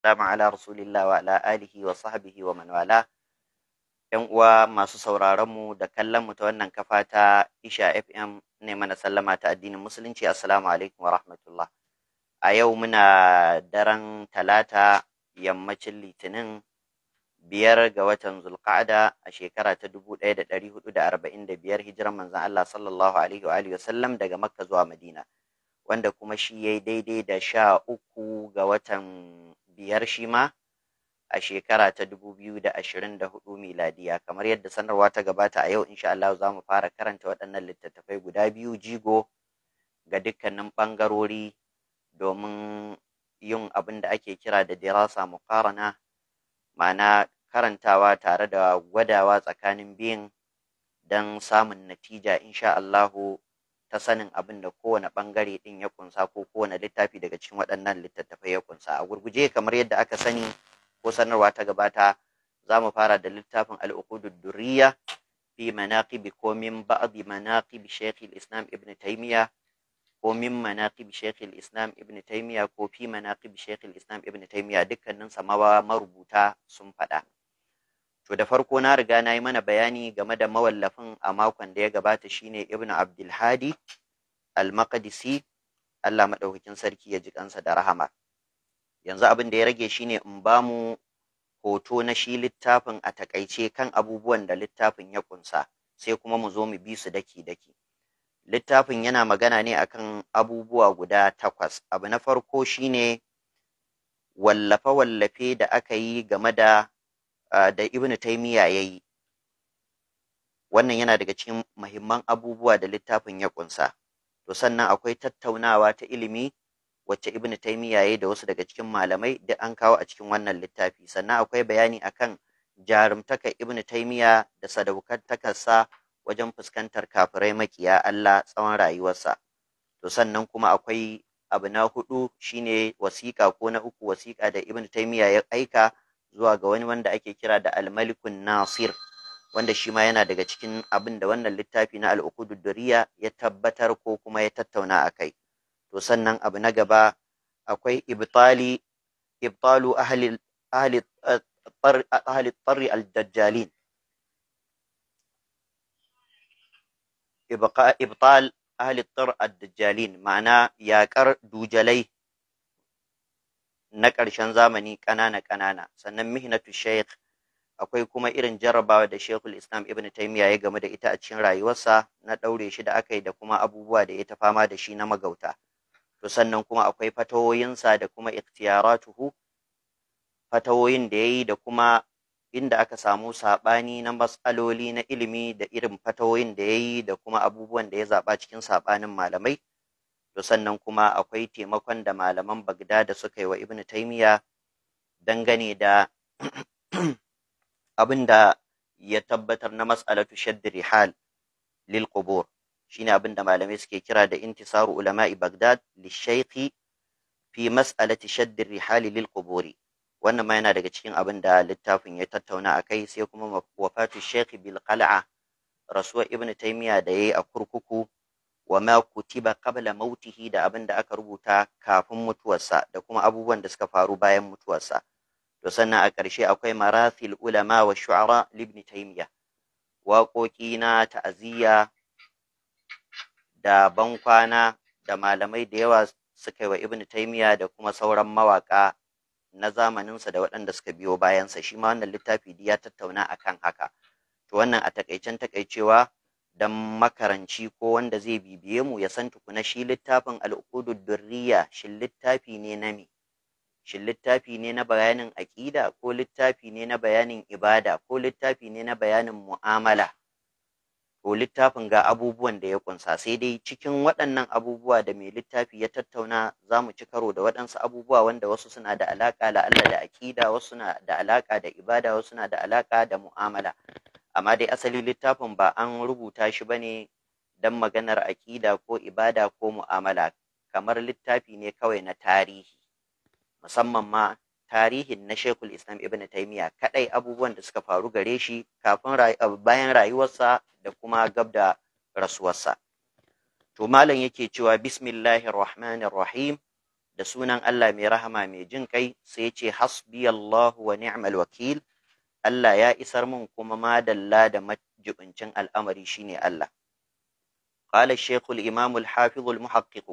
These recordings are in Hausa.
Salamu ala rasulillah wa ala wa sahbihi wa man ‘Yan uwa masu sauraron mu da kallon mu ta wannan kafa ta Isha FM ne mana sallama ta addinin musulunci assalamu alaikum wa rahmatullah. A yau muna daren talata yammacin litinin biyar ga watan zulqa'ada a shekara ta dubu ɗaya da ɗari hudu da arba'in da biyar hijiran manzon Allah sallallahu alaihi wa alihi wasallam daga Makka zuwa Madina wanda kuma shi yayi daidai da sha uku ga watan biyar shi ma a shekara ta da da ashirin 2024 miladiya kamar yadda sanarwa ta gabata a yau insha Allah za mu fara karanta waɗannan littattafai guda biyu jigo ga dukkanin ɓangarori domin yin abin da ake kira da dirasa muqarana ma'ana karantawa tare da gwadawa tsakanin biyun don samun natija insha Allahu ta sanin abin da kowane bangare din ya kunsa ko kowane littafi daga cikin waɗannan littattafai ya kunsa a gurguje kamar yadda aka sani ko sanarwa ta gabata za mu fara da littafin al'uqudud durriya fi manaqib ko min ba'd manaqib shaykh al-islam ibn taymiya ko min manaqib shaykh al-islam ibn taymiya ko fi manaqib shaykh al-islam ibn taymiya dukkanin sa marubuta sun faɗa to da farko na riga na yi mana bayani game da mawallafin a makon da ya gabata shine ibnu abdulhadi al-maqdisi Allah madaukakin sarki ya ji kansa da rahama yanzu abin da ya rage shine in ba mu hoto na shi littafin a takaice kan abubuwan da littafin ya kunsa sai kuma mu zo mu bi su daki-daki littafin yana magana ne akan abubuwa guda takwas abu na farko shine wallafe-wallafe da aka yi game da Uh, da Ibn Taymiyyah yayi wannan yana daga cikin muhimman abubuwa da littafin ya kunsa to sannan akwai tattaunawa ta ilimi wacce Ibn Taymiyyah yayi da wasu daga cikin malamai da an kawo a cikin wannan littafi sannan akwai bayani akan jarumtaka Ibn Taymiyyah da sadaukantakarsa wajen fuskantar kafirai makiya Allah tsawon rayuwarsa to sannan kuma akwai abu na hudu shine wasiƙa ko na uku wasiƙa da Ibn Taymiyyah ya aika zuwa ga wani wanda ake kira da almalikun nasir wanda shi ma yana daga cikin abin da wannan littafi na al'ukududuriya ya tabbatar ko kuma ya tattauna a kai to sannan abu na gaba akwai ibtali ibtalu ahli ahli eh, ahli ibtal ahli tar ma'ana yaƙar dujalai na ƙarshen zamani ƙanana-ƙanana sannan mihnatu sheikh akwai kuma irin jarrabawa da shekul islam ibn taimiya ya game da ita a cikin rayuwarsa na ɗaure shi da aka yi da kuma abubuwa da ya ta fama da shi na magauta to sannan kuma akwai fatawoyinsa da kuma ikhtiyaratuhu fatawoyin da ya yi da kuma inda aka samu saɓani na matsaloli na ilimi da irin fatawoyin da ya yi da kuma abubuwan da ya zaɓa cikin saɓanin malamai to sannan kuma akwai taimakon da malaman Bagdada suka yi wa Ibn dangane da abin da ya tabbatar na mas'alatu shadd rihal lil qubur shine abin da malamai suke kira da intisaru ulama'i Bagdad lishaykhi fi mas'alati shadd rihal lil quburi wannan ma yana daga cikin abin da littafin ya tattauna a kai sai kuma wafatu shekhi bil rasuwar ibn taimiya da yayi a kurkuku wa ma kutiba qabla mautihi da abin da aka rubuta kafin mutuwarsa da kuma abubuwan da suka faru bayan mutuwarsa to sannan a ƙarshe akwai marathil ulama wa shu'ara Ibn taymiya waƙoƙi na ta'aziyya da bankwana da malamai da yawa suka wa ibn taymiya da kuma sauran mawaka na zamaninsa da waɗanda suka biyo bayansa shi ma wannan littafi ya tattauna akan haka to wannan a takaicen takaicewa dan makaranci ko wanda zai bibiye mu ya san tukuna shi littafin al'uqudud durriya shin littafi ne na me shi littafi ne na bayanin aƙida ko littafi ne na bayanin ibada ko littafi ne na bayanin mu'amala ko littafin ga abubuwan da ya kunsa sai dai cikin waɗannan abubuwa da mai littafi ya tattauna za mu ci karo da waɗansu abubuwa wanda wasu suna da alaƙa Allah da aƙida wasu suna da alaƙa da ibada wasu suna da alaƙa da mu'amala amma dai asali littafin ba an rubuta shi ba ne don maganar aƙida ko ibada ko mu'amala kamar littafi ne kawai na tarihi musamman ma tarihin na shekul islam ibn taimiyya kadai abubuwan da suka faru gare shi kafin eh, bayan rayuwarsa da kuma gab da rasuwarsa to malam yake cewa bismillahir rahmanir rahim da sunan Allah mai rahama mai jin kai sai ya ce hasbiyallahu wa ni'mal wakil Allah ya isar mun kuma madalla da majibincin al'amari shine Allah. Qala Sheikhul Imam Al-Hafizul Muhaqqiq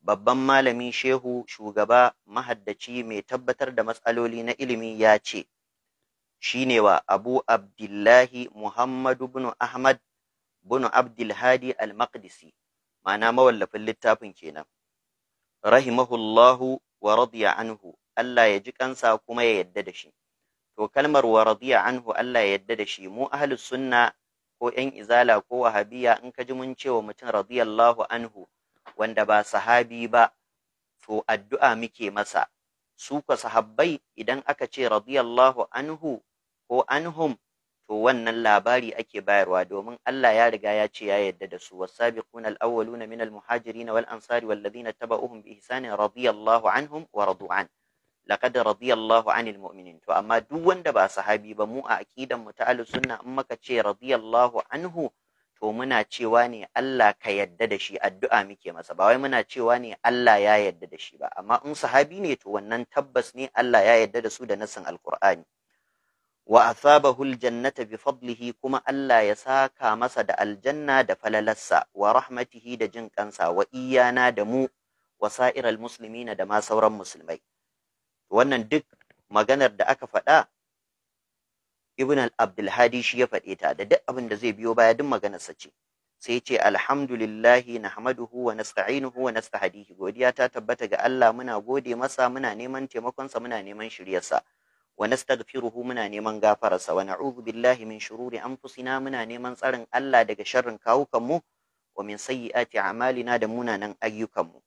babban malami shehu shugaba mahaddaci mai tabbatar da matsaloli na ilimi ya ce shine wa Abu Abdullahi Muhammadu bin Ahmad bin Abdul Al-Maqdisi ma'ana mawallafin littafin kenan rahimahullahu wa radiya anhu Allah ya ji kansa kuma ya yadda da shi to kalmar wa radiya anhu Allah ya yadda da shi mu ahlus sunna ko yan izala ko wahabiya in ka ji mun cewa mutum radiyallahu anhu wanda ba sahabi ba to addu'a muke masa su ka sahabbai idan aka ce radiyallahu anhu ko anhum to wannan labari ake bayarwa domin Allah ya riga ya ce ya yarda da su wasabiquna alawwaluna minal muhajirin wal ansari wal ladina tabauhum bi ihsanin radiyallahu anhum wa Radu'an. an laqad radiyallahu anil mu'minin to amma duk wanda ba sahabi ba mu a aqidan mu ta ahlus sunna in muka ce radiyallahu anhu to muna cewa ne Allah ka yadda da shi addu'a muke masa ba wai muna cewa ne Allah ya yadda da shi ba amma in sahabi ne to wannan tabbas ne Allah ya yadda da su da nasin alqur'ani wa athabahu aljannata bi fadlihi kuma Allah ya saka masa da aljanna da falalarsa wa rahmatihi da jin kansa wa iyana da mu wa sa'iral muslimina da ma sauran musulmai wannan duk maganar da aka faɗa ibn al-abdulhadi shi ya faɗe ta da duk abin da zai biyo baya duk maganarsa ce sai ce alhamdulillahi nahmaduhu wa nasta'inuhu wa nastahdihi godiya ta tabbata ga Allah muna gode masa muna neman taimakonsa muna neman shiryarsa wa nastaghfiruhu muna neman gafararsa wa na'udhu billahi min shururi anfusina muna neman tsarin Allah daga sharrin kawukanmu wa min sayyiati a'malina da munanan ayyukanmu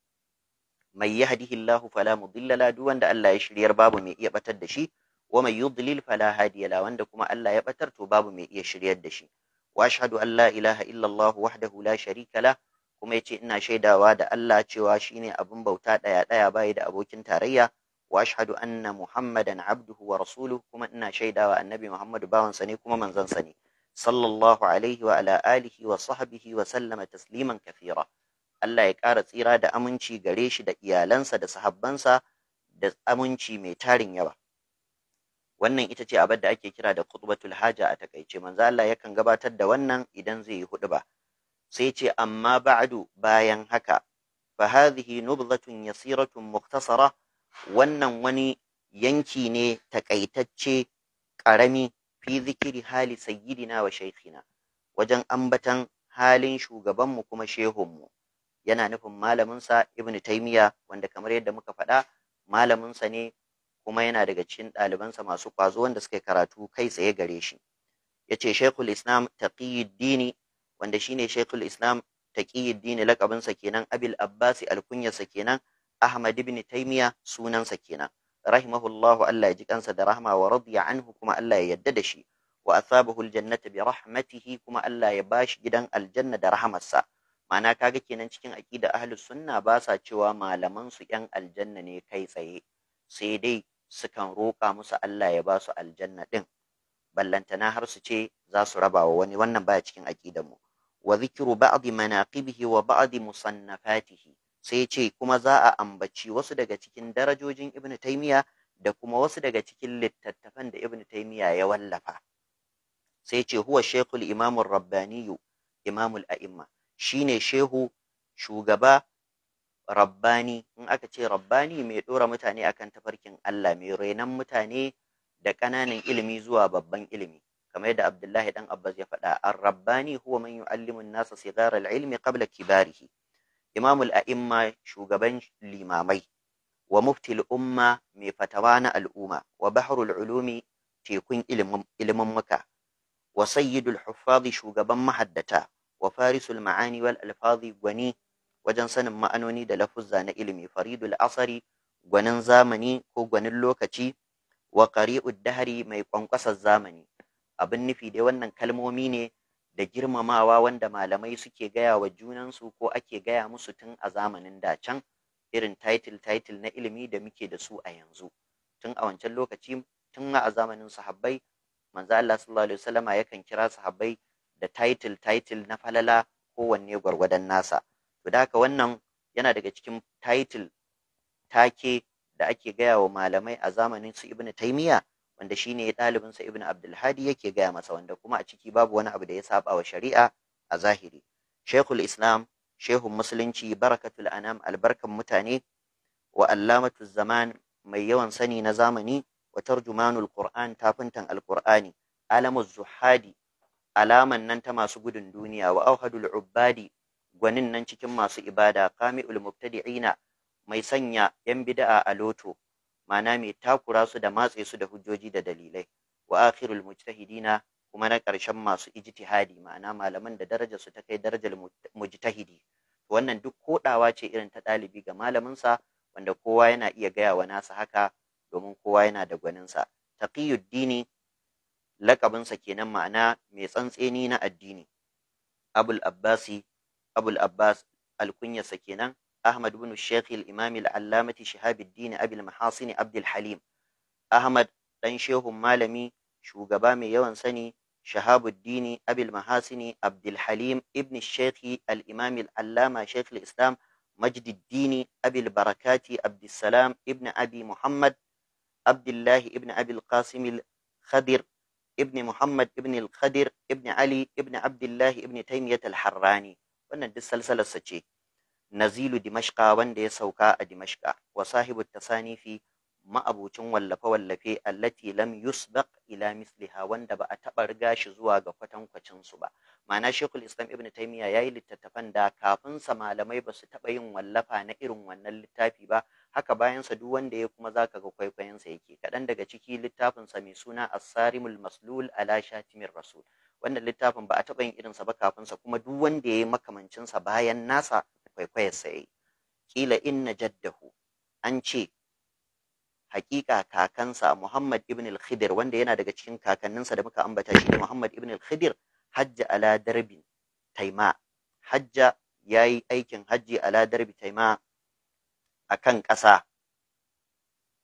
mai yahdihillahu fala mudilla la duk wanda Allah ya shiryar babu mai iya batar da shi wa mai yudlil fala hadiya la wanda kuma Allah ya batar to babu mai iya shiryar da shi wa ashhadu an la ilaha illallah wahdahu la sharika la kuma yace ina shaidawa da Allah cewa shine abin bauta daya daya bai da abokin tarayya wa ashhadu anna muhammadan abduhu wa rasuluhu kuma ina shaidawa annabi muhammadu bawansa ne kuma sa ne sallallahu alaihi wa ala alihi wa sahbihi wa sallama tasliman kathira Allah ya ƙara tsira da aminci gare shi da iyalansa da sahabbansa da aminci mai tarin yawa wannan ita ce abin da ake kira da khutbatul haja a takaice manzo Allah yakan gabatar da wannan idan zai yi ba. sai ce amma ba'adu bayan haka fa hadhihi nubdhatun yasiratun muktasara wannan wani yanki ne takaitacce ƙarami fi zikiri hali sayyidina wa shaykhina wajen ambatan halin shugabanmu kuma shehunmu yana nufin malaminsa ibn taimiya wanda kamar yadda muka faɗa malaminsa ne kuma yana daga cikin ɗalibansa masu ƙwazo wanda suka karatu kai tsaye gare shi yace shaykhul islam taqiyuddini wanda shine shaykhul islam taqiyuddini lakabinsa kenan abil abbasi alkunyarsa kenan ahmad ibn taimiya sunansa kenan rahimahullahu Allah ya ji kansa da rahma wa radiya anhu kuma Allah ya yadda da shi wa athabahu aljannata bi rahmatihi kuma Allah ya bashi gidan aljanna da rahamarsa ma'ana kaga kenan cikin aqida ahli sunna ba sa cewa malaman su yan aljanna ne kai tsaye sai dai sukan roƙa musu Allah ya ba su aljanna din ballantana har su ce za su raba wa wani wannan baya cikin aqidar mu wa zikru ba'd manaqibihi wa ba'd musannafatihi sai ce kuma za a ambaci wasu daga cikin darajojin ibnu taymiya da kuma wasu daga cikin littattafan da ibnu taymiya ya wallafa sai ce huwa shaykhul imamur rabbaniyu imamul a'imma shine shehu shugaba rabbani in aka ce rabbani mai ɗora mutane akan tafarkin Allah mai renon mutane da ƙananan ilimi zuwa babban ilimi kamar yadda Abdullahi dan Abbas ya faɗa ar-rabbani huwa man yu'allimu an-nasa sigara al-ilmi qabla kibarihi imam al-a'imma shugaban limamai wa mufti al-umma mai fatawa na al'umma wa bahrul ulumi tekun ilimin maka wa sayyidul huffazi shugaban mahaddata wa farisul ma'ani wal alfazi gwani wajen sanin ma'anoni da lafuzza na ilimi faridul asari gwanin zamani ko gwanin lokaci wa qari'ud dahri mai kwankwasar zamani abin nufi dai wannan kalmomi ne da girmamawa wanda malamai suke gaya wa junansu ko ake gaya musu tun a zamanin da can irin title title na ilimi da muke da su a yanzu tun a wancan lokaci tun a zamanin sahabbai manzo Allah sallallahu alaihi wasallama yakan kira sahabbai da title title na falala kowanne gwargwadon nasa to da haka wannan yana daga cikin title take da ake gaya wa malamai a zamanin su ibnu taymiya wanda shine ɗalibin sa ibnu abdulhadi yake gaya masa wanda kuma a ciki babu wani abu da ya saba wa shari'a a zahiri shaykhul islam shehun musulunci barakatul anam albarkan mutane wa allamatu zaman mai yawan sani na zamani wa tarjumanul qur'an tafintan alqur'ani alamuz zuhadi alaman nan ta masu gudun duniya wa auhadul ubbadi gwanin nan cikin masu ibada kami'ul mubtadi'ina mai sanya yan bid'a a loto ma'ana mai takura su da matse su da hujjoji da dalilai wa akhirul mujtahidina kuma na ƙarshen masu ijtihadi ma'ana malaman da darajar su ta kai darajar mujtahidi wannan duk kodawa ce irin ta ɗalibi ga malaminsa wanda kowa yana iya gaya wa nasa haka domin kowa yana da gwaninsa taqiyuddini lakabinsa kenan ma'ana mai tsantseni na addini abul abbasi abul abbas alkunyarsa kenan ahmad bin shaykh al-imam al-allamati shihabuddin abul mahasin abdul halim ahmad dan shehun malami shugaba mai yawan sani shahabuddin abul mahasini abdul halim ibn shaykh al-imam al-allama shaykh islam مجد الدين أبي البركات عبد السلام ابن أبي محمد عبد الله ابن أبي القاسم الخدر ibn Muhammad ibn al-Khadir ibn Ali ibn Abdullah ibn Taymiyyah al-Harrani wannan duk salsalarsa ce Nazilu Dimashqa wanda ya sauka a Dimashqa wa sahibu tasanifi ma'abucin wallafe-wallafe allati lam yusbaq ila misliha wanda ba a taɓa riga shi zuwa ga kwatankwacin su ba ma'ana shekul islam ibn taimiya ya yi littattafan da kafin sa malamai ba su taɓa yin wallafa na irin wannan littafi ba haka bayansa duk wanda ya kuma zaka ga kwaikwayonsa yake kaɗan daga ciki littafin sa mai suna asarimul maslul ala shatimin rasul wannan littafin ba a taɓa yin irinsa ba kafin sa kuma duk wanda ya yi makamancinsa bayan nasa kwaikwayarsa ya yi kila inna jaddahu an ce hakika kakansa Muhammad ibn al-Khidir wanda yana daga cikin kakanninsa da muka ambata shi Muhammad ibn al-Khidir hajja ala darbin taima hajja yayi aikin hajji ala darbi taima a kan ƙasa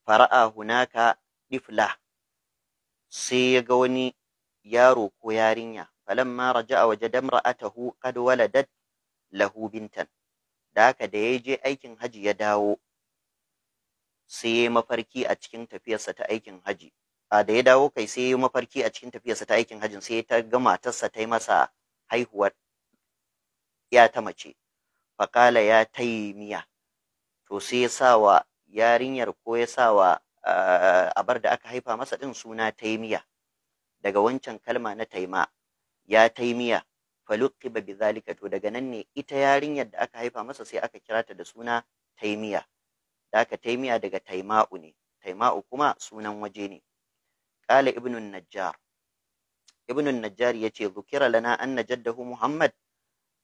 fara'a hunaka ɗifla sai ya ga wani yaro ko yarinya falamma a waje damra'atahu qad waladat lahu bintan da haka da ya je aikin haji ya dawo sai ya mafarki a cikin tafiyarsa ta aikin haji a da ya dawo kai sai ya mafarki a cikin tafiyarsa ta aikin hajin sai ta ga matarsa ta yi masa haihuwar ya ta mace faƙala ya miya. to sai ya sa wa yarinyar ko ya sa wa eh, abar da aka haifa masa din suna taimiya daga wancan kalma na taima ya taimiya bi zalika to daga nan ne ita yarinyar da aka haifa masa sai aka kira ta da suna taimiya da aka taimiya daga taima'u ne taima'u kuma sunan waje ne qala ibnu najjar ibnu najjar yace zukira lana anna jaddahu muhammad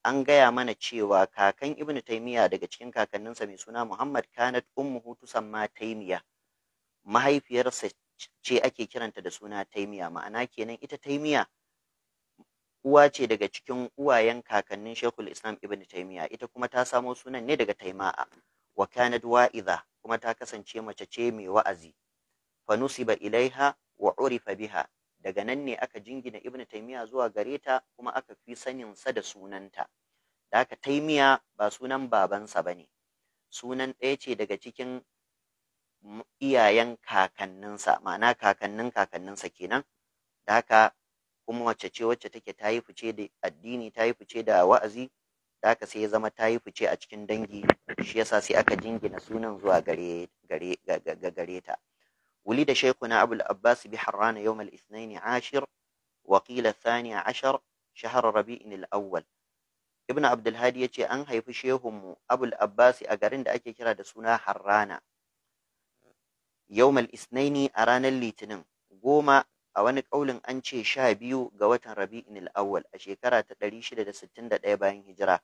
an gaya mana cewa kakan ibn taimiya daga cikin kakanninsa mai suna muhammad kanat ummuhu tusamma taymiya mahaifiyarsa ce ake kiranta da suna taimiya ma'ana kenan ita taimiya uwa ce daga cikin uwayen kakannin shekul islam ibn taimiya ita kuma ta samo sunan ne daga taima'a wa kanat wa'iza kuma ta kasance mace ce mai wa'azi fa nusiba ilaiha wa urifa biha daga nan ne aka jingina Ibn taimiya zuwa gare ta kuma aka fi sanin sa da sunanta da aka taymiya ba sunan babansa ba ne. sunan ɗaya ce daga cikin iyayen kakanninsa ma'ana kakannin kakanninsa kenan da aka kuma wacce ce wacce take ta yi fice da addini ta yi fice da wa'azi da aka sai ya zama ta yi fice a cikin dangi shi yasa sai aka jingina sunan zuwa gare ta ولد شيخنا أبو العباس بحران يوم الاثنين عاشر وقيل الثاني عشر شهر ربيع الأول ibn abdulhadi ya ce an haifi shehunmu abul abbasi a garin da ake kira da suna harrana yawmal isnaini a ranar litinin goma a wani ƙaulin an ce sha biyu ga watan rabi'in awwal a shekara ta ɗari shida da sittin da ɗaya bayan hijira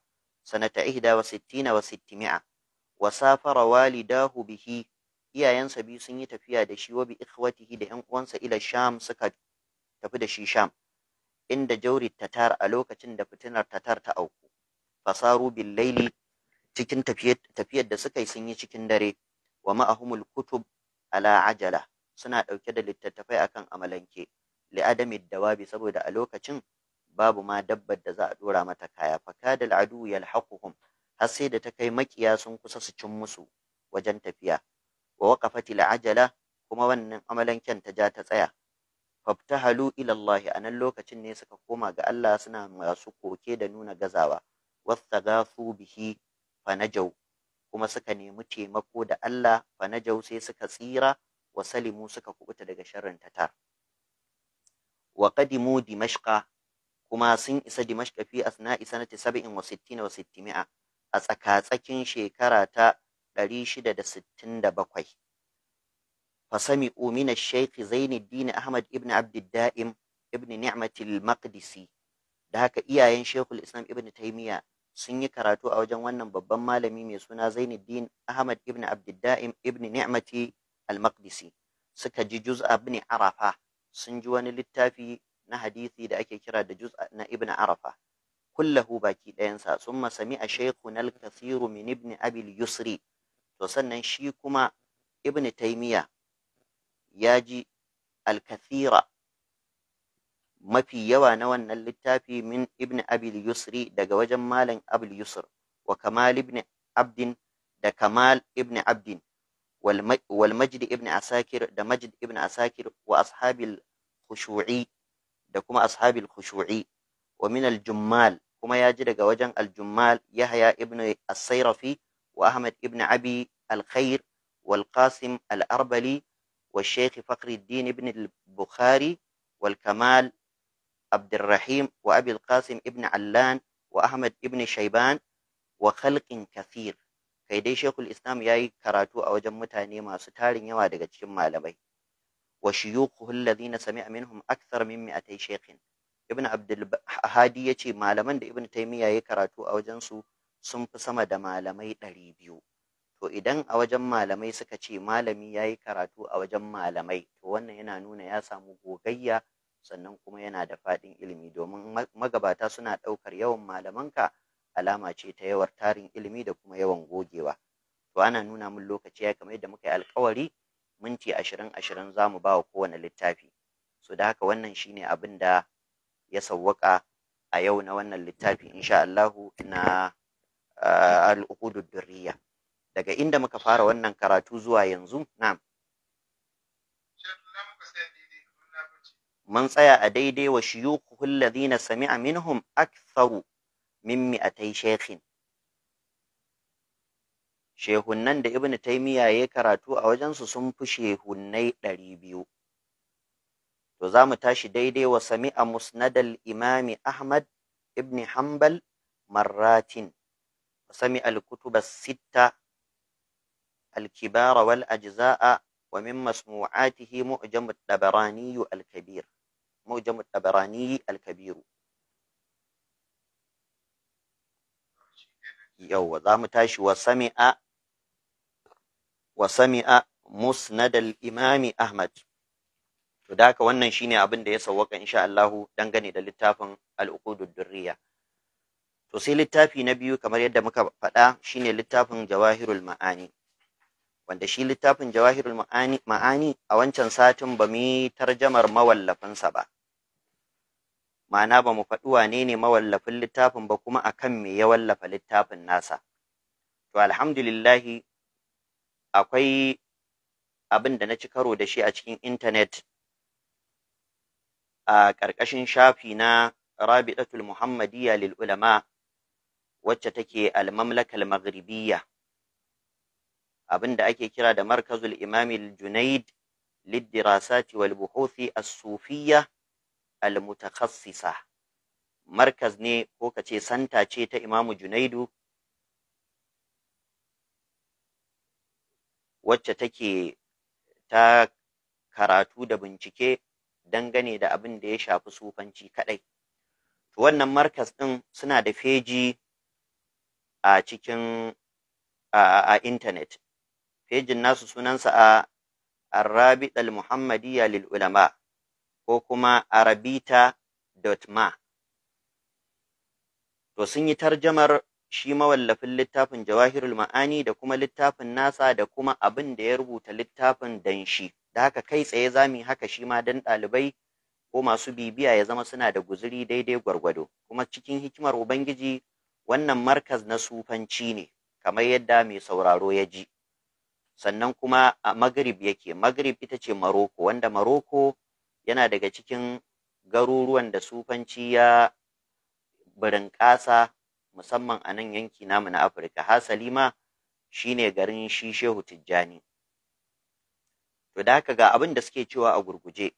sanata ihda wa sittina wa sittimi'a wa walidahu bihi iyayensa biyu sun yi tafiya da shi wabi ikhwatihi da ƴan uwansa ila sham suka tafi da shi sham inda jauri tatar a lokacin da fitinar tatar ta auku fasaru bil laili cikin tafiyar da suka yi sun yi cikin dare wa ma'ahumul kutub ala ajala suna ɗauke da littattafai akan amalanke adami dawabi saboda a lokacin babu ma dabbar da za a dora mata kaya fakadal adu yalhaquhum har sai da ta kai makiya sun kusa su cin musu wajen tafiya wa waqafati la'ajala? kuma wannan amalanken ta ja ta tsaya fabtahalu halu Allah a nan lokacin ne suka koma ga Allah suna masu koke da nuna gazawa wastagathu bihi fanajau kuma suka nemi taimako da Allah fanajau sai suka tsira wa salimu suka kubuta daga sharrin tatar wa qadimu dimashqa kuma sun isa dimashqa fi asna'i sanati 67 wa 600 a tsakatsakin shekara ta ɗari shida da sittin da bakwai. Fasami umina Sheikh Zainuddin Ahmad ibn Abdidda'im ibn Ni'matil Maqdisi da haka iyayen Sheikhul Islam ibn Taymiyyah sun yi karatu a wajen wannan babban malami mai suna Zainuddin Ahmad ibn Abdidda'im ibn Ni'mati al-Maqdisi suka ji juz'a ibn Arafa sun ji wani littafi na hadisi da ake kira da juz na ibn Arafa kullahu baki ɗayansa summa a shaykhuna al-kathiru min ibn Abi al-Yusri to sannan shi kuma ibn taimiya ya ji alkathira mafi yawa na wannan littafi min ibn abil yusri daga wajen malam abil yusr wa kamal ibn abdin da kamal ibn abdin wal majd ibn asakir da majd ibn asakir wa ashabil khushu'i da kuma ashabil khushu'i wa min al jummal kuma ya ji daga wajen al jummal yahya ibn as-sayrafi وأحمد ابن أبي الخير والقاسم الأربلي والشيخ فخر الدين ابن البخاري والكمال عبد الرحيم وأبي القاسم ابن علان وأحمد ابن شيبان وخلق كثير kai dai shekul islam ya yi karatu a wajen mutane masu tarin yawa daga cikin malamai wa shuyukhu alladhina sami'a minhum akthar min mi'atay shaykhin ibn abdul ya ce malaman da ibn taymiya ya karatu a wajen su sun fi sama da malamai ɗari biyu to idan a wajen malamai suka ce malami ya yi karatu a wajen malamai to wannan yana nuna ya samu gogayya sannan kuma yana da faɗin ilimi domin magabata suna ɗaukar yawan malamanka alama ce ta yawar tarin ilimi da kuma yawan gogewa to ana nuna min lokaci ya kamar yadda muka yi alkawari minti ashirin ashirin za mu ba wa kowane littafi so da haka wannan shine abin da ya sawwaka a yau na wannan littafi insha Allahu na al'uqudud durriya daga inda muka fara wannan karatu zuwa yanzu na'am mun tsaya a daidai wa shuyukhu alladhina sami'a minhum aktharu min mi'atay shaykhin shehunnan da ibnu taymiya yayi karatu a wajensu sun fi shehunnai ɗari biyu to za mu tashi daidai wa sami'a musnadal imami ahmad ibn hanbal marratin سمع الكتب الستة الكبار والأجزاء ومن مسموعاته معجم الطبراني الكبير معجم الطبراني الكبير يو ذا تاشي وسمع وسمع مسند الإمام أحمد to da haka wannan shine abin da ya sawwaka insha Allah dangane da littafin al-uqudud durriya to sai littafi na biyu kamar yadda muka faɗa shine littafin jawahirul ma'ani wanda shi littafin jawahirul ma'ani, a wancan satin ba mu yi tarjamar mawallafinsa ba ma'ana ba mu faɗi wane ne mawallafin littafin ba kuma akan me ya wallafa littafin nasa to alhamdulillahi akwai abin da na ci karo da shi a cikin intanet a ƙarƙashin shafi na rabi'atul muhammadiyya lil ulama wacce take al-mamlakal maghribiyya abinda ake kira da markazul imami junaid للدراسات والبحوث al mutakhassisa Markas ne ko kace santa ce ta Imamu Junaidu wacce take ta karatu da bincike dangane da abin da ya shafi sufanci kadai to wannan markaz din suna da feji a cikin a intanet fejin nasu sunansa a arabit al-muhammadiyya lil ulama ko kuma arabita.ma to sun yi tarjamar shi mawallafin littafin jawahirul ma'ani da kuma littafin nasa da kuma abin da ya rubuta littafin danshi, da haka kai tsaye zami haka shi ma dan ɗalibai ko masu bibiya ya zama suna da guzuri daidai gwargwado kuma cikin hikimar ubangiji wannan markaz na sufanci ne kamar yadda mai sauraro ya ji sannan kuma a magrib yake magrib ita ce maroko wanda maroko yana daga cikin garuruwan da sufanci ya birin ƙasa musamman a nan yanki namu na afirka hasali ma shine garin shi shehu tijjani to da haka ga abin da suke cewa a gurguje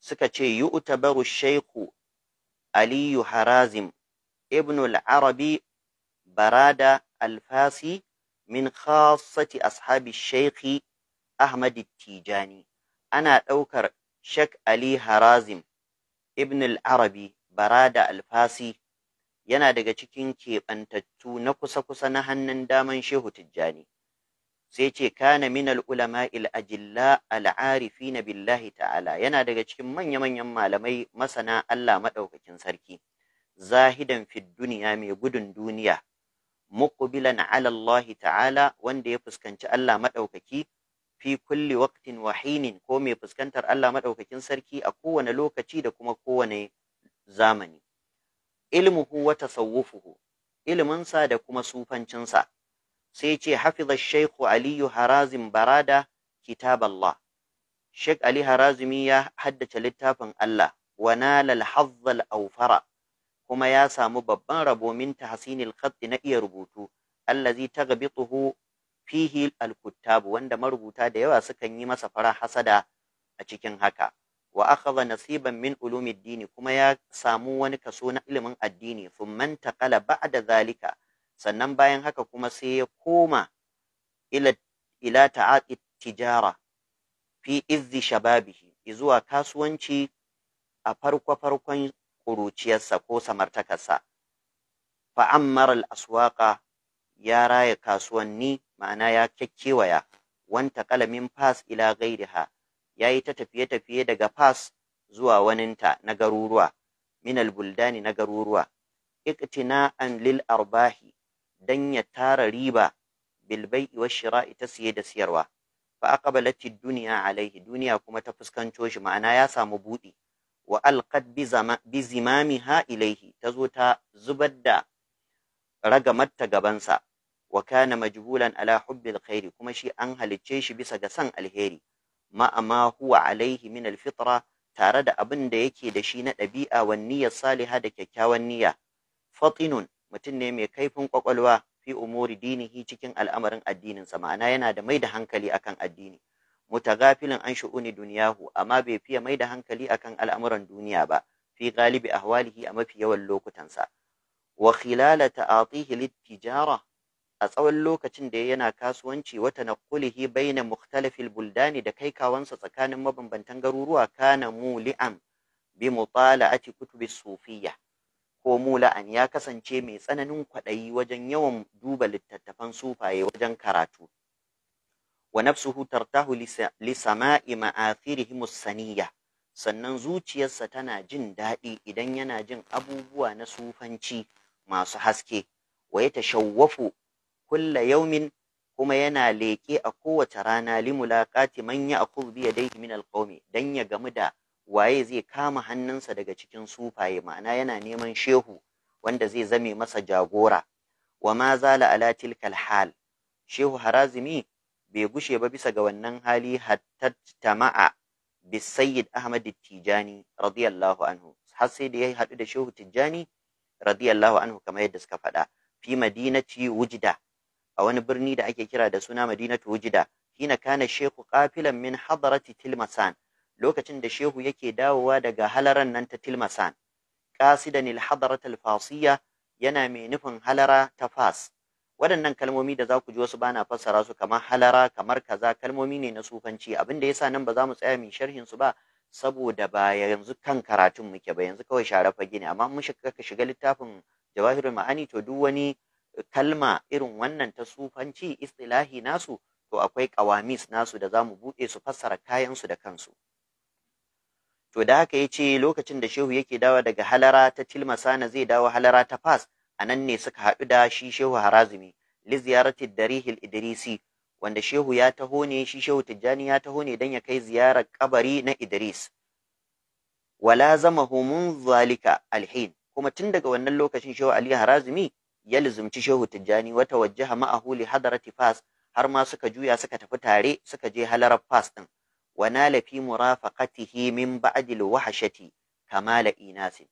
suka ce yu'tabaru shaiku aliyu harazim ابن العربي برادة الفاسي min khassati ashabi shaikhi Ahmad Tijani ana ɗaukar Sheikh Ali Harazim ibnul al-Arabi Barada Alfasi yana daga cikin keɓantattu na kusa-kusa na hannun daman Shehu Tijjani sai ce kana min al-ulama al-ajilla al'arifi na billahi ta'ala yana daga cikin manya-manyan malamai masana Allah madaukakin sarki zahidan fid duniya mai gudun duniya muqbilan ala Allah ta'ala wanda ya fuskanci Allah madaukaki fi kulli waqtin wa hinin ko mai fuskantar Allah madaukakin sarki a kowane lokaci da kuma kowane zamani ilmuhu wa tasawwufuhu ilminsa da kuma sufancinsa sai ce hafiza shaikhu aliyu harazim barada kitab Allah Sheikh Ali Harazimi ya haddace littafin Allah wa nalal hazzal awfara kuma ya samu babban rabo min tahsinil khatt na iya rubutu allazi taghbituhu fihi al-kuttab wanda marubuta da yawa sukan yi masa fara hasada a cikin haka wa akhadha nasiban min ulumid kuma ya samu wani kaso na ilimin addini thumma taqala ba'da zalika sannan bayan haka kuma sai ya koma ila ila ta'ati tijara fi izzi shababihi zuwa kasuwanci a farko farkon ƙuruciyarsa ko samartakarsa fa'ammar al'aswaƙa ya raya kasuwanni ma'ana ya kyakkewaya wanta kalamin fas ila gairiha ya yi ta tafiye-tafiye daga fas zuwa waninta na garuruwa minal buldani na garuruwa an lil arbahi dan ya tara riba bilbai iwa shira ita siye da siyarwa fa aqbalat duniya a alaihi duniya kuma ta fuskanto shi ma'ana ya samu buɗi wa alqad bi zimamiha ilaihi tazo ta zubar da ragamarta gabansa wa kana majbulan ala hubbil khairi kuma shi an halicce shi bisa ga san alheri ma amma huwa alaihi min alfitra tare da abin da yake da shi na ɗabi'a wa niyyar saliha da kyakkyawan niyya fatinun mutum ne mai kaifin kwakwalwa fi umuri dinihi cikin al'amarin addininsa ma'ana yana da mai da hankali akan addini mutagafilin an shu'uni duniyahu amma bai fiye mai da hankali akan al'amuran duniya ba fi galibi ahwalihi a mafi yawan lokutansa wa khilala ta'atihi littijara a tsawon lokacin da yana kasuwanci wata naqulihi baina mukhtalafil buldani da kai kawansa tsakanin mabambantan garuruwa kana muli'an bi mutala'ati kutubi sufiyya ko mula'an ya kasance mai tsananin kwaɗayi wajen yawan duba littattafan sufaye wajen karatu wa nafsuhu tartahu li sama'i sannan zuciyarsa tana jin daɗi idan yana jin abubuwa na sufanci masu haske wa ya tashawwafu kulla yaumin kuma yana leƙe a kowace rana limulaƙati man ya akhudh bi yadayhi min alqawmi dan ya gamu da waye zai kama hannunsa daga cikin sufaye ma'ana yana neman shehu wanda zai zame masa jagora wa ma zala ala tilkal hal shehu harazimi bai gushe ba bisa ga wannan hali hatta tama'a bi sayyid ahmad tijani radiyallahu anhu har sai da ya haɗu da shehu tijani radiyallahu anhu kamar yadda suka faɗa fi madinati wujda a wani birni da ake kira da suna madinatu wujda hina kana shehu qafilan min hadarati tilmasan lokacin da shehu yake dawowa daga halaran nan ta tilmasan qasidan al hadarat al fasiya yana mai nufin halara ta fas waɗannan kalmomi da za ku ji wasu bana fassara su kamar halara kamar kaza kalmomi ne na sufanci abin da yasa nan ba za mu tsaya mu sharhin su ba saboda ba yanzu kan karatun muke ba yanzu kawai share fage ne amma mun shiga ka shiga littafin jawahirul ma'ani to duk wani kalma irin wannan ta sufanci istilahi nasu to akwai kawamis nasu da za mu buɗe su fassara kayan su da kansu to da haka yace lokacin da shehu yake dawo daga halara ta tilmasana zai dawo halara ta fas a nan ne suka haɗu da shi shehu harazimi li ziyarati darihil idrisi wanda shehu ya taho ne shi shehu tijjani ya taho ne don ya kai ziyarar kabari na idris wala zama mun zalika alhin kuma tun daga wannan lokacin shehu ali harazimi ya lizumci shehu tijjani wata wajjaha ma'ahu li hadarati fas har ma suka juya suka tafi tare suka je halarar fas din wa nala fi murafaqatihi min ba'd al wahshati kamala inasin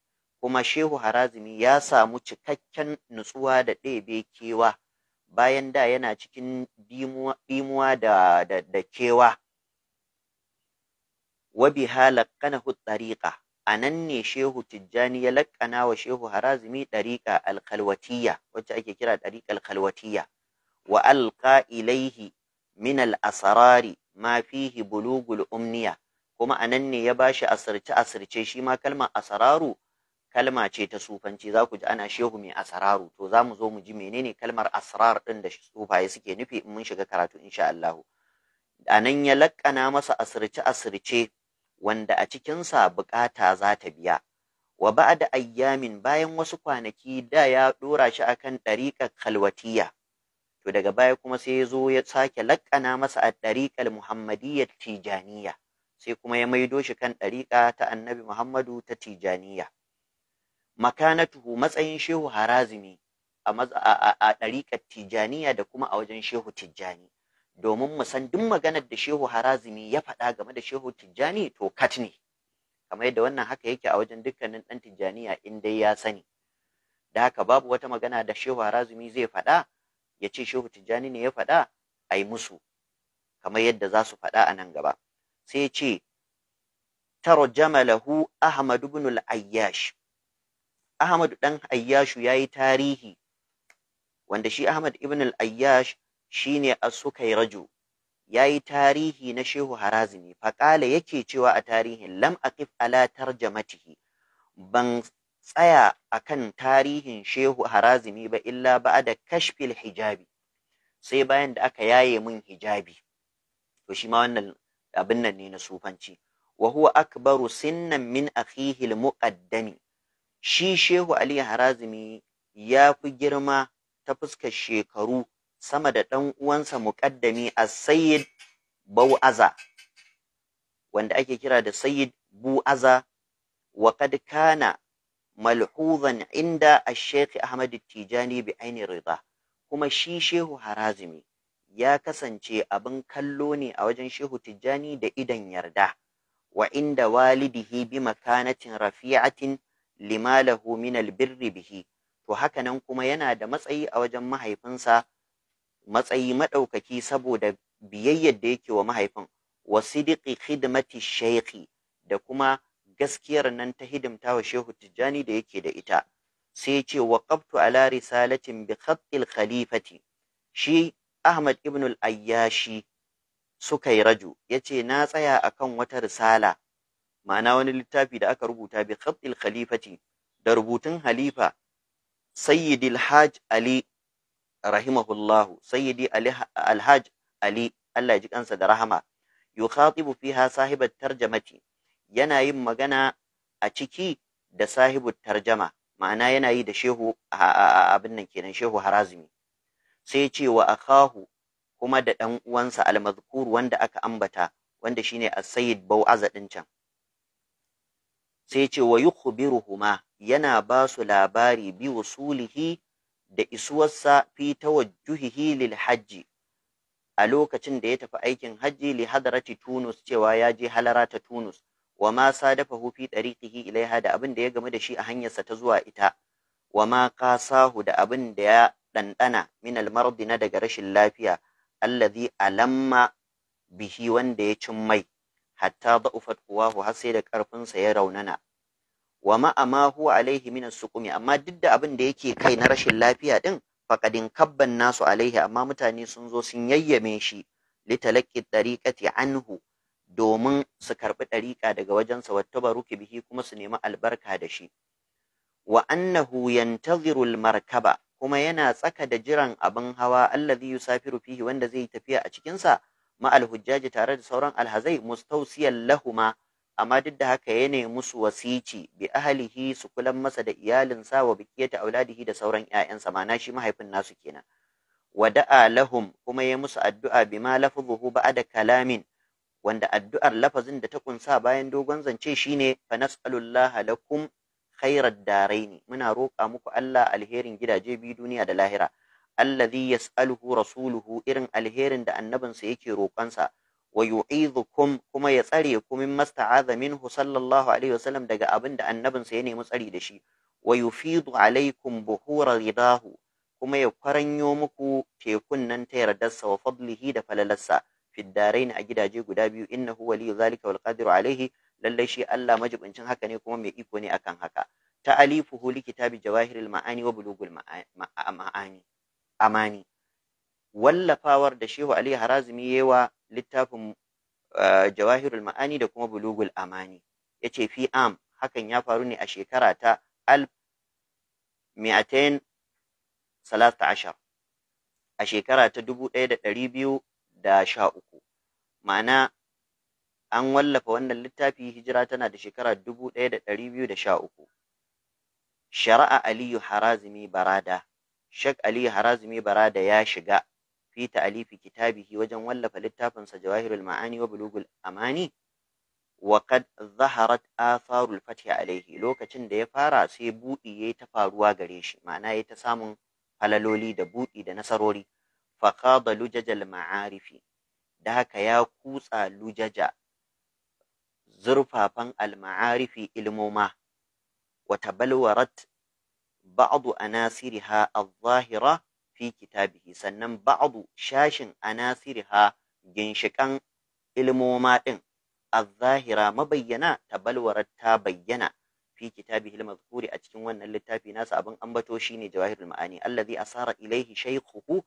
kuma shehu harazimi ya samu cikakken nutsuwa da ɗebe kewa bayan da yana cikin dimuwa da, da, kewa wabi halakkana tsariƙa a nan ne shehu tijjani ya lakkana wa shehu harazimi ɗariƙa alkalwatiya wacce ake kira ɗariƙa alkalwatiya wa alƙa ilaihi min al'asarari ma fihi bulugul umniya kuma a nan ne ya bashi asirce asirce shi ma kalmar asararu kalma ce ta sufanci za ku ji ana shehu mai asararu to za mu zo mu ji menene kalmar asrar din da sufaye suke nufi in mun shiga karatu insha Allah a nan ya lakkana masa asirce asirce wanda a cikinsa bukata za ta biya wa ba'da ayyamin bayan wasu kwanaki da ya dora shi akan ɗarikar khalwatiyya to daga baya kuma sai ya zo ya sake lakkana masa a ɗariƙar muhammadiyyar tijaniya sai kuma ya maido shi kan ɗariƙa ta annabi muhammadu ta tijaniya makanatuhu matsayin shehu harazimi a ɗariƙar Tijaniya da kuma a wajen shehu tijjani domin mu san duk maganar da shehu harazimi ya faɗa game da shehu tijjani to kat ne kamar yadda wannan haka yake a wajen dukkanin ɗan tijjaniya in dai ya sani da haka babu wata magana da shehu harazimi zai faɗa ya ce shehu tijjani ne ya faɗa a yi musu kamar yadda za su faɗa a nan gaba sai ya ce tarjama lahu ahmad ibn al-ayyash Ahmad ɗan Ayyashu ya yi tarihi wanda shi Ahmad ibn al-Ayyash shine as-Sukai Rajo ya yi tarihi na Shehu Harazimi faƙala yake cewa a tarihin lam aqif ala tarjamatihi ban tsaya akan tarihin Shehu Harazimi ba illa da kashfil hijabi sai bayan da aka yaye min hijabi to shi ma wannan abin nan ne na sufanci wa huwa akbaru sinnan min akhihi al-muqaddami shi shehu ali harazimi ya fi girma ta fuskar shekaru sama da ɗan uwansa muƙaddami a sayyid bau'aza wanda ake kira da sayyid bu'aza wa kad kana malhuzan inda a Sheikh ahmad tijani bi aini rida kuma shi shehu harazimi ya kasance abin kallo ne a wajen shehu Tijani da idan yarda wa inda walidihi bi makanatin rafi'atin limalahu min albirri bihi to haka nan kuma yana da matsayi a wajen mahaifinsa matsayi maɗaukaki saboda biyayyar da yake wa mahaifin wa sidiqi khidmati shaykhi da kuma gaskiyar nan ta hidimta wa shehu tijjani da yake da ita sai ce wa qabtu ala risalatin bi khatil khalifati shi Ahmad ibn al-Ayyashi suka yi raju yace na tsaya akan wata risala ma'ana wani littafi da aka rubuta bi khatil khalifati da rubutun halifa sayyidil hajj ali sayyidi alhaj ali Allah ji kansa da rahama yukhatibu fiha sahibat tarjamati yana yin magana a ciki da sahibu tarjama ma'ana yana yi da shehu abin nan kenan shehu harazimi sai ce wa akahu kuma da ɗan uwansa almazkur wanda aka ambata wanda shine as-sayyid bau'aza din can sai ce wa yukhbiruhuma yana ba su labari bi wasulihi da isuwarsa fi tawajjuhihi lil hajji a lokacin da ya tafi aikin hajji li hadarati tunus cewa ya je halara ta tunus wa ma hu fi tariqihi ilaiha da abin da ya gamu da shi a hanyarsa ta zuwa ita wa ma qasahu da abin da ya dandana min al na daga rashin lafiya allazi alamma bihi wanda ya cin mai hatta da'ufat quwahu har sai da sa ya raunana wa ma'a ma huwa alaihi min suqumi amma duk da abin da yake kai na rashin lafiya din faqadin kabban nasu alaihi amma mutane sun zo sun yayyame shi litalaqi tariqati anhu domin su karbi ɗariƙa daga wajensa wattabaruki bihi kuma su nemi albarka da shi wa annahu yantaziru markaba. kuma yana tsaka da jiran abin hawa allazi yusafiru fihi wanda zai tafiya a cikinsa sa ma'al hujjaji tare da sauran alhazai mustausiyan lahuma amma duk da haka ya nemi musu wasici bi ahlihi su kulan masa da iyalinsa wa bikiyata auladihi da sauran 'ya'yansa. mana shi mahaifin nasu kenan wada'a lahum kuma ya musu addu'a bima lafzuhu ba'da kalamin wanda addu'ar lafazin da ta kunsa bayan dogon zance shine fa nas'alullaha lakum khairad daraini muna roƙa muku Allah alherin gidaje biyu duniya da lahira alladhi yas'aluhu rasuluhu irin alherin da annabinsa yake roƙonsa wa yu'idhukum kuma ya tsare ku min masta'adha minhu sallallahu alaihi wasallam daga abin da annabinsa ya nemi tsari da shi wa yufidu alaikum buhura ridahu kuma ya kwaranyo muku tekun nan ta yardarsa wa fadlihi da falalarsa fiddarain a gidaje guda biyu innahu waliyu zalika wal qadiru alaihi lallai shi Allah majibincin haka ne kuma mai iko ne akan haka ta'alifuhu likitabi jawahiril ma'ani wa bulugul ma'ani amani wallafawar da shehu ali harazimi yi wa littafin eh, jawahirul ma'ani da kuma bulugul amani yace fi am hakan ya faru ne a shekara ta alf mi'atain salata ashar a shekara ta dubu ɗaya da ɗari biyu da sha uku ma'ana an wallafa wannan littafi hijira tana da shekara dubu ɗaya da ɗari biyu da sha uku shari'a aliyu harazimi barada Sheikh Ali Harazmi Barada ya shiga fi ta'alifi kitabihi wajen wallafa littafinsa Jawahirul Ma'ani wa Bulugul Amani wa kad zaharat atharul fathi alaihi lokacin da ya fara sai buɗi yayi ta faruwa gare shi ma'ana yayi ta samun falaloli da buɗi da nasarori fa qada lujajal ma'arifi da haka ya kutsa lujaja zurfafan al ma'arifi ilmoma wa tabalwarat ba'du anasiriha al-zahira fi kitabihi sannan ba'du shashin anasiriha ginshikan ilmoma din al-zahira ta tabalwarar ta bayyana fi kitabihi al-mazkuri a cikin wannan littafi nasa abin ambato shine jawahirul ma'ani allazi asara ilaihi shaykhuhu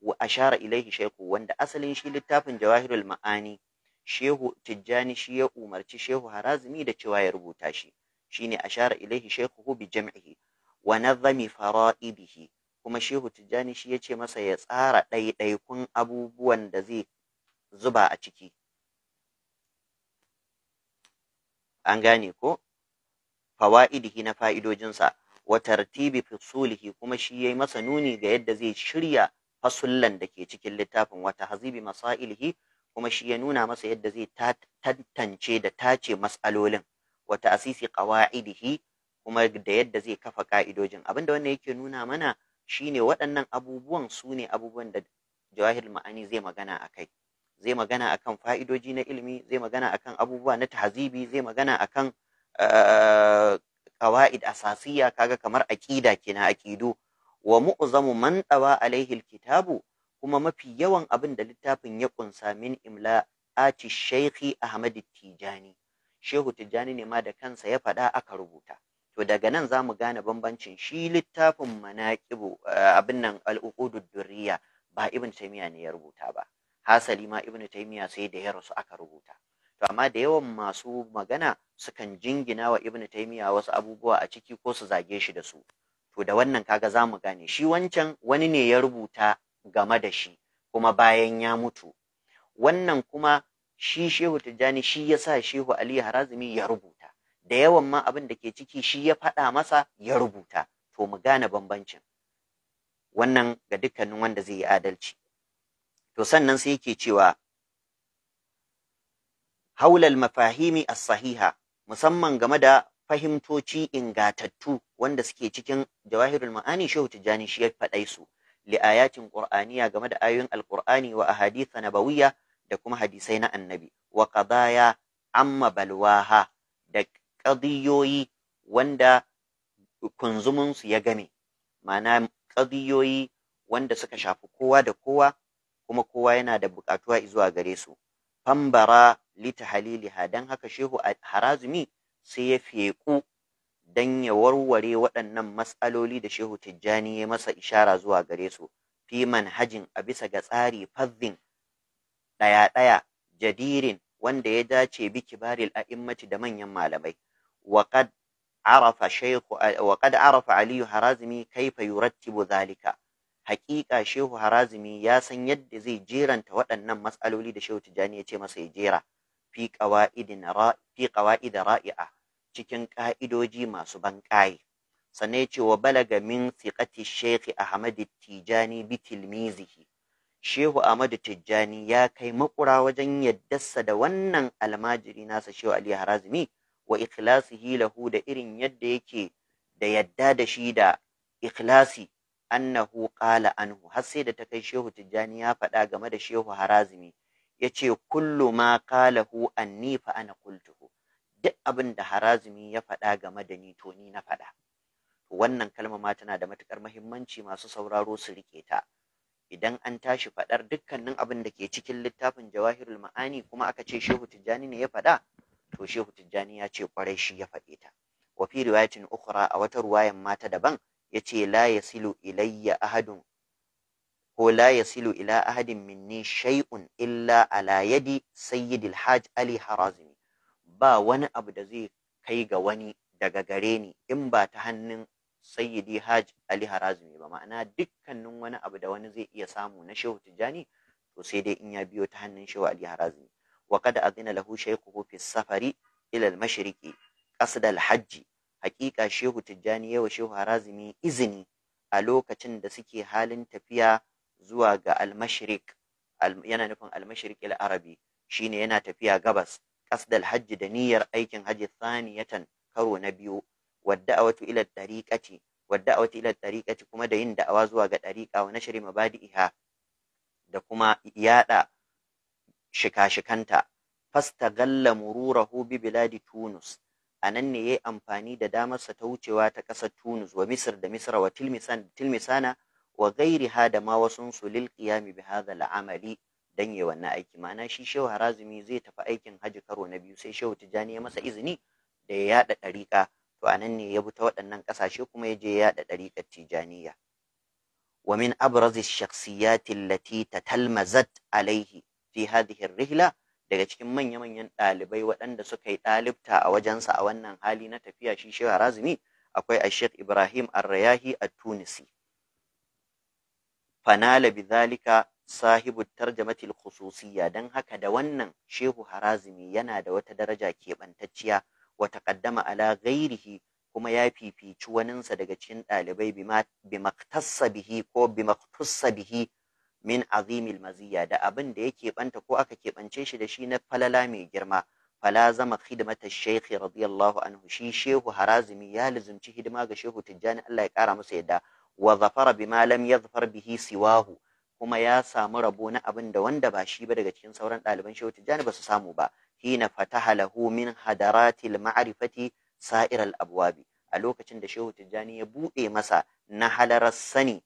wa ashara ilaihi shaykhu wanda asalin shi littafin jawahirul ma'ani shehu tijjani shi ya umarci shehu harazimi da cewa ya rubuta shi shine ashara ilaihi shaykhuhu bi jam'ihi wa nazami fara'idihi kuma shehu tijjani shi yace masa ya tsara ɗaiɗaikun abubuwan da zai zuba a ciki an gane ko fawaidihi na fa'idojinsa wa tartibi fusulihi kuma shi yayi masa nuni ga yadda zai shirya fasullan da ke cikin littafin wa tahzibi masailihi kuma shi ya nuna masa yadda zai tantance da tace mas'alolin wa ta'sisi qawaidihi kuma da yadda zai kafa ka'idojin abinda da wannan yake nuna mana shine waɗannan abubuwan su ne abubuwan da jawahir ma'ani zai magana a kai zai magana a kan fa'idoji na ilimi zai magana a kan abubuwa na tahzibi zai magana a akan eh, a asasiya kaga kamar aqida kenan aƙido wa mu'zamu man dawa alaihi kitabu, kuma mafi yawan abin da littafin ya kunsa min Ati shaykhi ahmad tijani shehu tijani ne ma da kansa ya faɗa aka rubuta to daga nan za mu gane bambancin shi littafin manaƙibu eh, abin nan al'uqudud duriya ba ibn taimiya ne ya rubuta ba hasali ma ibn taimiya sai da ya rasu aka rubuta to amma da yawan masu magana sukan jingina wa ibn taimiya wasu abubuwa a ciki ko su zage shi da su to da wannan kaga za mu gane shi wancan wani ne ya rubuta game da shi kuma bayan ya mutu wannan kuma shi shehu tijjani shi ya sa shehu ali harazimi ya rubuta da yawan ma abin da ke ciki shi ya faɗa masa ya rubuta to mu gane bambancin wannan ga dukkanin wanda zai yi adalci to sannan sai yake cewa haulal mafahimi as-sahiha musamman game da fahimtoci ingatattu wanda suke cikin jawahirul ma'ani shehu tijani shi ya faɗai su li ayatin qur'aniya game da ayoyin alqur'ani wa ahadith nabawiyya da kuma hadisai na annabi wa qadaya amma balwaha da ƙadiyoyi wanda kunzuminsu ya game ma'ana ƙadiyoyi wanda suka shafi kowa da kowa kuma kowa yana da buƙatuwa zuwa gare su fambara lita litahaliliha don haka shehu harazumi sai ya feku don ya warware waɗannan matsaloli da shehu tijjani ya masa ishara zuwa gare su fi manhajin a bisa ga tsari fazzin ɗaya-ɗaya jadirin wanda ya dace bi kibaril a'immaci da manyan malamai وقد arafa Aliyu harazimi عرف علي هرازمي كيف يرتب ذلك حقيقة شيخ هرازمي يا سن يد زي جيران da Shehu Tijani yace masa ya jera fi qawaidin ra ra'i'a cikin ƙa'idoji masu banƙaye sannan yace wa balaga min thiqati Sheikh Ahmad Tijani bi tilmizihi Shehu Ahmadu Tijjani ya kai maƙura wajen yaddarsa da wannan almajiri nasa Shehu Ali harazimi. wa ikhlasihi lahu da irin yadda yake da yadda da shi da ikhlasi annahu qala anhu har sai da ta kai shehu tijjani ya faɗa game da shehu harazimi yace kullu ma qalahu anni fa ana qultuhu duk abin da harazimi ya faɗa game da ni to ni na faɗa wannan kalma ma tana da matukar muhimmanci masu sauraro su rike ta idan an tashi faɗar dukkanin abin da ke cikin littafin jawahirul ma'ani kuma aka ce shehu tijjani ne ya faɗa to shehu tijjani ya ce kwarai shi ya faɗe ta wa fi riwayatin ukhra a wata ruwayan mata daban yace la yasilu ilayya ahadun ko la yasilu ila ahadin minni shay'un illa ala yadi sayyidil ali harazimi ba wani abu da zai kai ga wani daga gare ni in ba ta hannun sayyidi hajj ali harazimi ba ma'ana dukkanin wani abu da wani zai iya samu na shehu tijjani to sai dai in ya biyo ta hannun shehu ali harazimi wa qad adina lahu shaykhuhu fi safari ila al-mashriqi qasd al-hajj shehu tijjani yawa shehu harazimi izini a lokacin da suke halin tafiya zuwa ga al yana nufin al-mashriq al-arabi shine yana tafiya gabas qasd al-hajj da niyyar aikin hajji thaniyatan karo na biyu wadda'awatu ila tariqati wadda'awatu ila tariqati kuma da yin da'awa zuwa ga tariqa wa nashri mabadi'iha da kuma yada shika-shikanta fastagalla mururahu bi biladi tunus a nan ne ya yi amfani da damarsa ta wucewa ta ƙasar tunus wa misir da misra wa tilmisana wa gairiha da ma wasunsu lil qiyami bi hadha al'amali dan yi wannan aiki ma'ana shi shehu harazumi zai tafi aikin hajji karo na biyu sai shehu tijjani ya masa izini da ya yada ɗariƙa to a nan ne ya bi ta waɗannan ƙasashe kuma ya je ya yada ɗariƙar tijjaniya wa min abrazi shakhsiyati allati Talmazat alaihi fi hadhihi rihla daga cikin manya-manyan ɗalibai waɗanda suka yi ɗalibta a wajensa a wannan hali na tafiya shi Shehu Harazimi akwai a Sheikh Ibrahim arrayahi rayahi At-Tunisi fanala bidhalika sahibu tarjamati khususiyya dan haka da wannan Shehu Harazimi yana da wata daraja keɓantacciya wa taqaddama ala ghairihi kuma ya fifici waninsa daga cikin ɗalibai bi bihi ko bi bihi min azimil maziya da abin da yake banta ko aka keɓance shi da shi na falala mai girma fala zama khidmata shaykh radiyallahu anhu shi shehu harazimi ya lizumci hidima ga shehu tijjani Allah ya kara masa yadda wa zafara bima lam bihi siwahu kuma ya samu rabo na abin da wanda ba shi ba daga cikin sauran ɗaliban shehu tijjani ba su samu ba hina fataha lahu min hadaratil ma'rifati sa'iral abwabi a lokacin da shehu tijjani ya buɗe masa na halarar sani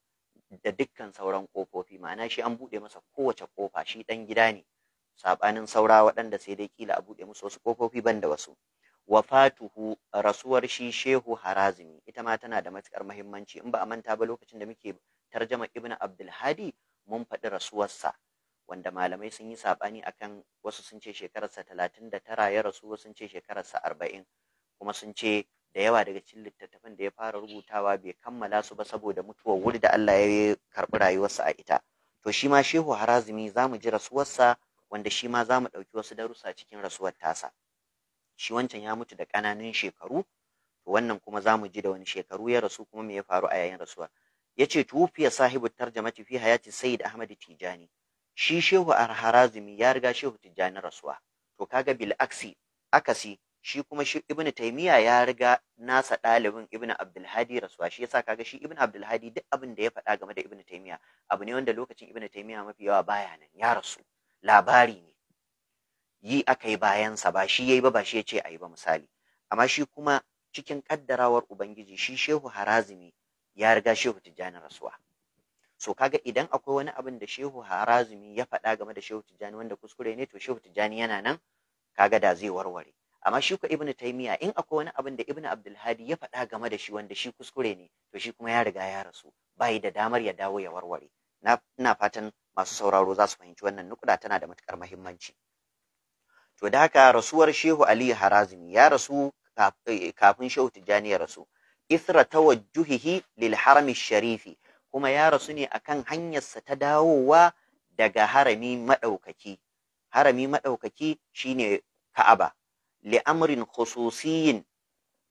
da dukkan sauran kofofi ma'ana shi an buɗe masa kowace kofa shi ɗan gida ne saɓanin saura waɗanda sai dai kila a buɗe musu wasu kofofi ban da wasu wafatuhu rasuwar shi shehu harazimi ita ma tana da matukar mahimmanci in ba a manta ba lokacin da muke tarjama ibn abdulhadi mun faɗi rasuwarsa wanda malamai sun yi saɓani akan wasu sun ce shekararsa talatin da tara ya rasu wasu sun ce shekararsa arba'in kuma sun ce da yawa daga cikin littattafan da ya fara rubutawa bai kammala su ba saboda mutuwar wuri da Allah ya karɓi rayuwarsa a ita to shi ma Shehu Harazimi za mu ji rasuwarsa wanda shi ma za mu ɗauki wasu darussa cikin rasuwar tasa shi wancan ya mutu da ƙananun shekaru to wannan kuma za mu ji da wani shekaru ya rasu kuma me ya faru a yayin rasuwar ya ce tufiya sahibu tarjamati fi hayati Sayyid Ahmad Tijani shi Shehu Harazimi ya riga Shehu Tijani rasuwa to kaga bil aksi akasi shi kuma shi ibnu taymiya ya riga nasa ɗalibin ibnu abdulhadi rasuwa shi yasa kaga shi ibnu abdulhadi duk abin da ya faɗa game da ibnu taymiya abu ne wanda lokacin ibnu taymiya mafi yawa baya nan ya rasu labari ne yi aka yi bayansa ba shi yayi ba ba shi ya ce ayi ba misali amma shi kuma cikin kaddarawar ubangiji shi shehu harazimi ya riga shehu tijjani rasuwa so kaga idan akwai wani abin da shehu harazimi ya faɗa game da shehu tijjani wanda kuskure ne to shehu tijjani yana nan kaga da zai warware amma shi ko ibnu taymiya in akwai wani abin da ibnu abdulhadi ya faɗa game da shi wanda shi kuskure ne to shi kuma ya riga ya rasu bai da damar ya dawo ya warware na ina fatan masu sauraro za su fahimci wannan nukuda tana da matukar muhimmanci to da haka rasuwar shehu ali harazimi ya rasu eh, kafin shehu tijjani ya rasu isra tawajjuhihi lil harami sharifi kuma ya rasu ne akan hanyarsa ta dawowa daga harami madaukaki. harami madaukaki shine ka'aba li'amrin khususiyin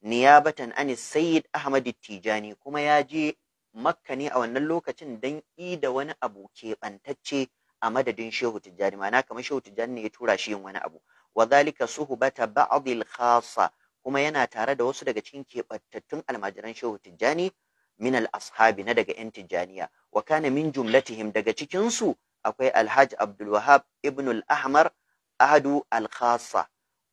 niyabatan an sayyid ahmad tijani kuma ya je makka ne a wannan lokacin dan i da wani abu keɓantacce a madadin shehu tijjani ma'ana kamar shehu tijjani ne ya tura shi yin wani abu wa zalika suhbata Khasa kuma yana tare da wasu daga cikin keɓantattun almajiran shehu tijjani Minal ashabi na daga yan tijjaniya wa kana min jumlatihim daga cikinsu akwai alhaj Abdulwahab, Ibnul ahmar ahadu al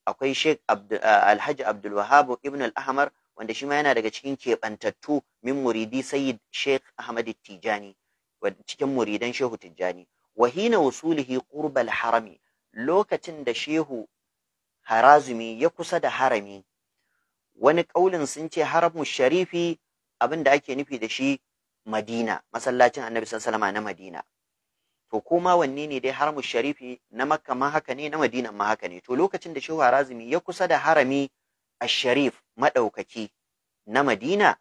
akwai Sheikh eh, Alhaji Abdul Wahab Ibn Al-Ahmar wanda shi ma yana daga cikin keɓantattu min muridi Sayyid Sheikh Ahmad Tijani cikin muridan Shehu Tijani wa hina wusulihi qurbal harami lokacin da Shehu Harazumi ya kusa da harami wani kaulin sun ce haramu sharifi abin da ake nufi da shi Madina masallacin Annabi sallallahu alaihi wasallam na Madina to koma wanne ne dai haramu sharifi na makka ma haka ne na madina ma haka ne to lokacin da shehu harazimi ya kusa da harami asharif maɗaukaki, na madina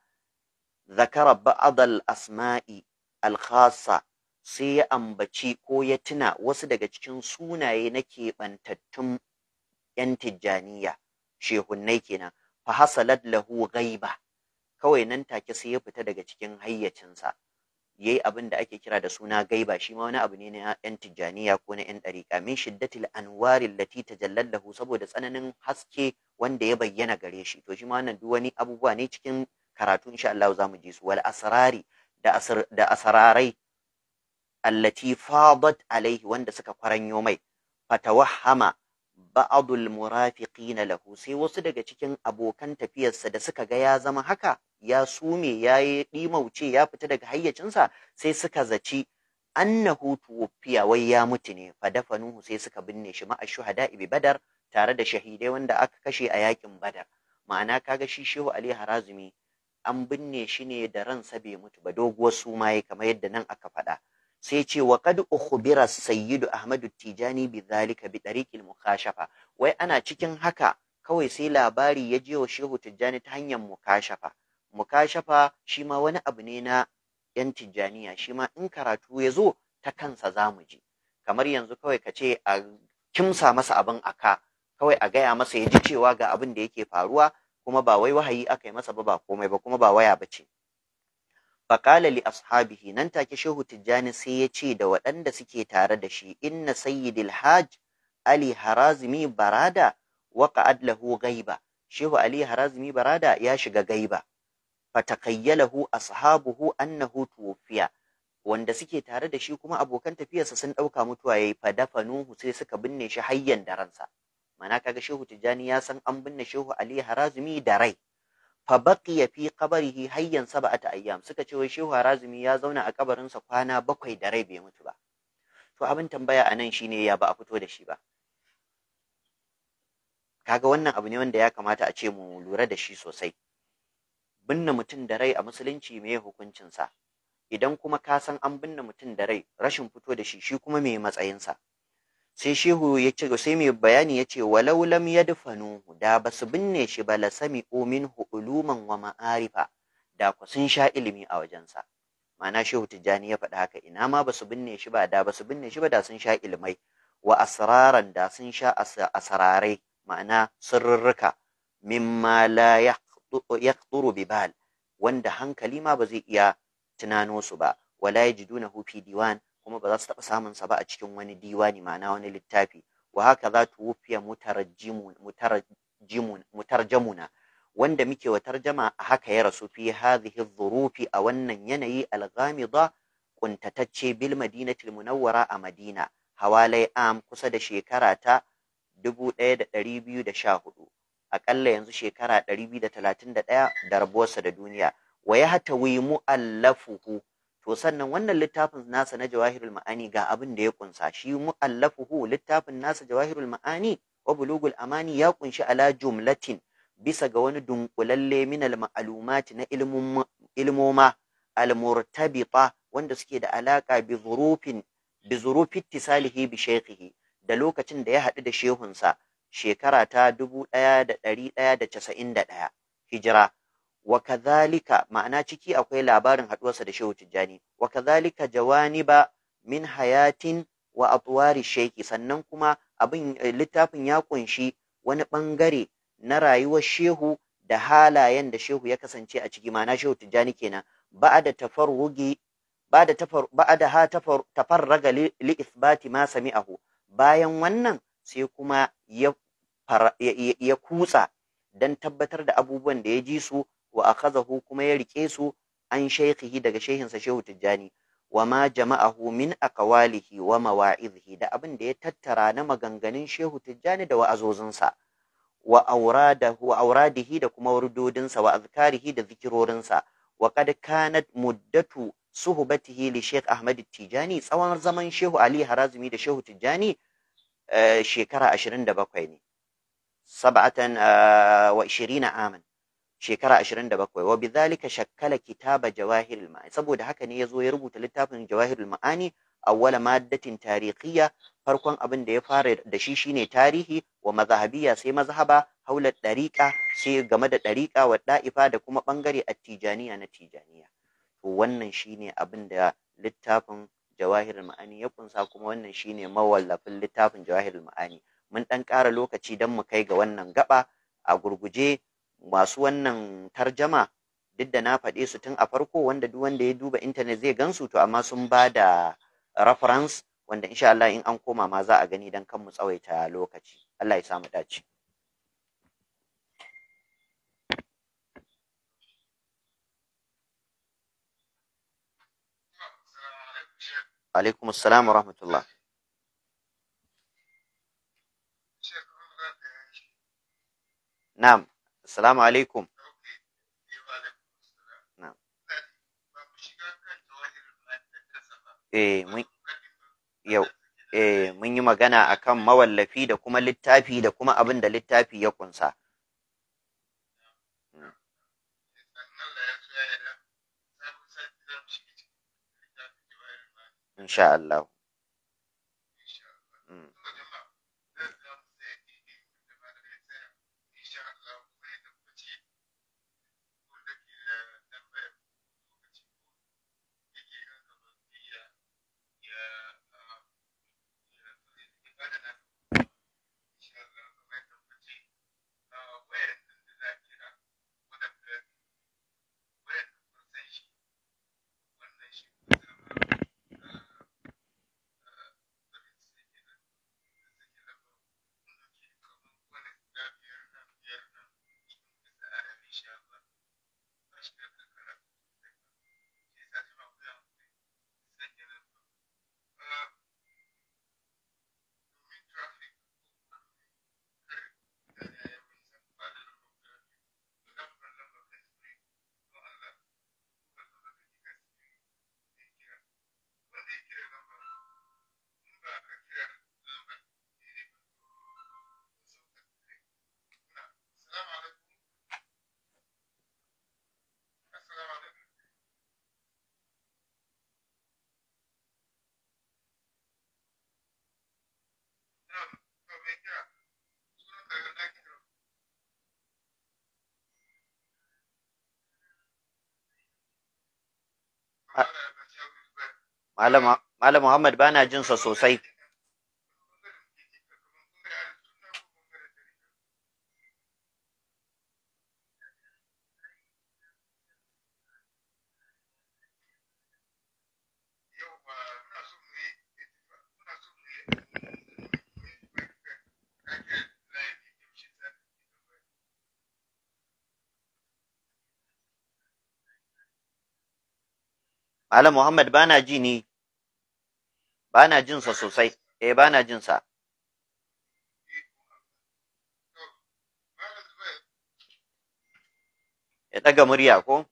zakara ba'dal asma'i al sai ya ambaci ko ya tuna wasu daga cikin sunaye na keɓantattun 'yan tijjaniya shehunnai kenan fa hasalat lahu ghaiba kawai nan take sai ya fita daga cikin hayyacinsa yayi abin da ake kira da suna gaiba shi ma wani abu ne na yan tijjaniya ko na yan dariƙa min shiddatil anwari allati tajallallahu saboda tsananin haske wanda ya bayyana gare shi to shi ma wannan duk wani abubuwa ne cikin karatu insha Allah zamu ji su wal asrari da asararai. da asrarai allati fadat alaihi wanda suka kwaranyo mai Fatawahama ba'dul murafiqin lahu sai wasu daga cikin abokan tafiyarsa da suka ga ya zama haka ya sume ya yi ɗimauce ya fita daga hayyacinsa sai suka zaci annahu tuwfiya wai ya mutu ne fa Nuhu sai suka binne shi ma'a shuhada ibi badar tare da shahidai wanda aka kashe a yakin badar ma'ana kaga shi shehu ali harazumi an binne shi ne da ransa bai mutu ba doguwar suma sumaye kamar yadda nan aka faɗa sai ce wa qad ukhbira sayyidu ahmadu tijani bi zalika bi tariqil mukashafa wai ana cikin haka kawai sai labari ya je wa shehu tijjani ta hanyar mukashafa mukashafa shi ma wani abu ne na yan tijjaniya shi ma in karatu ya zo ta kansa za mu ji kamar yanzu kawai ka ce a kimsa masa abin aka kawai a gaya masa ya ji cewa ga abin da yake faruwa kuma ba wai wahayi aka yi masa ba ba komai ba kuma ba waya ba ce faƙala li ashabihi nan take shehu tijjani sai ya ce da waɗanda suke tare da shi inna sayyidil hajj ali harazimi barada waka lahu gaiba shehu ali harazimi barada ya shiga gaiba fatakayyalahu ashabuhu annahu tuwfiya wanda suke tare da shi kuma abokan tafiyarsa sun ɗauka mutuwa yayi fadafanuhu sai suka binne shi hayyan da ransa mana kaga shehu tijjani ya san an binne shehu ali harazumi da rai fa baqiya fi qabrihi hayyan sab'ata ayyam suka ce wai shehu harazmi ya zauna a kabarin sa kwana bakwai da rai bai mutu ba to abin tambaya anan shine ya ba a fito da shi ba kaga wannan abu ne wanda ya kamata a ce mu lura da shi sosai binne mutum da rai a musulunci mai hukuncinsa idan kuma ka san an binne mutum da rai rashin fito da shi shi kuma mai matsayinsa sai shehu ya ce sai mai bayani ya ce walau lam yadfanu da basu binne shi ba la sami'u minhu uluman wa ma'arifa da ku sun sha ilimi a wajensa ma'ana shehu tijjani ya faɗi haka ina ma basu binne shi ba da ba binne shi ba da sun sha ilimai wa asraran da sun sha asararai ma'ana sirrurruka mimma la yaqturu bi bibal, wanda hankali ma ba zai iya tunano su ba wala yajidunahu hufi diwan kuma ba za su taɓa samun sa ba a cikin wani diwani ma'ana wani littafi wa haka za tu wufiya mutarjamuna wanda muke wa tarjama a haka ya rasu fi hadhihi dhurufi a wannan yanayi alghamida kuntatacce bil madinatil munawwara a madina hawalai am kusa da shekara ta 1214 aƙalla yanzu shekara 231 da rabuwarsa da duniya wa ya hatawi mu'allafuhu to sannan wannan littafin nasa na jawahirul ma'ani ga abin da ya kunsa shi mu'allafuhu littafin nasa jawahirul ma'ani wa bulugul amani ya kunshi ala jumlatin bisa ga wani dunkulalle min al ma'lumat na ilmoma al murtabita wanda suke da alaka bi zurufin bi zurufi ittisalihi bi shaykhihi da lokacin da ya haɗu da shehunsa shekara ta dubu ɗaya da ɗari ɗaya da casa'in da ɗaya hijira wa kazalika. ma'ana ciki akwai labarin haɗuwarsa da shehu tijjani wa kazalika jawani ba min hayatin wa atwari sheki sannan kuma abin eh, littafin ya kunshi wani ɓangare na rayuwar shehu da halayen da shehu ya kasance a ciki ma'ana shehu tijjani kenan ba'da tafarrugi ba'da tafar ba'da ha tafar tafarraga li isbati ma sami'ahu bayan wannan sai kuma ya kutsa don tabbatar da abubuwan da ya ji su wa akhazahu kuma ya rike su an shaykhihi daga shehinsa shehu tijjani wa ma jama'ahu min aqwalihi wa mawa'izhi da abin da ya tattara na maganganun shehu tijjani da wa'azozinsa wa auradahu wa auradihi da kuma wurdodinsa wa azkarihi da zikirorinsa wa qad kanat muddatu suhbatihi li sheikh ahmad tijjani tsawon zaman shehu ali harazmi da shehu tijjani Eh, shekara ashirin da bakwai ne sab'atan eh, wa ishirina aman shekara ashirin da bakwai wa bidhalika shakkala kitaba jawahirul ma'ani saboda haka ne ya zo ya rubuta littafin jawahirul ma'ani awwala maddatin tarihiyya farkon abin da ya fara da shi shine tarihi wa mazhabiya sai mazhaba haular dariqa sai game da dariqa wa da'ifa da kuma ɓangare atijaniya na tijaniya to wannan shine abin da littafin Jawahirin ma'ani ya kunsa kuma wannan shine mawallafin littafin jawahirin ma'ani mun ɗan ƙara lokaci don mu kai ga wannan gaba a gurguje masu wannan tarjama duk da na faɗe su tun a farko wanda duk wanda ya duba intanet zai gansu to amma sun ba da reference wanda insha Allah in an koma ma za a gani don kan mu tsawaita lokaci Allah ya samu dace alaikum assalam wa rahmatullah na'am assalamu alaikum na'am eh mun yau eh, mun yi magana akan mawallafi da kuma littafi da kuma abin da littafi ya kunsa insha Allah Malam Muhammad bana jin sa sosai. Malam Muhammad bana ji ne. bana jin sa sosai eh bana jin sa ya daga murya ko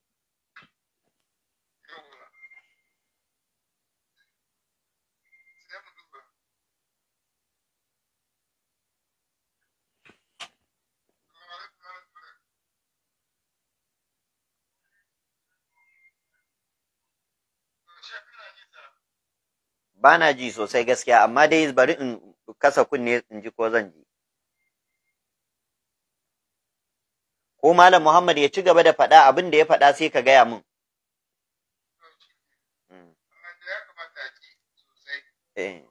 ba na ji sosai gaskiya amma dai bari in kasa kunne in ji ko zan ji ko malam muhammad ya ci gaba da faɗa abin da ya faɗa sai ka gaya min eh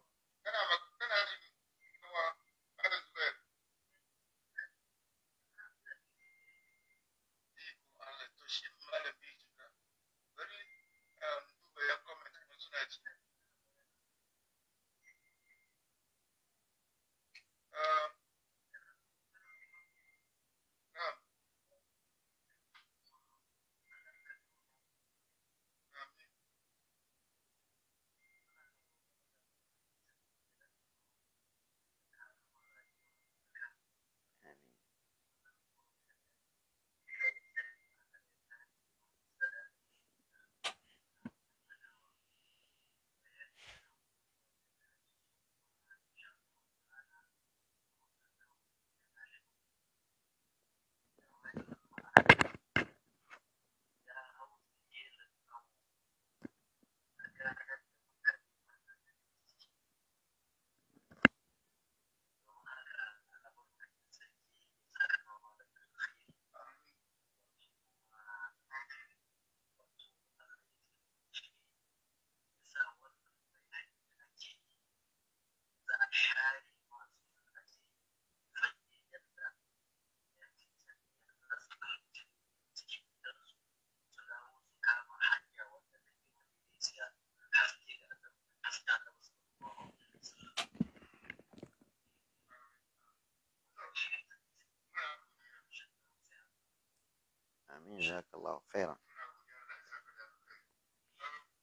جزاك الله خيرا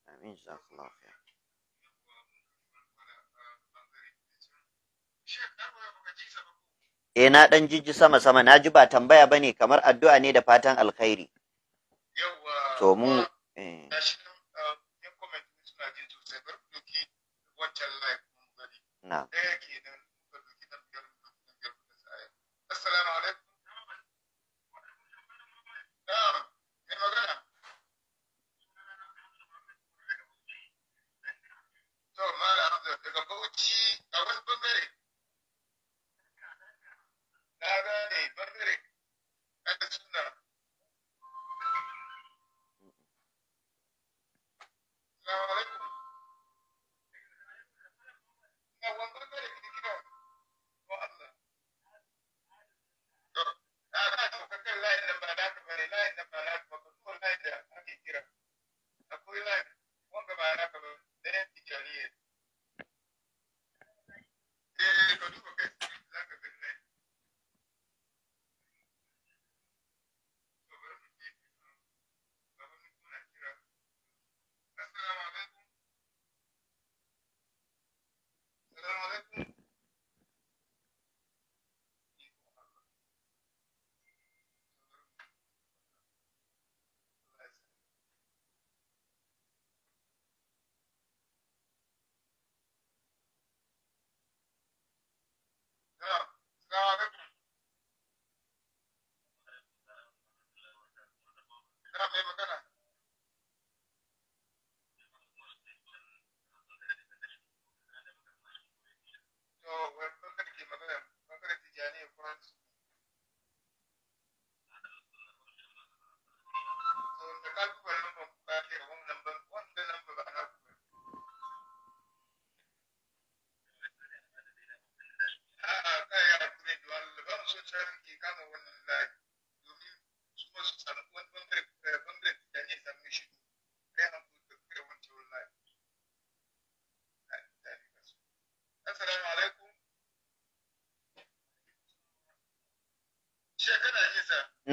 khairan جزاك الله خيرا eh na dan jiji sama sama na ji ba tambaya bane kamar addu'a ne da fatan alkhairi to mu eh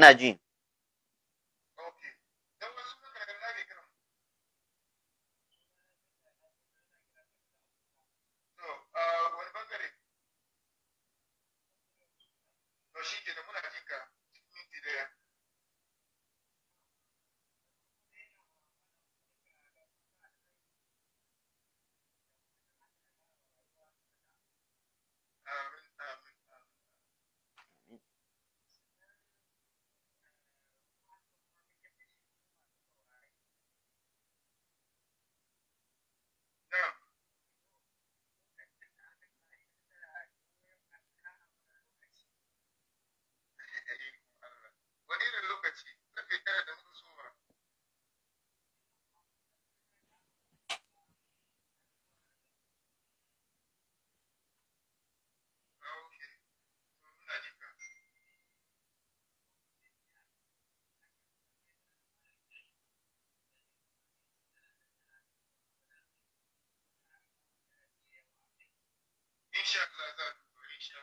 Najim. сказать, что еще...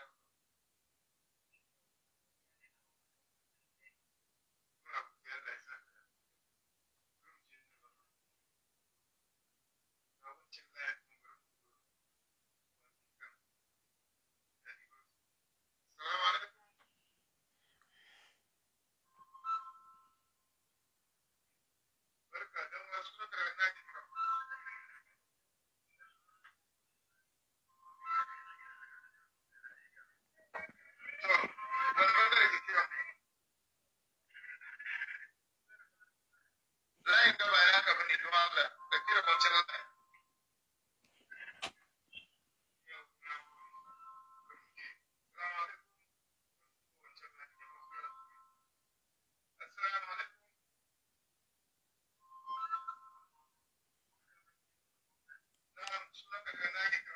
Thank you.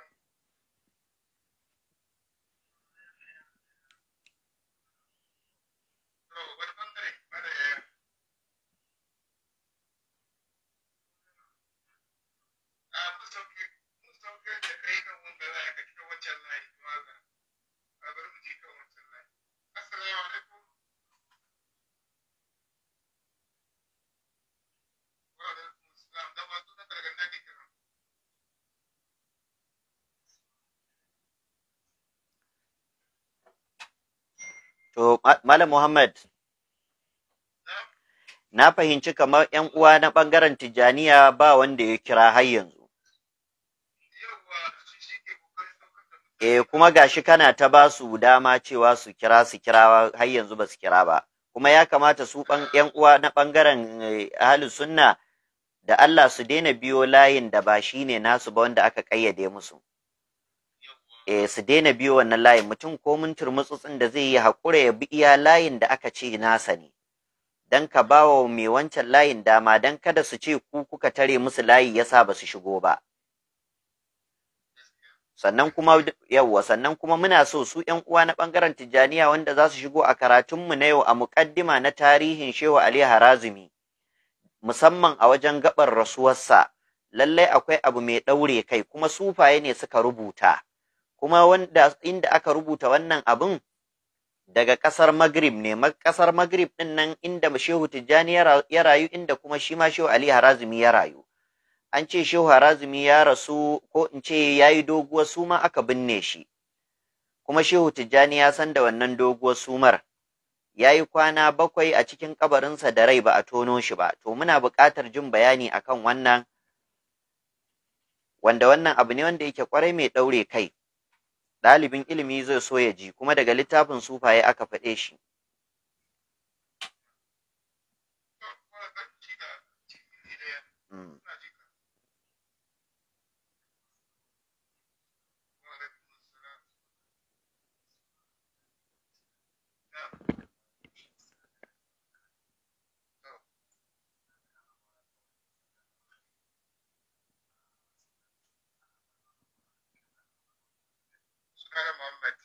To, Malam Muhammad, na fahimci kamar ‘yan uwa na ɓangaren Tijjaniya ba wanda ya kira har yanzu. E, kuma gashi kana ta ba su dama cewa su kira su kira har yanzu ba su kira ba. Kuma ya kamata su ‘yan uwa na ɓangaren halin eh, sunna da Allah su daina biyo layin da ba shi ne nasu ba wanda aka ƙayyade musu. eh su daina biyo wannan layin mutum ko mun turmutsutsun da zai yi haƙura ya bi iya layin da aka ce nasa ne dan ka wa mai wancan layin dama dan kada su ce ku kuka tare musu layi yasa ba su shigo ba sannan kuma yawwa sannan kuma muna so su 'yan uwa na bangaren Tijjaniya wanda za su shigo a karatun mu na yau a muqaddima na tarihin Shehu Ali Harazumi musamman a wajen gabar rasuwarsa lallai akwai abu mai ɗaure kai kuma sufaye ne suka rubuta kuma wanda inda aka rubuta wannan abin daga ƙasar Maghrib ne ƙasar Maghrib din nan inda Shehu Tijjani ya rayu inda kuma shi ma Shehu Ali Harazimi ya rayu an ce Shehu Harazimi ya rasu ko in ce yayi doguwar suma aka binne shi kuma Shehu Tijjani ya san da wannan doguwar sumar yayi kwana bakwai a cikin kabarinsa da rai ba a tono shi ba to muna buƙatar jin bayani akan wannan wanda wannan abu ne wanda yake kwarai mai ɗaure kai ɗalibin ilimi zai so ya ji kuma daga littafin sufaye aka faɗe shi Paramount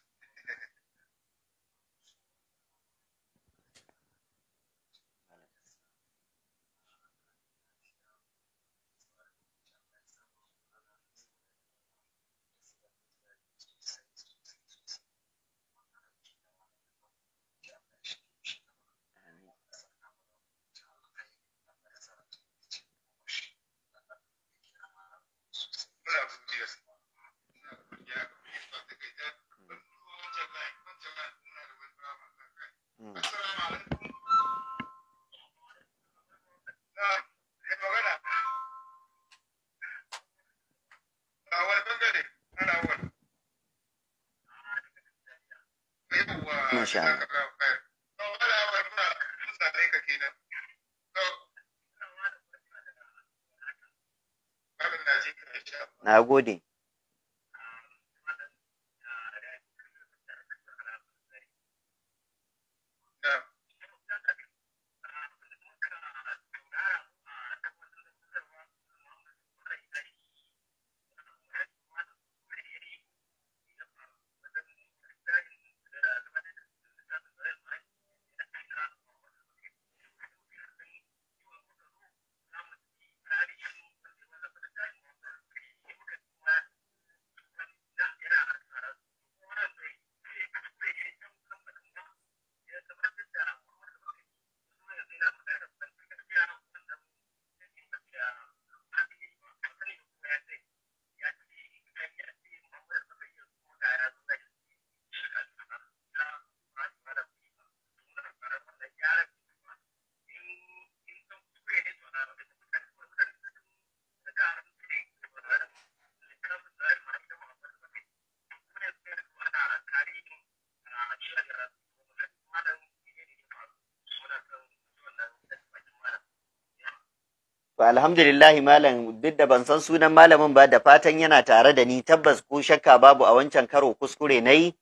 alhamdulillahi malam duk da ban san sunan malamin ba da fatan yana tare da ni tabbas ko shakka babu a wancan karo kuskure na yi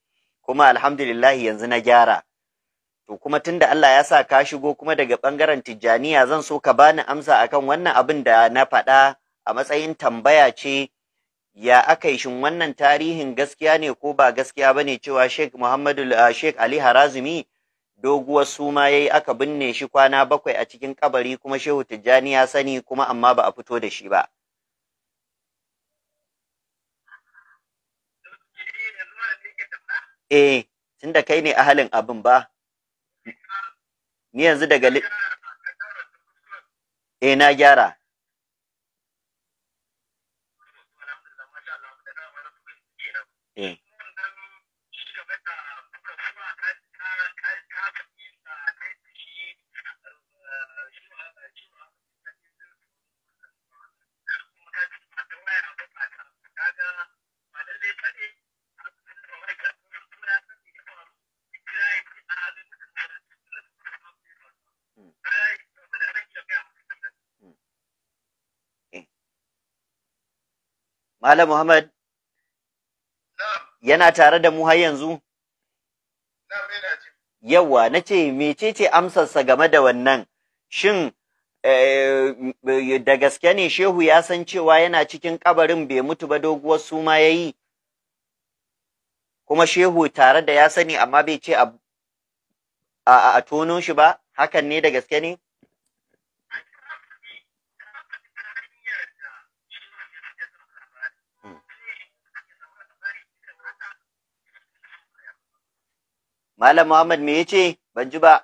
kuma alhamdulillahi yanzu na gyara. To kuma tunda Allah ya sa ka shigo kuma daga ɓangaren Tijjaniya zan so ka bani amsa akan wannan abin da na faɗa a matsayin tambaya ce ya aka yi shin wannan tarihin gaskiya ne ko ba gaskiya ba ne cewa Sheikh Muhammadu ah, Sheikh Ali Harazumi doguwar suma yi aka binne shi kwana bakwai a cikin kabari kuma Shehu Tijjani ya sani kuma amma ba a fito da shi ba eh da kai ne ahalin abin ba ni yanzu daga eh na gyara Malam Muhammad yana tare da mu har yanzu? Yawa, na ce, mecece amsarsa game da wannan, shin eh, da gaske ne shehu ya san cewa yana cikin kabarin bai mutu ba doguwar suma ya yi? Kuma shehu tare da ya sani amma bai ce a tono shi ba, hakan ne da gaske ne? Malam Muhammad me yace ban ji ba.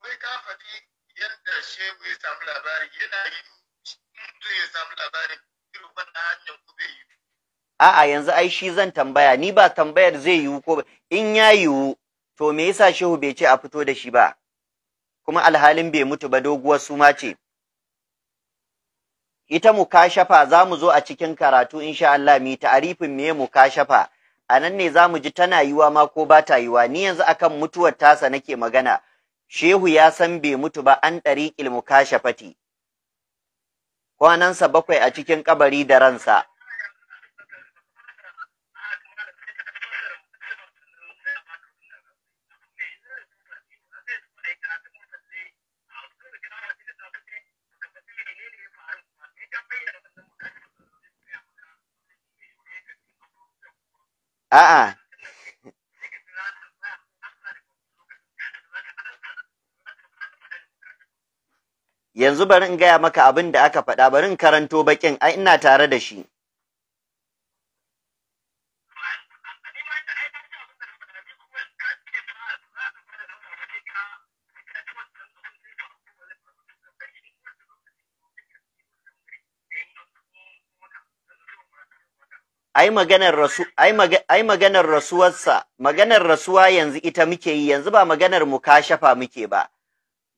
Wai ka faɗi yadda shehu ya samu labari yana yi mutum ya samu labari irin wannan hanyar ku bai yi. A'a yanzu ai shi zan tambaya ni ba tambayar zai yiwu ko in ya yiwu to me yasa shehu bai ce a fito da shi ba kuma alhalin bai mutu ba doguwar suma ce. Ita mukashafa za mu zo a cikin karatu insha Allah mu ta'arifin me mukashafa. a nan ne za mu ji tana yiwa ma ko ba ta yiwa ni yanzu akan mutuwar tasa nake magana shehu ya san bai mutu ba an ɗari ilmu kashe fati kwanansa bakwai a cikin kabari da ransa ah. Yanzu bari in gaya maka abin da aka faɗa, bari in karanto baƙin, ai ina tare da shi. ai maganar rasu ai maganar rasuwarsa maganar rasuwa yanzu ita muke yi yanzu ba maganar mu kashafa muke ba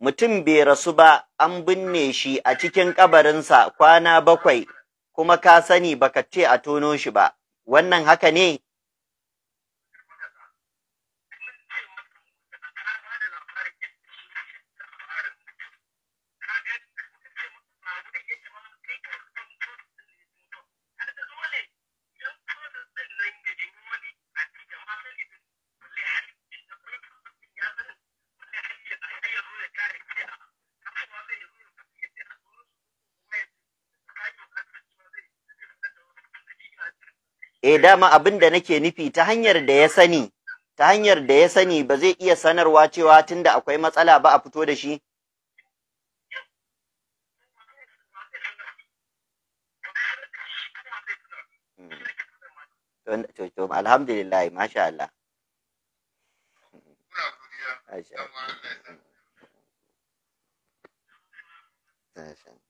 mutum bai rasu ba an binne shi a cikin kabarinsa kwana bakwai kuma ka sani baka ce a tono shi ba wannan haka ne eh dama abin da nake nufi ta hanyar da ya sani ta hanyar da ya sani ba zai iya sanarwa cewa tunda akwai matsala ba a fito da shi hmm. alhamdulillah masha Allah Thank you.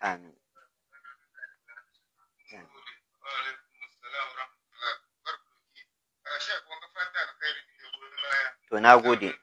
amin to na gode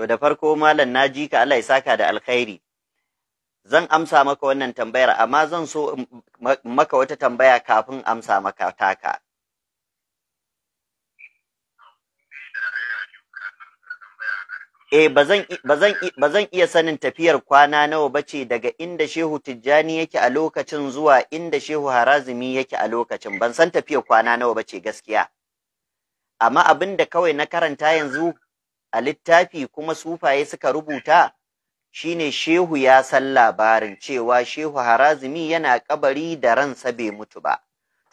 To da farko malam na ji ka Allah ya saka da alkhairi. Zan amsa maka wannan tambayar amma zan so maka wata tambaya kafin amsa maka taka. Eh ba zan iya sanin tafiyar kwana nawa bace daga inda Shehu Tijjani yake a lokacin zuwa inda Shehu Harazimi yake a lokacin ban san tafiyar kwana nawa bace gaskiya. Amma abin da kawai na karanta yanzu a littafi kuma sufaye suka rubuta shine shehu ya san labarin cewa shehu harazimi yana kabari da ransa bai mutu ba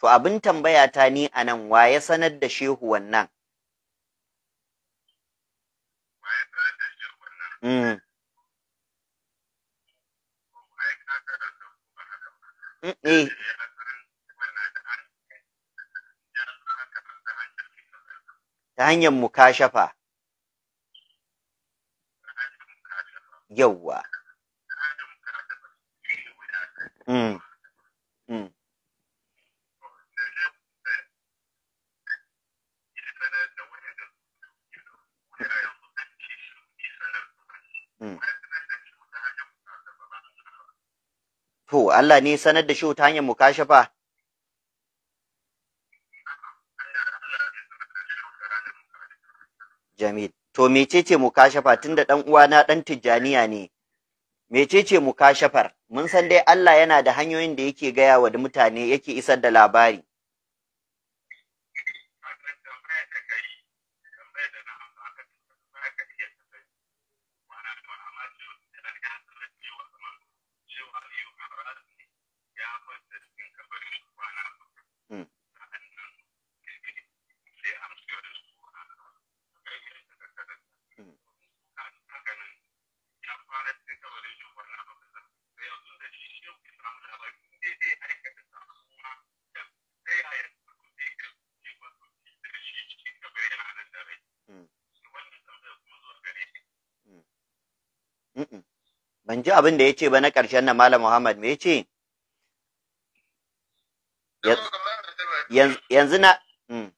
to abin tambaya ta ni a nan wa ya sanar da shehu wannan mm. Mm, eh. ta hanyar mukashafa yawwa mm. mm. mm. To, Allah ne sanar da shi ta hanyar mukashafa to mecece mukashafa tunda dan uwana ɗan tijjaniya ne mecece mukashafar mun san dai Allah yana da hanyoyin da yake gaya wa mutane yake isar da labari ban ji abin da ya ce ba na ƙarshen na Malam Muhammad me ya ce? Yanzu na, mm.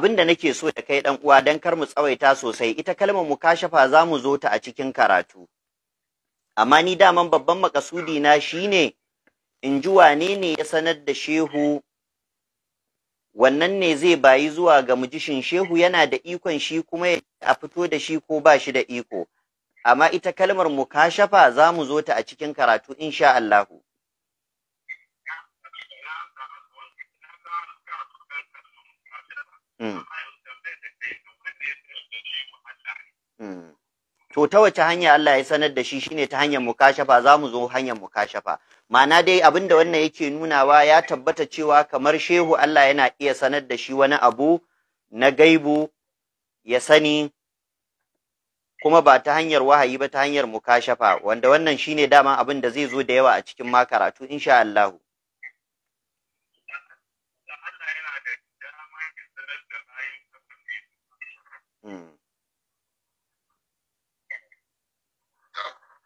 abin da nake so da kai dan uwa dan kar mu tsawaita sosai ita kalmar mukashafa za mu zo ta a cikin karatu amma ni daman babban makasudi na shine in ji wane ne ya sanar da shehu wannan ne zai bayi zuwa ga mujishin shehu yana da ikon shi kuma a fito da shi ko ba shi da iko amma ita kalmar mukashafa za mu zo ta a cikin karatu insha Allahu to ta wace hanya Allah ya sanar da shi shine ta hanyar mukashafa za mu zo hanyar mukashafa ma'ana dai abin da wannan yake nunawa ya tabbata cewa kamar shehu Allah yana iya sanar da shi wani abu na gaibu ya sani kuma ba ta hanyar wahayi ba ta hanyar mukashafa wanda wannan shine dama abin da zai zo da yawa a cikin makaratu karatu insha Allah Hmm.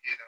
you do.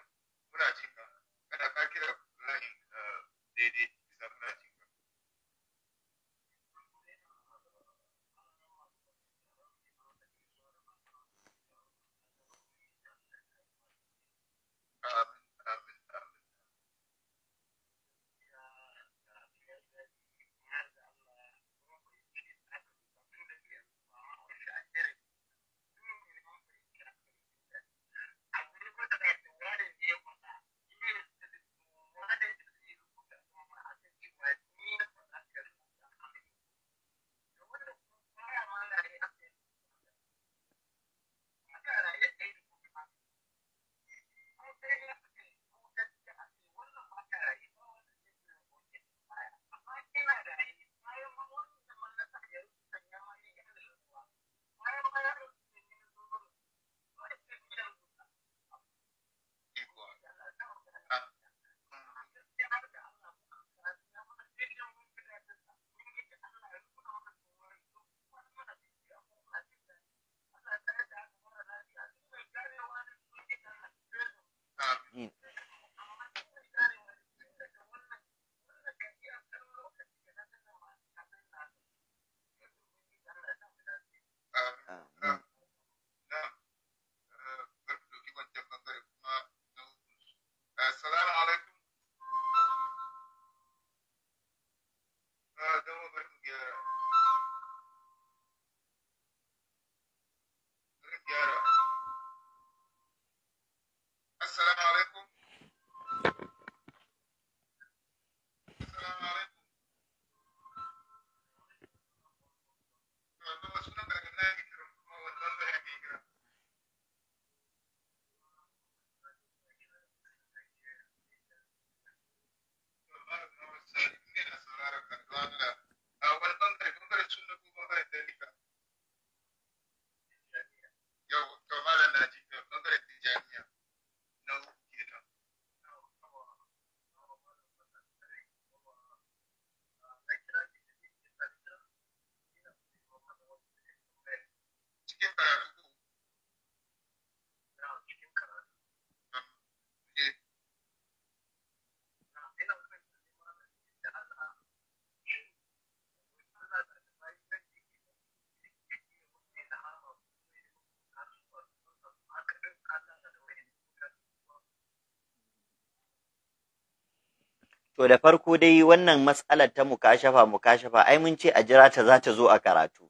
To da farko dai wannan matsalar ta mukashafa mukashafa ai mun ce a jira ta za ta zo a karatu.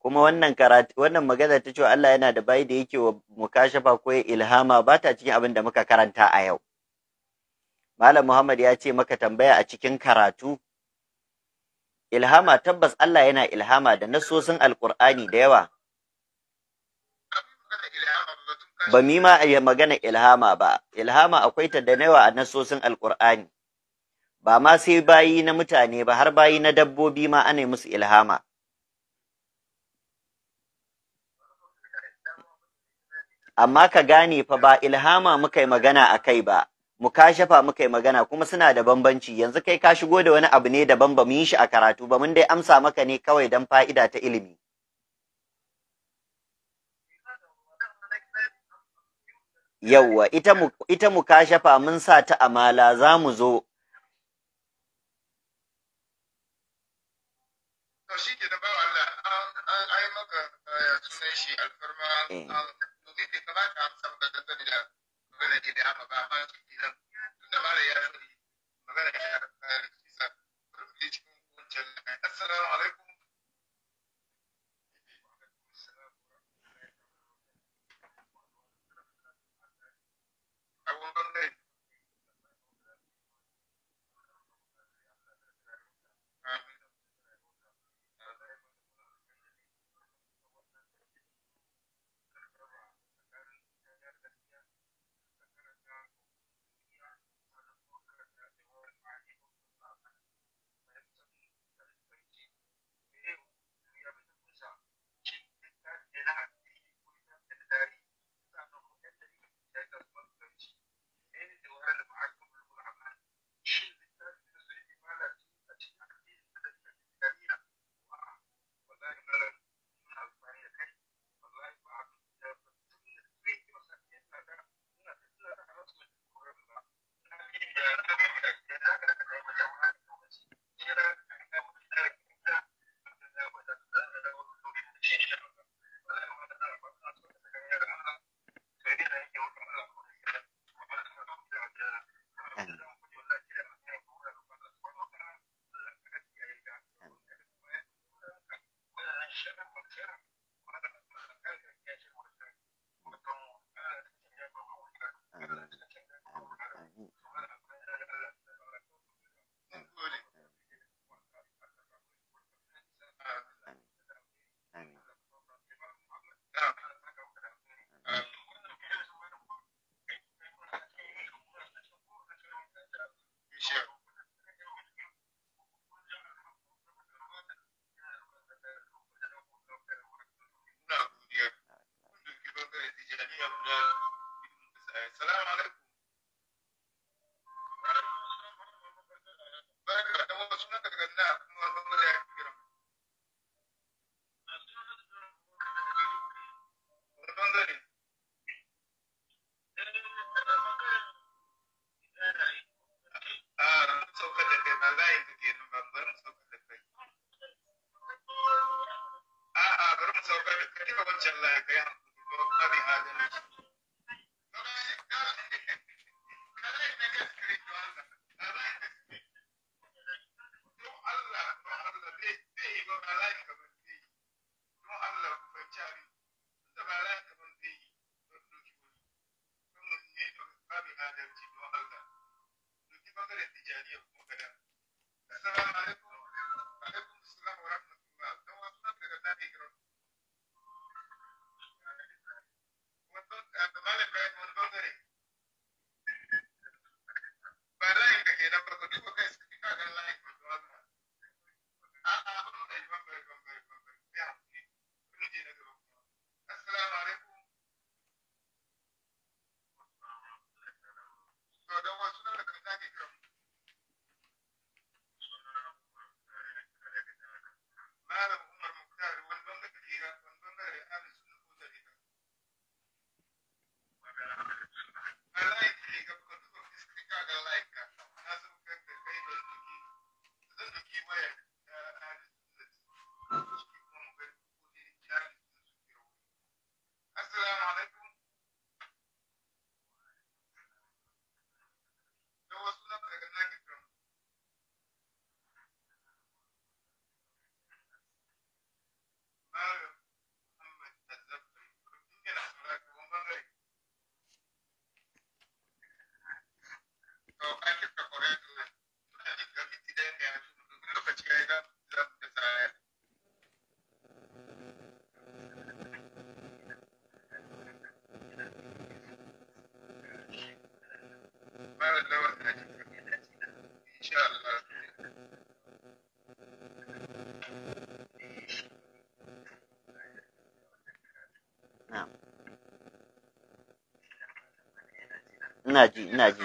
Kuma wannan karatu wannan magana ta cewa Allah yana da bayi da yake wa mukashafa ko ya ilhama ba ta cikin abin da muka karanta a yau. Malam Muhammad ya ce maka tambaya a cikin karatu ilhama tabbas Allah yana ilhama da nasosin alkur'ani da yawa. Ba mi ma magana ilhama ba, ilhama akwai ta da yawa a nasosin alkur'ani. ba ma sai bayi na mutane ba har bayi na dabbobi ma ana musu ilhama amma ka gane fa ba ilhama muka yi magana a kai ba mu mukashafa muka yi magana kuma suna da bambanci yanzu kai ka shigo da wani abu ne daban ba mu yi shi a karatu ba mun dai amsa maka ne kawai don fa'ida ta ilimi yawwa ita mu kashafa mun sa ta amala za mu zo to shi ke da bawa Allah an ai maka eh, sunan shi alfarma mm. to kai bai kamata a samu ka dangane da magana ke da haka ba su ke tun da mara ya sani magana ya kare eh, kisa rubuce cikin wancan assalamu alaikum चल रहा है कया 那句，那句。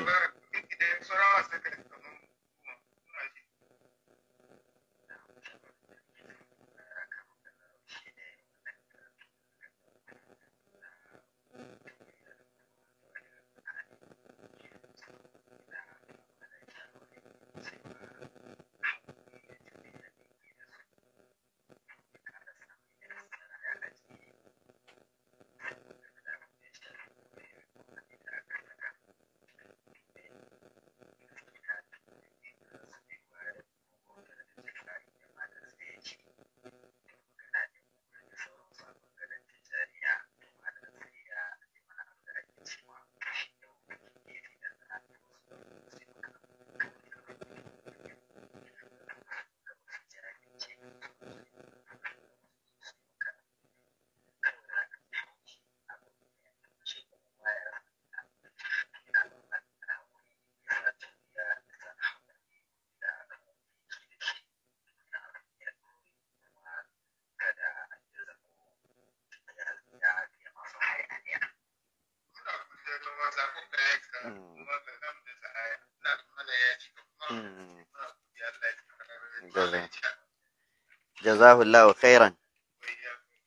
jazahu Allah khairan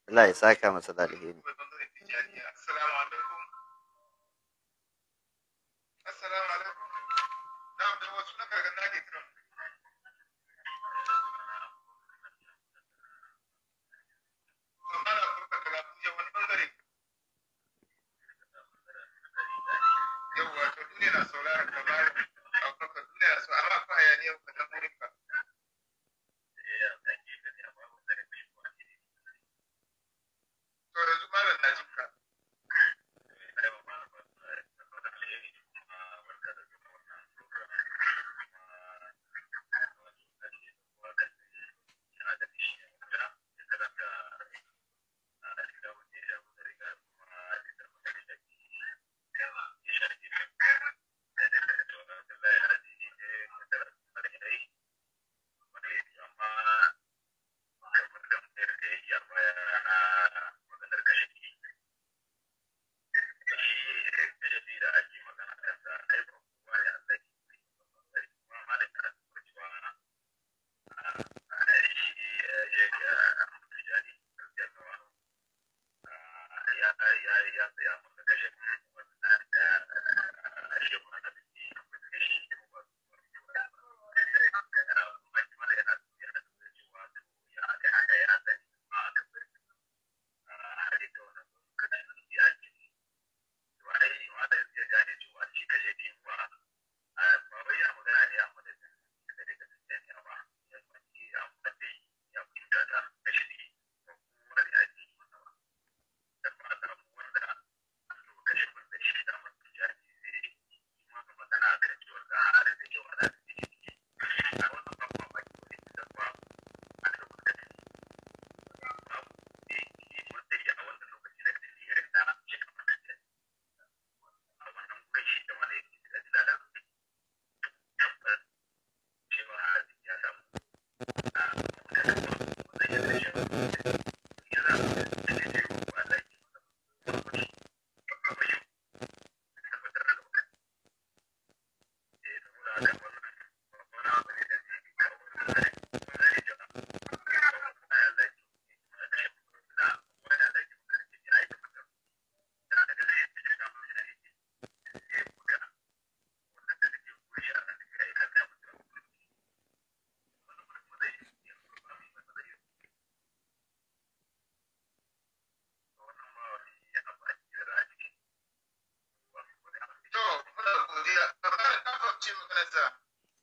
Allah ya saka masa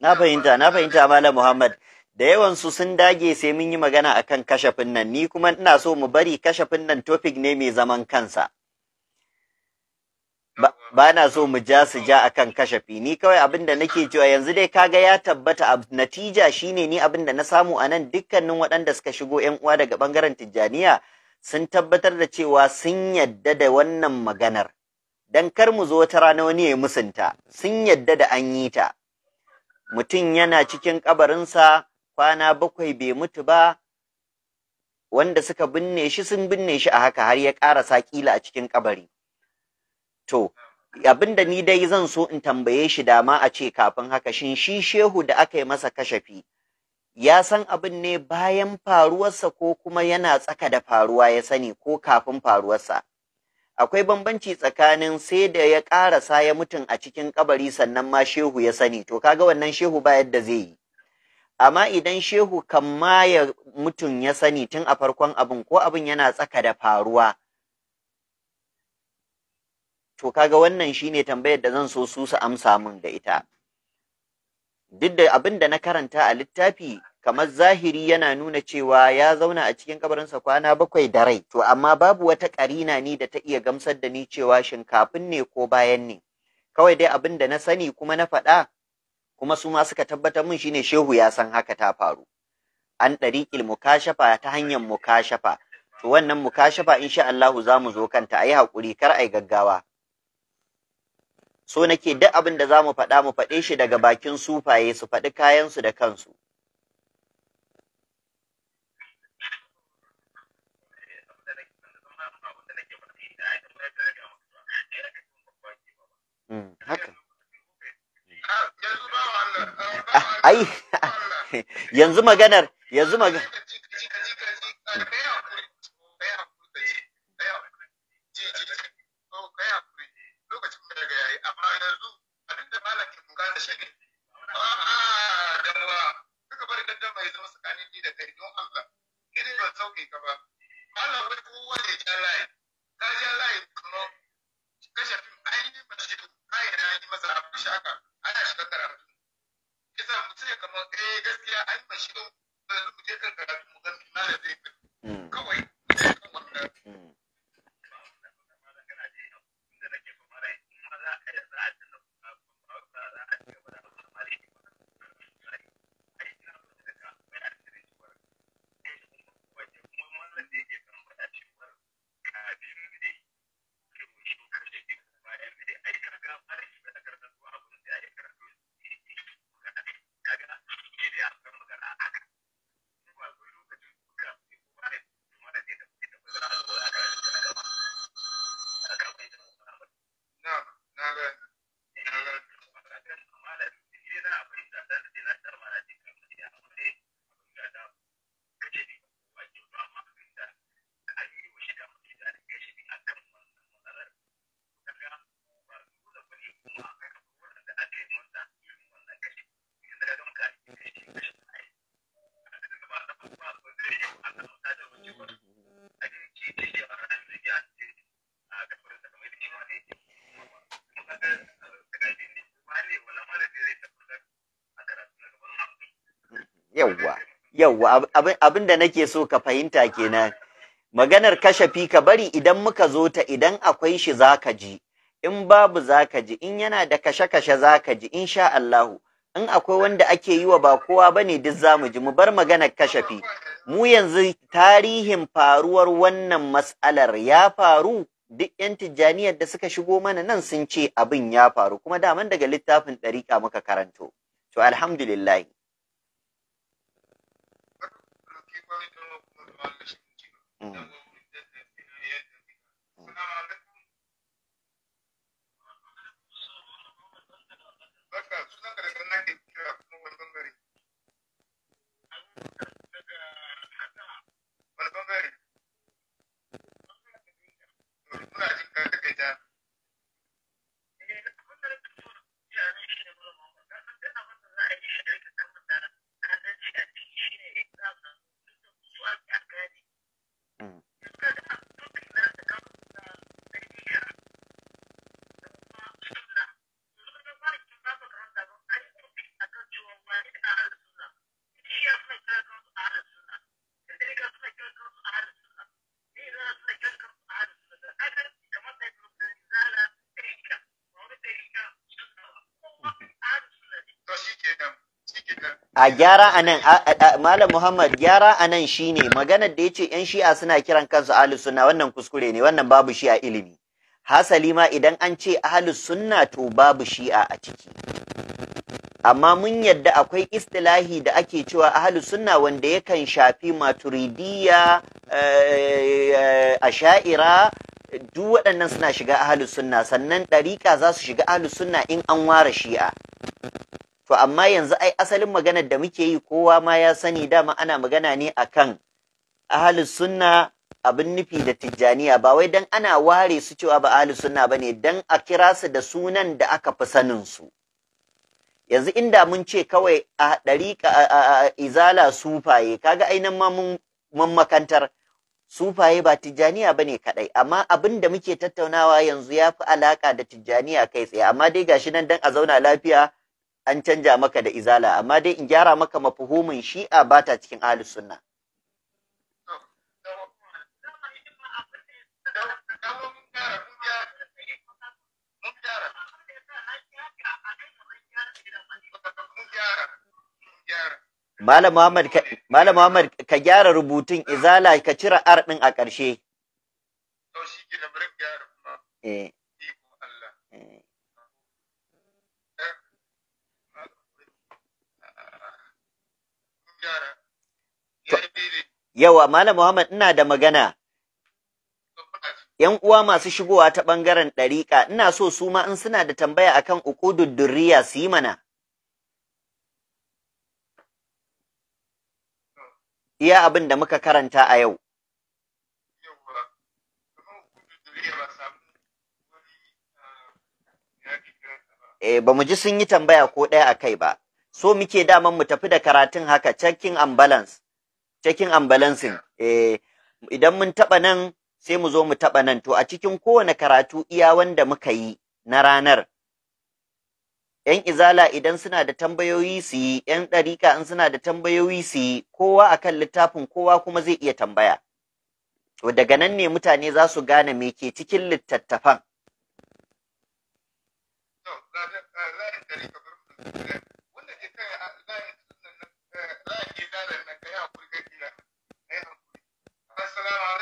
na fahimta na fahimta malam muhammad da yawan su sun dage sai mun yi magana akan kashafin nan ni kuma ina so mu bari kashafin nan topic ne mai zaman kansa ba na so mu ja su ja akan kashafi ni kawai abin da nake cewa yanzu dai kaga ya tabbata a natija shine ni abin da na samu a nan dukkanin waɗanda suka shigo yan uwa daga ɓangaren tijjaniya sun tabbatar da cewa sun yadda da wannan maganar dan kar mu zo wata rana wani ya yi musunta sun yadda da an yi ta mutum yana cikin kabarinsa kwana bakwai bai mutu ba wanda suka binne shi sun binne shi a haka har ya ƙarasa ƙila a cikin kabari to abin da ni dai zan so in tambaye shi dama a ce kafin haka shin shi shehu da aka yi masa kashafi ya san abin ne bayan faruwarsa ko kuma yana tsaka da faruwa ya sani ko kafin faruwarsa akwai bambanci tsakanin sai da ya ƙarasa ya mutum a cikin kabari sannan ma shehu ya sani to kaga wannan shehu ba yadda zai yi amma idan shehu kan ma ya mutum ya sani tun a farkon abin ko abin yana tsaka da faruwa to kaga wannan shine tambayar da zan so su su amsa min da ita duk da abin da na karanta a littafi kamar zahiri yana nuna cewa ya zauna a cikin kabarinsa kwana bakwai da rai to amma babu wata karina ni da ta iya gamsar da ni cewa shin ne ko bayan ne kawai dai abin da na sani kuma na faɗa kuma su ma suka tabbatar min shine shehu ya san haka ta faru an ɗariƙil mukashafa ta hanyar mukashafa to wannan mukashafa insha Allahu za mu zo kanta ayi hakuri haƙuri kar ayi gaggawa so nake duk abin da za mu faɗa mu faɗe shi daga bakin sufaye su faɗi kayansu da kansu Mm, ah, ai yanzu maganar yanzu maganar layi kuma kashe bayan na yi masa abin shaka ana shiga karatu kisa mutum ya kama eh gaskiya an mashi yau da rubuce kan karatu mu ga malam zai hmm. kawai yau abin da nake so ka fahimta kenan maganar kashafi ka bari idan muka zo ta idan akwai shi zaka ji in babu zaka ji in yana da kashe-kashe zaka ji insha Allahu in akwai wanda ake yi wa ba kowa bane duk zamu ji mu bar maganar kashafi mu yanzu tarihin faruwar wannan mas'alar ya faru duk yan tijjaniyar da suka shigo mana nan sun ce abin ya faru kuma daman daga littafin ɗariƙa muka karanto to alhamdulillah Mm. a gyara nan malam muhammad gyara a anan shine maganar da ya ce yan shi'a suna kiran kansu ahalus sunna wannan kuskure ne wannan babu shi'a ilimi hasali ma idan an ce ahalus sunna to babu shi'a a ciki amma mun yadda akwai istilahi da ake cewa ahalus sunna wanda yakan shafi maturidiyya eh, eh, asha'ira duk waɗannan suna shiga ahalus sunna sannan ɗariƙa za su shiga ahalus sunna in an ware shi'a to amma yanzu ai asalin maganar da muke yi kowa ma ya sani dama ana magana ne akan ahlus sunna abin nufi da tijjaniya ba wai dan ana ware su cewa ba ahlus sunna bane dan a kira su da sunan da aka fi sanin su yanzu inda mun ce kawai a ɗariƙa izala sufaye kaga ainihin ma mun makantar sufaye ba tijjaniya ba ne kaɗai amma abin da muke tattaunawa yanzu ya fi alaƙa da tijjaniya kai tsaye amma dai gashi nan dan a zauna lafiya an canja maka da izala amma dai in gyara maka mafuhumin shi'a ba ta cikin ahlus sunna Malam Muhammad ka gyara rubutun izala ka cire ar ɗin a ƙarshe. Eh. Yawa, Malam Muhammad ina da magana. ‘Yan uwa masu shigowa ta ɓangaren ɗariƙa, ina so su ma in suna da tambaya akan uƙudud durriya su yi mana. Iya abin da muka karanta a yau. Eh, ba mu ji sun yi tambaya ko ɗaya a kai ba, so muke daman mu tafi da karatun haka, checking and cikin ambalansin eh idan mun taɓa nan sai mu zo mu taɓa nan to a cikin kowane karatu iya wanda muka yi na ranar ‘Yan izala idan suna da tambayoyi su yi, ‘yan ɗarika in suna da tambayoyi su yi, kowa a kan littafin kowa kuma zai iya tambaya. To daga nan ne mutane za su gane me ke cikin littattafan. Yeah.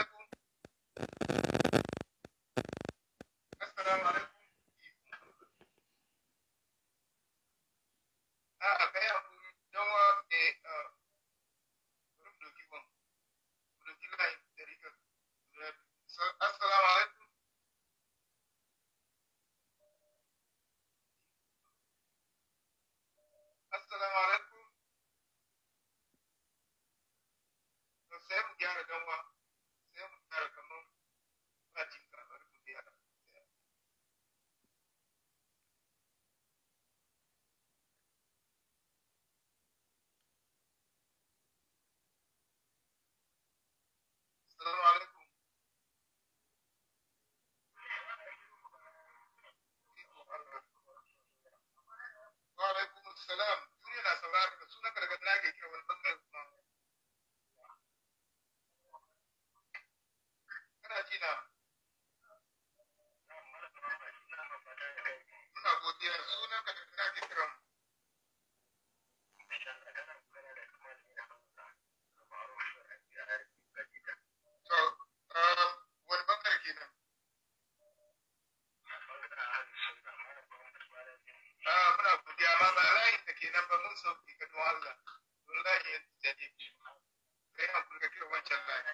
Então, Assalamu alaikum. कौन सब टिकट वाला दुल्हा ये जैसे कि मैं अपने के वहाँ चल रहा है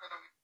going um, to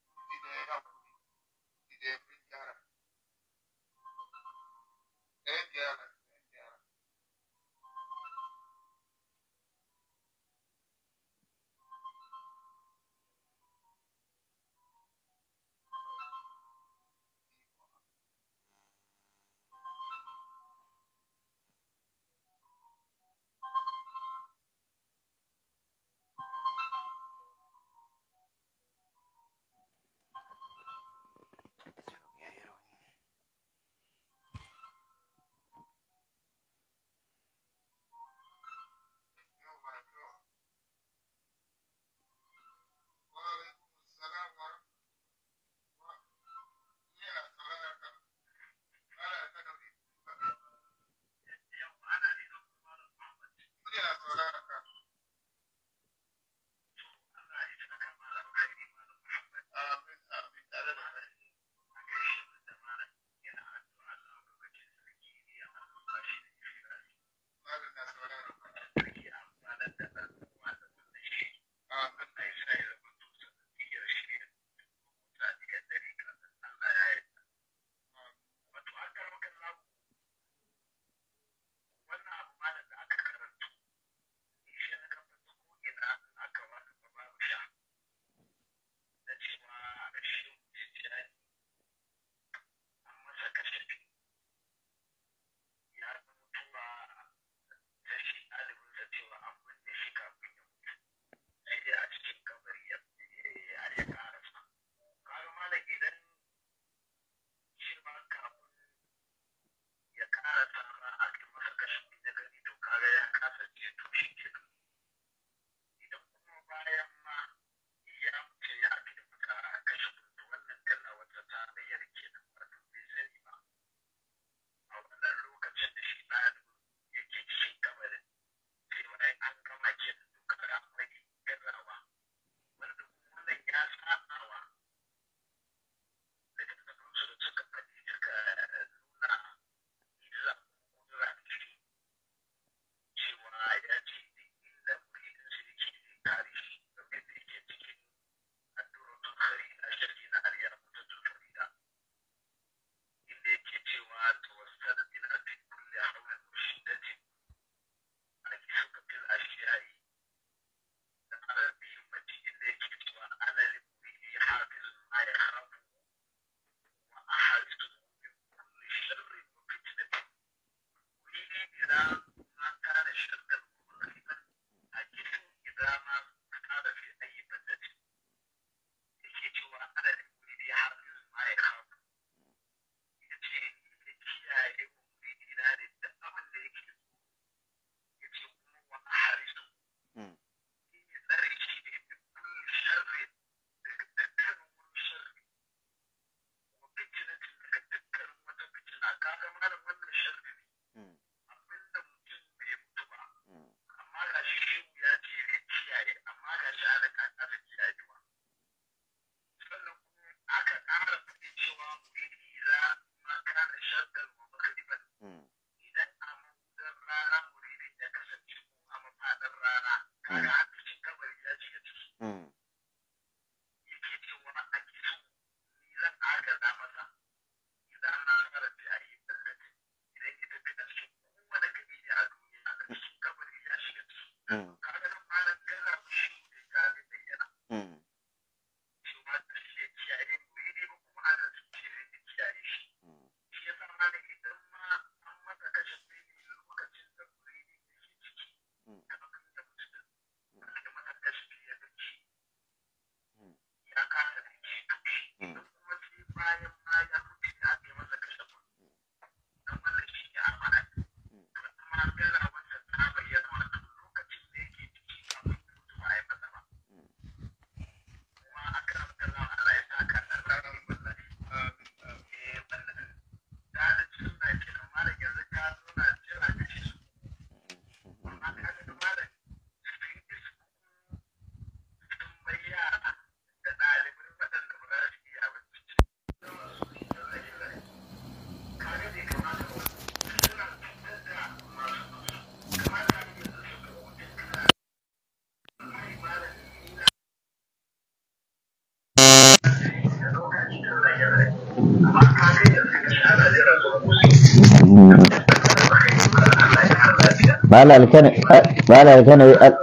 Ba la alkana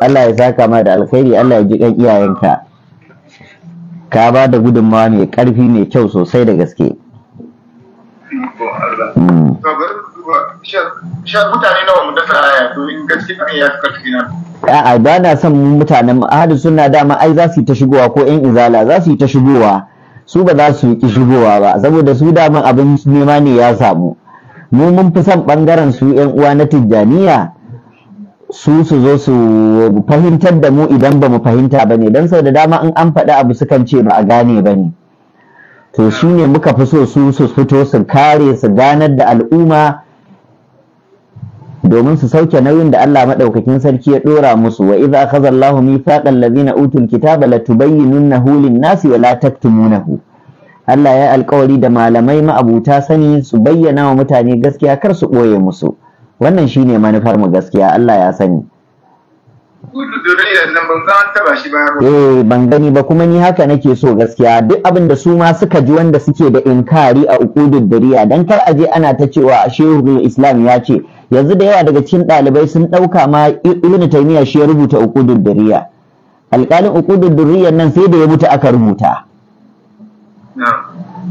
Allah ya saka ma da alkhairi Allah ya ji kan iyayenka ka ba da gudunmawa ne, karfi ne kyau sosai da gaske a'a ba na son mutanen ahadu suna dama ai za su yi ta shigowa ko yan izala za su yi ta shigowa su ba za su yi shigowa ba saboda su dama abin nema ne ya samu mu mun fi son bangaren su yan uwa na tijjaniya su su zo su fahimtar da mu idan ba mu fahimta ba ne don sau da dama in an faɗi abu sukan ce ba a gane ba ne to shi ne muka fi so su su fito su kare su ganar da al'umma domin su sauke nauyin da Allah maɗaukakin sarki ya ɗora musu wa iza akhadha Allahu mithaqal ladina utul kitaba hulin, lin-nasi wa la taktumunahu Allah ya alƙawari da malamai ma'abuta sani su bayyana wa mutane gaskiya kar su ɓoye musu wannan shine manufar mu gaskiya Allah ya sani Eh ban gani ba kuma ni haka nake so gaskiya duk abin da su ma suka ji wanda suke da inkari a uqudud dariya dan kar aje ana ta cewa shehu islam ya ce yanzu da yawa daga cikin ɗalibai sun ɗauka ma ibn taymiya shi ya rubuta uqudud dariya alqalin uqudud dariya nan sai da ya mutu aka rubuta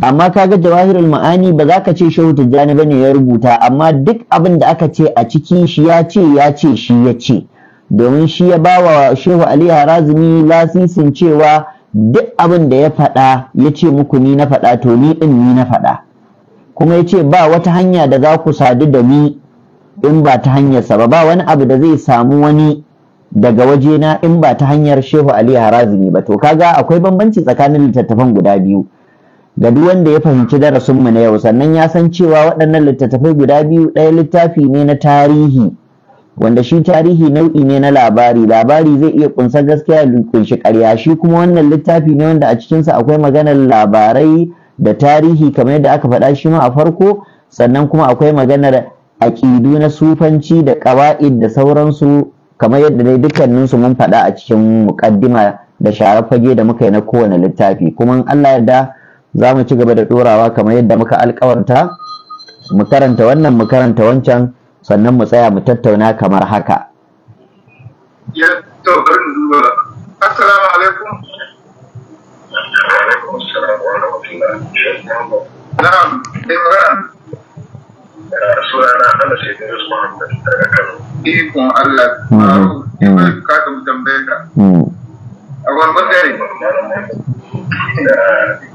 amma kaga jawahirul ma'ani ba za ka ce shehu tijjani ne ya rubuta amma duk abin da aka ce a cikin shi ya ce ya ce shi ya ce domin shi ya ba wa shehu ali harazumi lasisin cewa duk abin da ya faɗa ya ce muku ni na faɗa to ni ɗin ni na faɗa kuma ya ce ba wata hanya da za ku sadu da ni in ba ta hanyarsa ba ba wani abu da zai samu wani daga wajena in ba ta hanyar shehu ali harazumi ba to kaga akwai bambanci tsakanin littattafan guda biyu ga duk wanda ya fahimci darasinmu na yau sannan ya san cewa waɗannan littattafai guda biyu ɗaya littafi ne na tarihi wanda shi tarihi nau'i ne na labari labari zai iya kunsa gaskiya da kunshi ƙarya shi kuma wannan littafi ne wanda a cikinsa akwai maganar labarai da tarihi kamar yadda aka faɗa shi ma a farko sannan kuma akwai maganar aƙidu na sufanci da ƙawa'id da sauransu kamar yadda dai dukkaninsu mun faɗa a cikin muƙaddima da sharar da muka yi na kowane littafi kuma in Allah yarda za mu ci gaba da ɗorawa kamar yadda muka alkawarta mu karanta wannan mu karanta wancan sannan mu tsaya mu tattauna kamar haka Assalamu alaikum. Na'am, eh, Allah, mm, mm.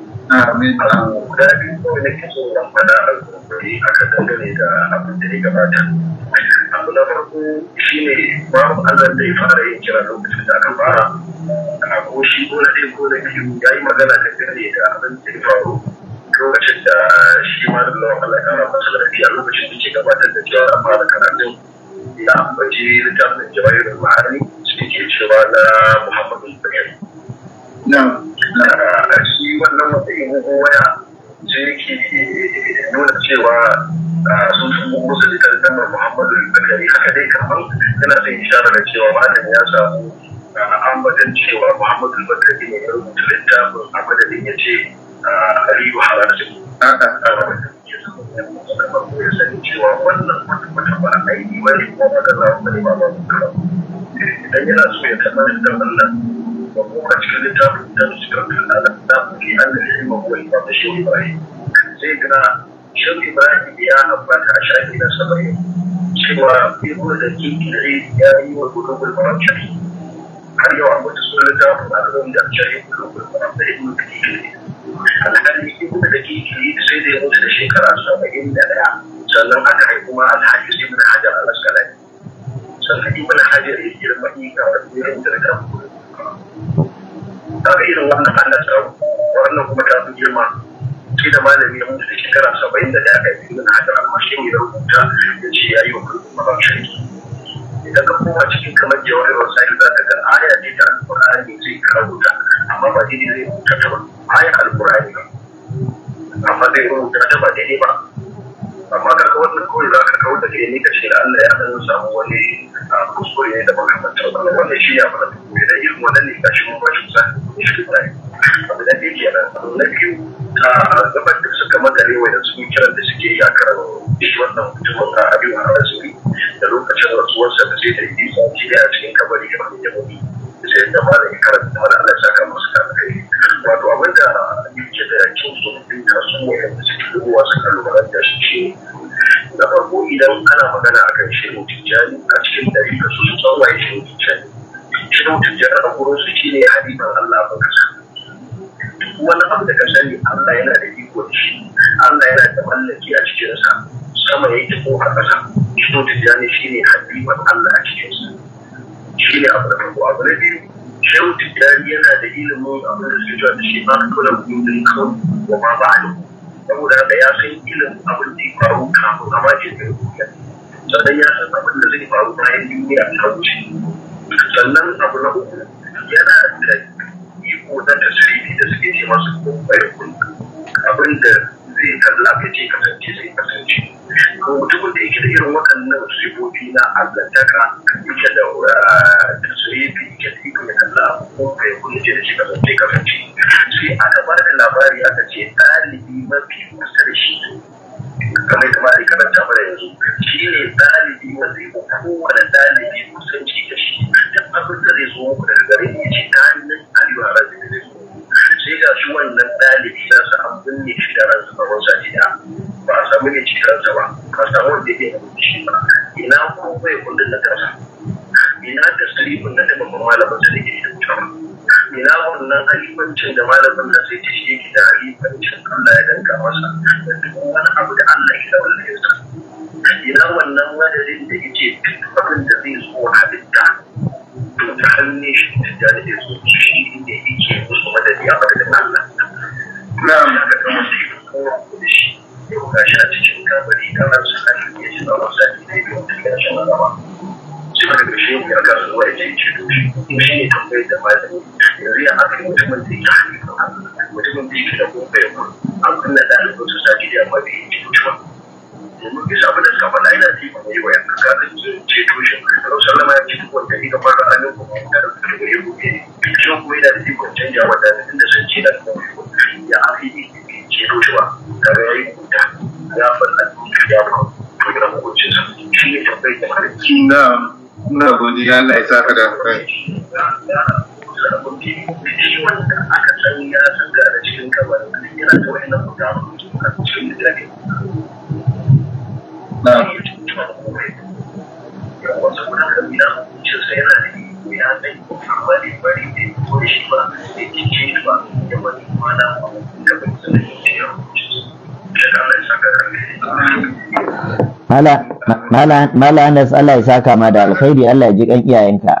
Amin. Guda biyu ko da ke so da aka dangane da abin ya gabata. Abu na farko shi ne babu azan da ya fara yin kira lokacin da aka fara. A ko shi ko na ɗaya ko na biyu ya yi magana da gane da abin da ya faru. Lokacin da shi ma da lawan Allah ya masa lafiya lokacin da ke gabatar da cewa a fara karatun. Ya ambaci littafin jawahirul ma'ani suke cewa na Muhammadu Bakari. na shi wannan matsayin waya sai yake nuna cewa ah, sun fi musu da tarjamar muhammadu bakari haka dai kamar yana son ishara da cewa malam ya samu ah, ambatan cewa muhammadu bakari ne ya rubuta littafin a ya ce ah, aliyu halarci ya sani cewa wannan kwata-kwata ba aini ba ne kuma ba da za a bane ba ba idan yana so ya tabbatar wannan مفهوم أشكال الدار والدار سكر كل هذا الدار في أن العلم هو إمام شيخ إبراهيم سيدنا شيخ إبراهيم يا أبان عشان إلى سبعين سوى في كل ذكي العيد ياري وقلوب المرض شريف هل يوم تسول الدار وأنهم دار شريف قلوب المرض ابن كثير alhali ibn da ke sai da ya mutu da shekara saba'in da ɗaya sannan aka haifi ma alhaji ibn hajar al-asqalani sannan ibn hajar ya girma ika wani irin da kan daga irin wannan ana wannan kuma ta fi girma shi da malami ya mutu da shekara saba'in da da aka yi na hadar almashin ya rubuta ya ce ya yi wa kuma shirki idan ka koma cikin kamar jawabin wasa'il za ka ga aya ne da alƙur'ani zai kawo ta amma ba daidai zai rubuta ta ba aya alƙur'ani ba amma zai rubuta ta ba daidai ba amma kaga wannan kawai za ka kawo da ke ni ka ce Allah ya dan samu wani kuskure ne da makamantar ba. wannan shi ya fara tuku idan irin wannan ne kashi mun bashi kusa shi da abu da yake nan na biyu ta gabar da suka magare wa yanzu kiran da suke ya a karan shi wannan mutumin a abin harazuri da lokacin rasuwarsa da sai da yi shi ne a cikin kabari da mai jami'i sai da malamin karanta mana Allah ya saka musu kan kai wato abinda yake da cin su da su wa'anda suke shigowa suka lura da su shi na farko idan ana magana akan shehu tijjani a cikin dari ka su san waye shehu tijjani shehu tijjani a gurin su shine halifan Allah ba kasa wani abu da ka sani Allah yana da iko da shi Allah yana da mallaki a cikinsa sama yake ko a kasa shehu tijjani shine halifan Allah a cikinsa shi ne abu da farko abu na biyu shehu tijjani yana da ilimin abin da suke cewa shi ba kula gudun kuma wa ma ba'alu saboda haka ya san ilin abin da ya faru kafin a ke ta duniya sannan ya san abin da zai faru bayan duniya ta wuce sannan abu na uku yana da iko na tasiri da suke ce masu kokarin abin da zai ce ka ce kasance sai kasance to mutumin da yake da irin waɗannan sifofi na allantaka yake da uh, tasirifi yake da ikon ya kalla ko kai kun ce da shi ka kasance kasance sai aka ba da labari aka ce ɗalibi mafi kusa da shi kamar kama da karanta mana yanzu shi ne ɗalibi wanda ya kowane ɗalibi kusanci da shi duk abin da zai zo muku daga gare ne ce ta hannun aliyu a rajin da zai zo sai ga shi wannan ɗalibi na su an binne shi da ransa na wasa gida ba a samu ne cikin sa ba a samu wanda yake da shi ba ina ko bai kundin na ƙasa? ina da kun na babban malamin sa da ke da mutum ina wannan halifancin da malamin na sai ta shi yake da Allah ya danka masa da duk wani abu da Allah ya da ya ka ina wannan madadin da yake duk abin da zai zo a bidda to ta hannun shi da jari da su shi ne yake musu madadi a madadin Allah na da kuma shi ko da shi ga shi a cikin kabari kana su kan ya ji ba wasa ne da wata gashi na gaba shi ba da shi ne aka zuwa ya ce ce to shi ne tambayar da malami yanzu ya aka mutumin da ya hannun mutumin da yake da gobe ya kuma an kunna da alƙutu sa gidan mafi mutuwa domin bisa abin da suka faɗa yana da ikon yi wa yan kaka da ceto shi don sallama ya ce duk wanda ita fara a yau kuma da rubuta ya gobe shi kuma yana da ikon canja wa dalilin da sun ce da kuma ya afi ceto shi ba kaga ya yi kuta ya fara faɗa ya kuma kuma hukuncinsa shi ne tambayi da harki na na godiya Allah ya saka da kai wanda aka san ya san ga da cikin kabarin yana da wani na a cikin da نعم Mala Anas Allah ya saka ma da alkhairi Allah ya ji kan iyayenka.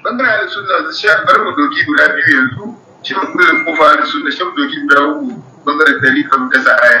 Bangaren da suna da shi bar mu doki guda biyu yanzu, shi mu kuma kofa da suna shi mu doki guda uku bangaren dari kan kasa aya.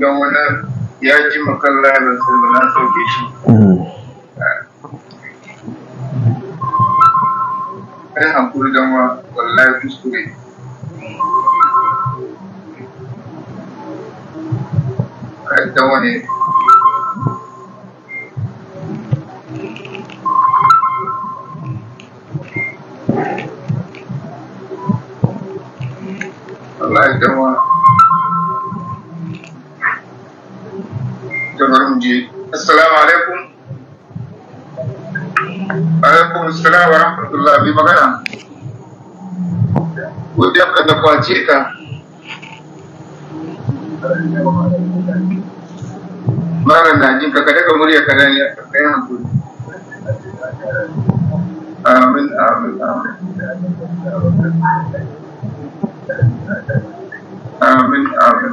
gawanar ya ji makan ranar sannan na sauke shi kai hankuri don wa wallahi kuskure da wani wallahi don wa da je assalamu alaikum alaikum assalam wa rahmatullah bi magana wajen ka da kwace ka mara na jin ka kada ka murya ka dani ka kai hankali amin amin amin amin amin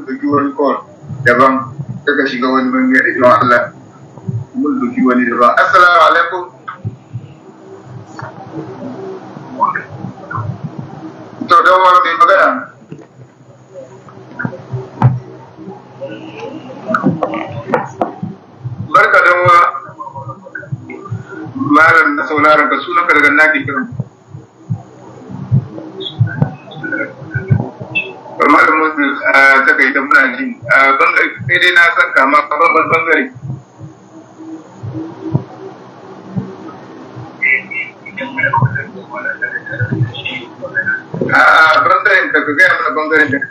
ɗauki wani call daban suka shiga wani bangare Allah mun wani assalamu alaikum to wani magana barka wa malam na sauraron ka sunan ka daga naki kiran na san kama babban bangare aa bangaren da ka gaya bangare bangaren da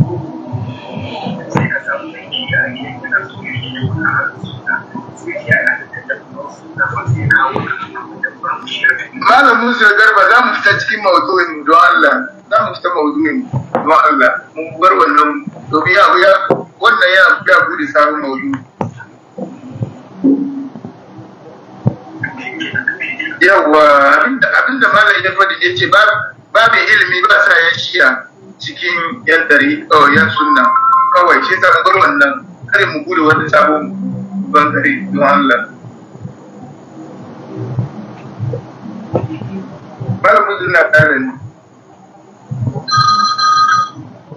da Garba za mu fita cikin maudu'in don Allah za mu fita maudu'in don Allah mun bar wannan to biya ya wannan ya ya bude sabon maudu'i yawa abinda abinda malam ya faɗi ya ce babu ilimi ba sa ya shiya cikin yan dari oh yan sunna kawai shi ta bar wannan kare mu gudu wani sabon bangare don Allah malamin suna tsara ne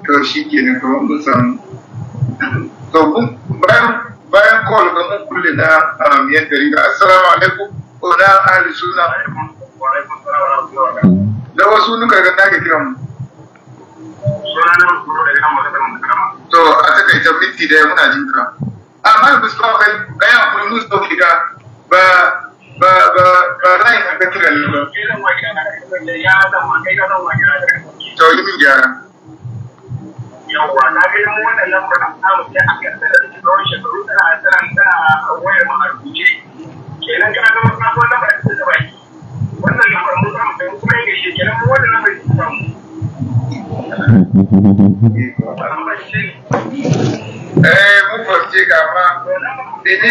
to shi ke ne kuma mun samu to bayan bayan call ga mun kulle na um, yan gari da assalamu alaikum ko na ahli sunna da wasu nuka ga nake kiran mu to a takaita minti da muna jinka amma da mustafa kai ga ya kuma ba ba ba ba zan yi ba ya min gyara yawwa na wannan lambar a kan da shi shekaru tana tana wayar kenan kana lambar da ta baki wannan lambar mun samu kuma kenan wannan lambar ta samu Eh,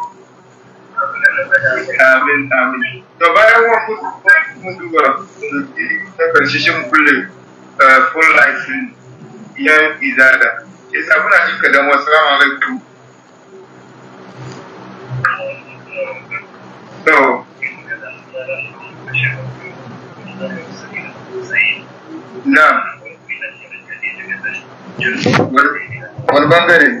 amin amin to bayan wannan mun duba ta karshe shi mun kulle eh, full life ya izada sai sabuna shi ka dan wasu alaikum to na wani bangare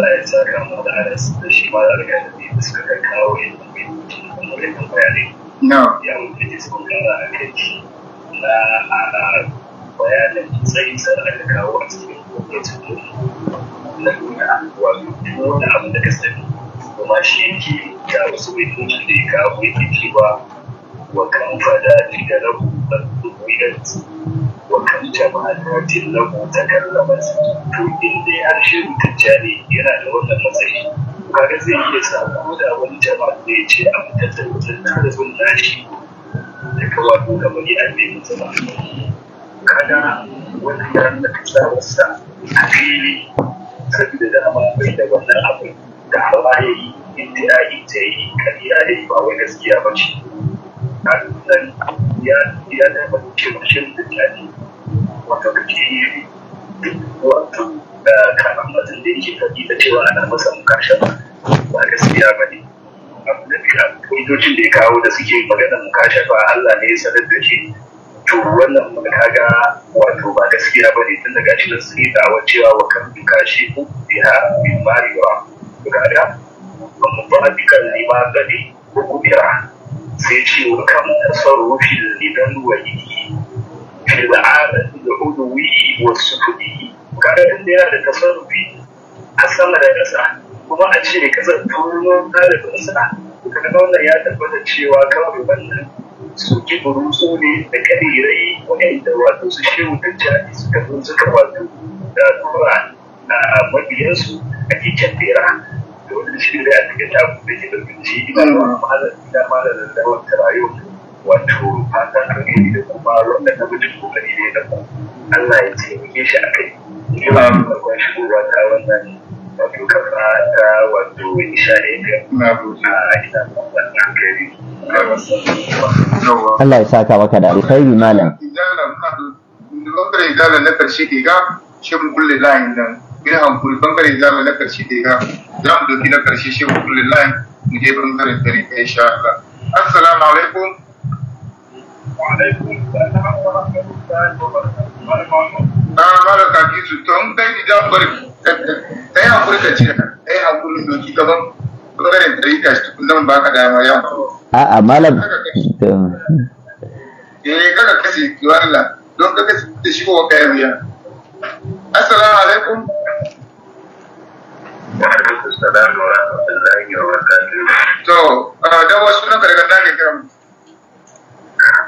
Allah ya saka mu da Anas da shi ma da ga da suka kai kawo ilimin kuma da kan bayani no ya mu kike su kuma da kai na ana bayanin sai sai da kawo a cikin lokacin na nuna wato da abin da ka sani kuma shi yake ga wasu mutuncin da ya kawo yake cewa wa kan fada fi da rabu da وقد جمعنات له su. to inda ya har shehu tijjani yana da wannan matsayi kaga zai iya samu da wani jama'a da ya ce a fitar da mutum na da sun tashi daga wato ga wani addini zama kaga wani yaran da ka sa wasa a fili saboda dama bai da wannan abu da hawa ya yi inda ya intiyayi ta yi kariya ya yi ba wai gaskiya ba ce A ya ya da mutum shehu tijjani wanda kake yi duk wato karan mutum da yake faɗi da cewa ana masa mukasha ba gaskiya ba ne abu da biya kundocin da ya kawo da suke magana mukasha ba Allah ne ya sanar da shi to wannan kaga wato ba gaskiya ba ne tun daga cikin sun yi dawar cewa wa kan kashi ko biha min mariwa kaga kuma ba dikan ni ma gani ko kubira sai ce wa kan tasarrufi lidan waliyi العادة العلوي والسفلي kaga din da yana da tasarrufi a sama da ƙasa kuma a ce ƙasar turuwan da ƙasa kaga ya tabbata cewa kawai wannan su ki ne da karirai da wato su shehu da jari suka zo wato da tura na mabiyansu a kicin bera da shi da ya tafi ta kuma da ke ɗaukin shi ina da mahalar da mahalar da wata rayuwa wato fatan alheri da kuma wanda ta gudun kokari ne da Allah ya taimake shi a kai ne ba farkon ba ta wannan wato kafa ta wato isha da ya a ina wannan alheri Allah ya saka maka da alkhairi malam. Ah, bangare zala na karshe ɗiga shi mu kulle layin nan. Bin hankuri bangare zala na karshe ɗiga za mu ɗauki na karshe shi mu kulle layin mu je bangaren dare ɗaya sha Allah. Assalamu alaikum. na malaka gizu to in kai bari ka ka shi nan a'a malam eh kaka kashe kiwarla don shi assalamu alaikum to uh, da wasu nan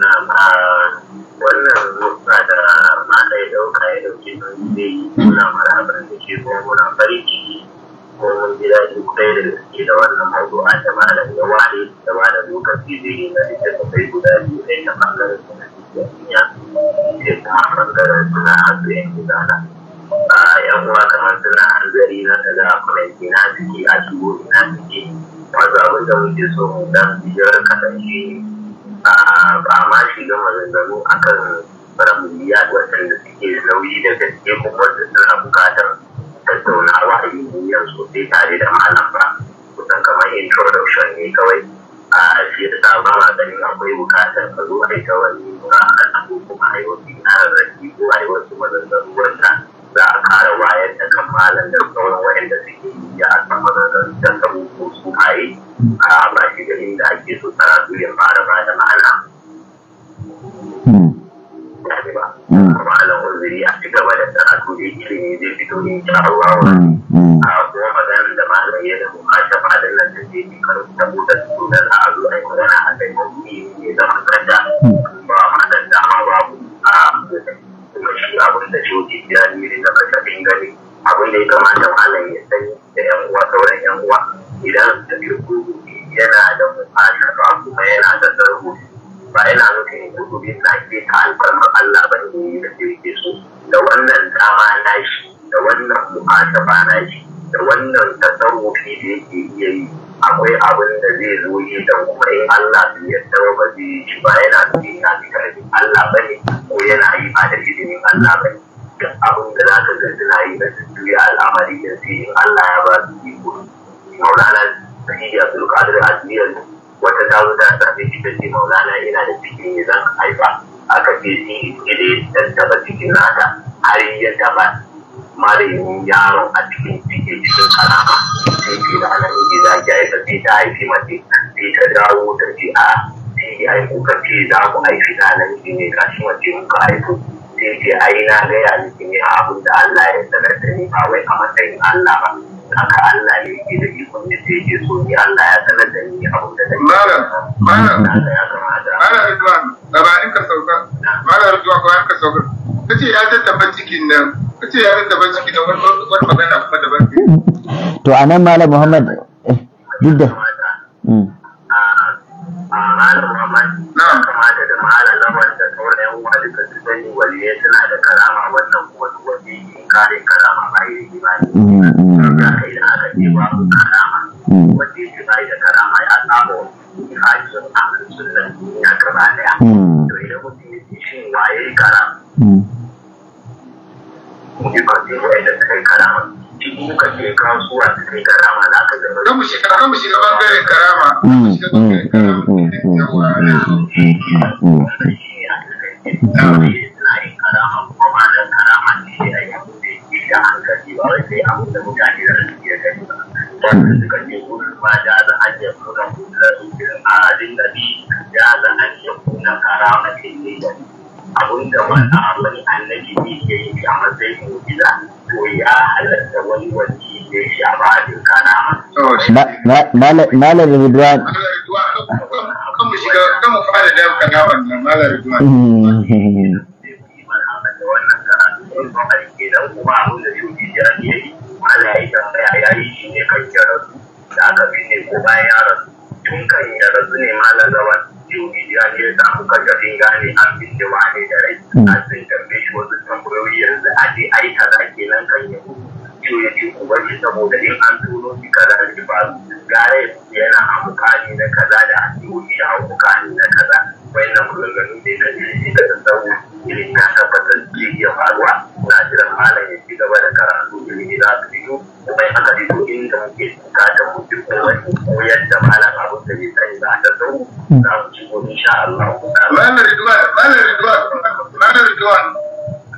na ma wannan zuwa da mata ya dauka ya dauki nauyi zai yi muna marabar da shi kuma muna farin ciki ko mun ji daɗi kwarai da gaske da wannan mawdu'a da malam ya ware da malam lokaci zai yi na kai guda biyu kai ta ɓangaren suna jami'a sai kuma ɓangaren suna hanzu yan gidana. yan uwa kamar suna hanzari na ta za kaza kwanaki na suke a shigo ina suke wasu abin da muke so mu dan bijirar kasance ba ma shiga maganganu akan rabuliya waɗanda suke nauyi da gaske kuma da suna bukatar tattaunawa a duniya sosai tare da malam ba kusan kamar introduction ne kawai a shi da ta ba ma ganin akwai bukatar a zo a ta wani mura a ko kuma a yi wasu yararraki ko a yi wasu maganganu wanda za a kara wayar da kan malam da sauran waɗanda suke yi a kan maganganu da sabo ko su yi. a ba shi garin da ake so karatu ya fara ba da ma'ana hmm. Hmm. kuma ala uzuri a ci gaba da karatu da ilimi zai fito ne insha Allah hmm. a kuma maganar da malam ya da bukata malam nan da zai yi karu ta buɗe da za a zo a yi magana a kai mawuni ne da makaranta ba makaranta dama babu a kuma shi abin da shoji ya nuni da masa gani abin da ya kamata malam ya sani da yan uwa sauran yan uwa idan da kirkuru yana da ba kuma yana da sarhu ba yana nufin kudubi na ke ta alfarma Allah ba ne da ke so da wannan dama na shi da wannan ba na shi da wannan tasarrufi da yake iya yi akwai abin da zai zo yi da kuma in Allah bai yarda ba ba zai yi ba yana nufin na fi karfin Allah ba ne ko yana yi ba da izinin Allah ba ne abin da za ka ga yi su juya al'amari sai in Allah ya ba su iko maulana sayyidi abdul qadir azmir wata ta zo ta sami shi ta ce maulana ina da ciki ne zan haifa aka ce shi ne da taba cikin nata har ya taba malamin yaron a cikin cikin cikin karama sai ce da ana miji za ki haifa sai ta haifi mace sai ta dawo ta ce a sai ai kuka ce za ku haifi da nan shi ne gashi mace muka haifo sai ce ai na gaya miki ne abin da Allah ya sanar da ni ba wai a matsayin Allah ba haka Allah ne ke da ikon ya ce ke so ni Allah ya sanar da ni abin da nake malam malam malam Ridwan gabanin ka sauka malam Ridwan gabanin ka sauka kace ya tattaba cikin nan kace ya tattaba cikin nan wani magana kuma daban to anan malam Muhammad eh, duk da hmm. malam Muhammad mm. kamata da malam Lawan da sauran yan uwa duka suna da karama wannan kuma duk wanda yake kare karama ba da da yi da ba yake ba da ya daya to idan mutum waye da in ka je kasuwa da kai karama za ka zama kan mu shiga kan mu shiga bangaren karama Thank you. abinda wannan abin annabi ne ke yi a matsayin mu'jiza to ya halatta wani wani ya yi a ba'adin kana Malam Ridwan kan mu shiga kan mu fara da kana wannan Malam Ridwan wannan karatu ko kai ke da kuma abin da shi ya yi Allah ya yi ya yi shi ne kan kira da aka binne ko bayan ya rasu tun kan ya razu ne malar rawan yogi ya ce da muka tafi gane an binne wane da rai hmm. an sun tambaye shi wasu tambayoyi yanzu a je da kaza nan kan ya ce ubangi saboda in an kaza da ba gare yana amuka ne na kaza da asibobi da amuka ne na kaza wayannan maganganu ne na jirgi da sassawo irin na tabbatar zai iya faruwa na jiran malam ya ci gaba da karatu ilimi za su fito kuma in aka fito inda muke bukatar mu ji kowai koyar da malam abin da bai sani ba ta sau za su ci gobe insha Allah. Malam Ridwan, Malam Ridwan, Malam Ridwan.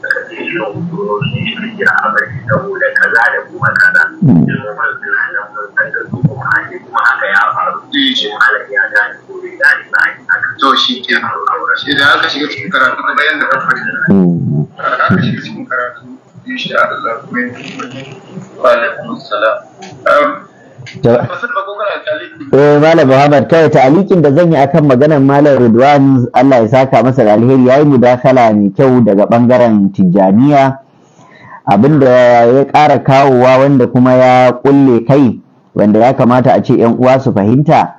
daga cikin hukumomi shirya ta saboda kaza da kuma kaza ilmomin suna nan da su kuma ake kuma haka ya faru shi malam ya gani ko bai gane ba ake haka to shi ke aure shi da aka shiga cikin karatu da bayan da ka fahimta aka shiga cikin karatu insha a kuma um, ba alaikum eh malam Muhammad kai ta'alikin da zan yi akan maganar malam Ridwan Allah ya saka masa da alheri yayi mudakala mai kyau daga bangaren Tijjaniya abinda ya ƙara kawowa wanda kuma ya kulle kai wanda ya kamata a ce yan uwa su fahimta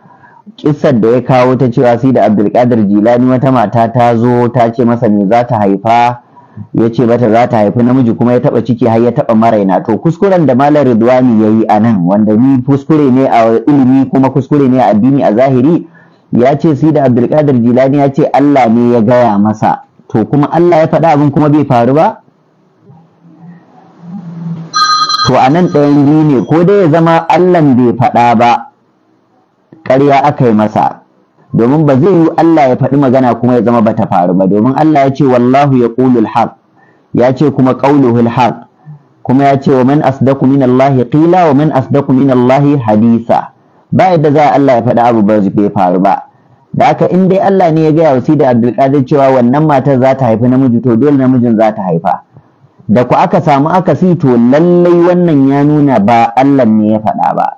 kissar da ya kawo ta cewa sai da Abdulkadir Jilani wata mata ta zo ta ce masa me za ta haifa ya ce mata za ta haifi namiji kuma ya taba ciki har ya taba maraina to kuskuren da malam ridwani ya yi a nan wanda ni kuskure ne a ilimi kuma kuskure ne a addini a zahiri ya ce sai da abdulkadir jilani ya ce allah ne ya gaya masa to kuma allah ya faɗa abin kuma bai faru ba to a nan ɗayan ne ko dai ya zama allah bai faɗa ba ƙarya aka yi masa domin ba zai yi Allah ya faɗi magana kuma ya zama ba ta faru ba domin Allah ya ce wallahu ya ƙulul haq ya ce kuma ƙauluhul haq kuma ya ce wa man asdaqu min Allah qila wa man asdaqu min Allah hadisa ba yadda za Allah ya faɗi abu ba bai faru ba da haka in dai Allah ne ya gaya wasi da Abdulkadir cewa wannan matar za ta haifi namiji to dole namijin za ta haifa da ku aka samu akasi to lallai wannan ya nuna ba Allah ne ya faɗa ba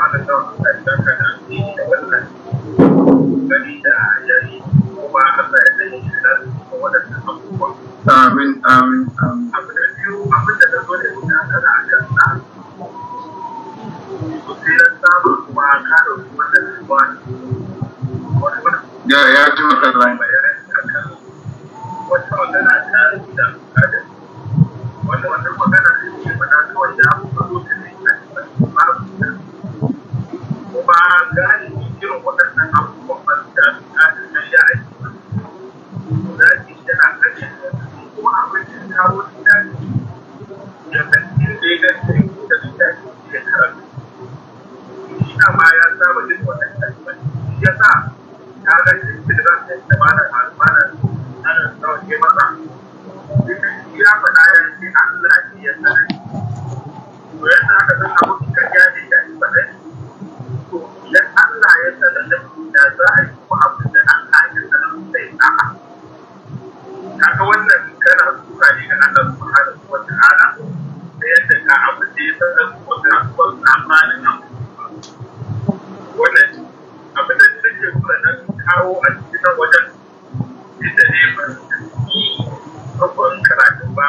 malam da Allah ya saka da alheri da wannan gani da yayi kuma ya sanya shi Amin amin amin. da zo a kan ya ji magana ta magana ba ba galibi irin waɗannan abubuwan ba su da su da ya aiki za su yi yana kashe kuma abin da ya kawo shi da shi da kashin da ya kashe da shi da shi ya karatu shi na ma ya saba yin waɗannan shi ya sa ta ga shi da za ta yi da malar malar malar da wace maza duk ya faɗa ya ce Allah ya sanar to yadda aka san abu kan ya ce ya yi faɗa to idan Allah ya sanar da ku za a yi ku abin da Allah da sanar sai ya saka kaga wannan kana tura ne ga Allah subhanahu wa ta'ala da yadda ka abu da ya sanar kuma ka ko amfani nan wannan abin da take kula nan kawo a cikin wajen inda ne ba yi babban karatu ba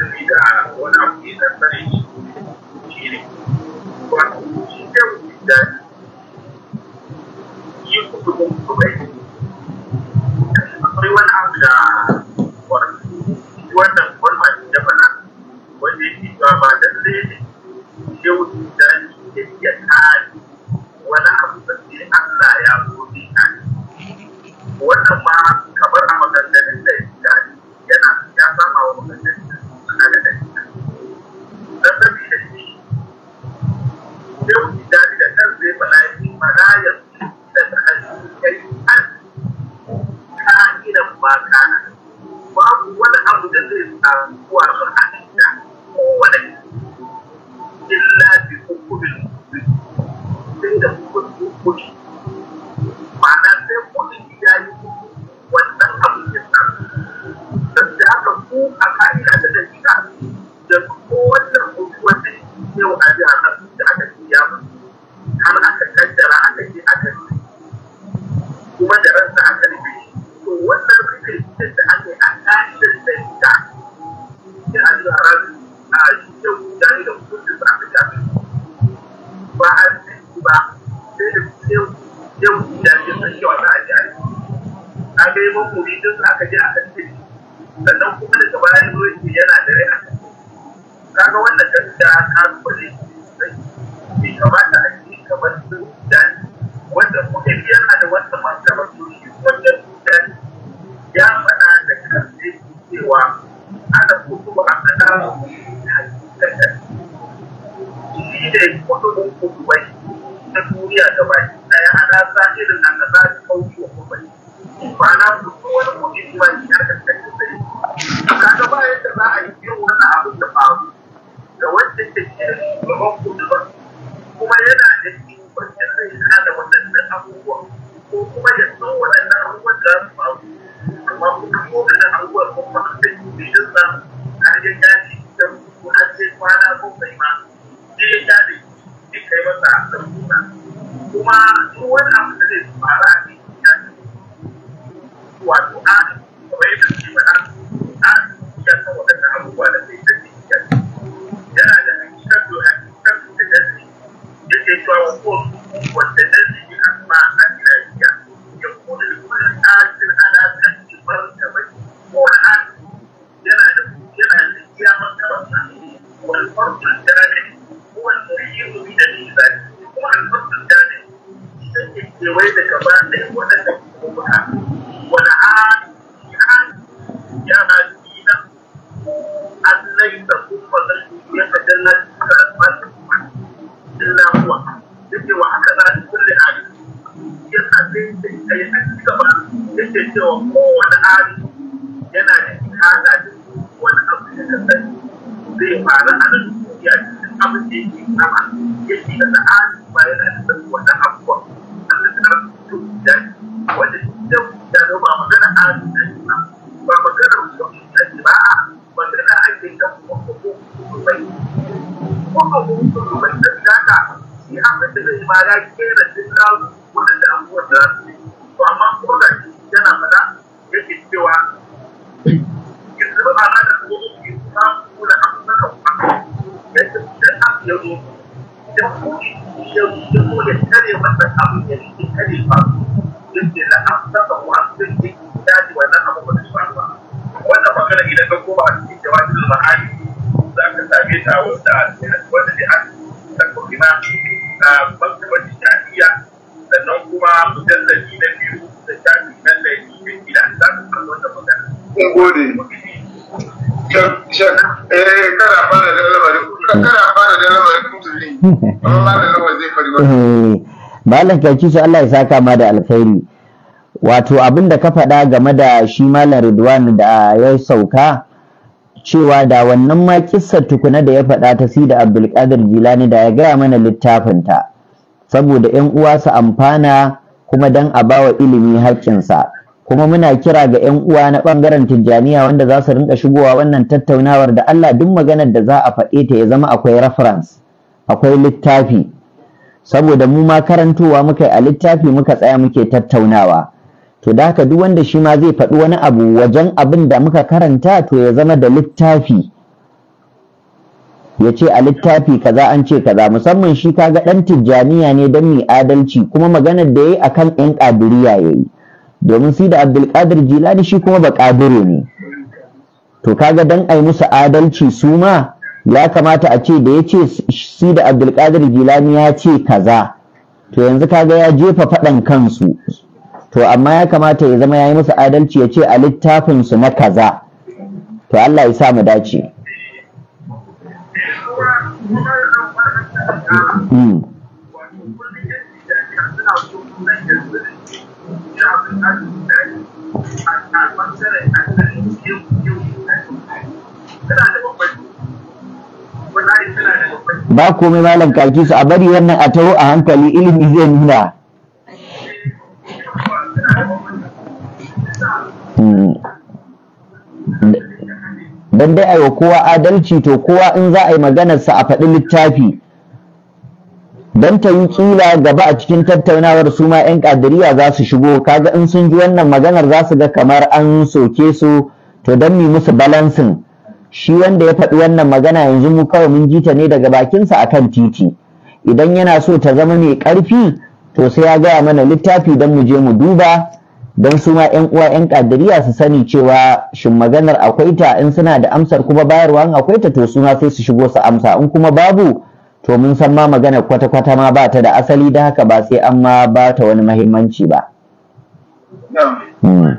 sabida wani abu ne da sani shi ne wato shi yau that you could provide. Akwai wani abu da wannan wannan da fana wanda ya fi cewa ba da zai ne yau da ya iya tsari wani abu da sai Allah ya gobe a wannan ma kamar a maganganun da ya yana ya sama wa maganganun da ya da shi don sabi da shi yau da ¡Guau! ga wannan gaskiya kalubale bai kamata a ce kamar su dan wanda kuma yana da wata martaba to shi dan ya faɗa da kansa cewa ana kuma a kada shi ne kudurin kudurai na duniya ta bai. tattaki su Allah ya saka ma da alkhairi wato abin da ka faɗa game da shi malam Ridwan da ya sauka cewa da wannan ma kissar tukuna da ya faɗa ta si da Abdulkadir Jilani da ya gaya mana littafinta saboda 'yan uwa su amfana kuma dan a bawa ilimi haƙƙinsa kuma muna kira ga 'yan uwa na ɓangaren tijjaniya wanda za su rinka shigowa wannan tattaunawar da Allah duk maganar da za a faɗe ta ya zama akwai reference akwai littafi saboda mu ma karantowa muka yi a littafi muka tsaya muke tattaunawa to da haka duk wanda shi ma zai faɗi wani abu wajen abin da muka karanta to ya zama da littafi ya ce a littafi kaza an ce kaza musamman shi kaga ɗan tijjaniya ne don mai adalci kuma maganar da ya yi a kan ‘yan ƙadiriya ya yi domin si da abdulkadir jilani shi kuma ba ƙadiro ne to kaga don ai musu adalci su ma ya kamata a ce da ya ce shi da abdulkadir gilani ya ce kaza to yanzu kaga ya jefa faɗan kansu to amma ya kamata ya zama ya yi musu adalci ya ce a littafinsu na kaza to Allah ya sa mu dace hmm. Tana da ba komai malam kaki su a bari wannan a taro a hankali ilimi zai nuna hmm. don dai aiwa kowa adalci to kowa in za a yi maganarsa a faɗi littafi don ta yi tsula gaba a cikin tattaunawar su ma 'yan ƙadiriya za su shigo kaga in sun ji wannan maganar za su ga kamar an soke su to don mi musu balansin shi wanda ya faɗi wannan magana yanzu mu kawai mun ji ta ne daga bakinsa kan titi idan yana so ta zama mai ƙarfi to sai ya gaya mana littafi don mu je mu duba don su ma 'yan uwa 'yan ƙadiriya su sani cewa shin maganar akwai ta in suna da amsar kuma bayarwa in akwai ta to su ma sai su shigo su amsa in kuma babu to mun san ma maganar kwata-kwata ma ba ta da asali da haka ba sai an ma ba ta wani mahimmanci ba. Hmm.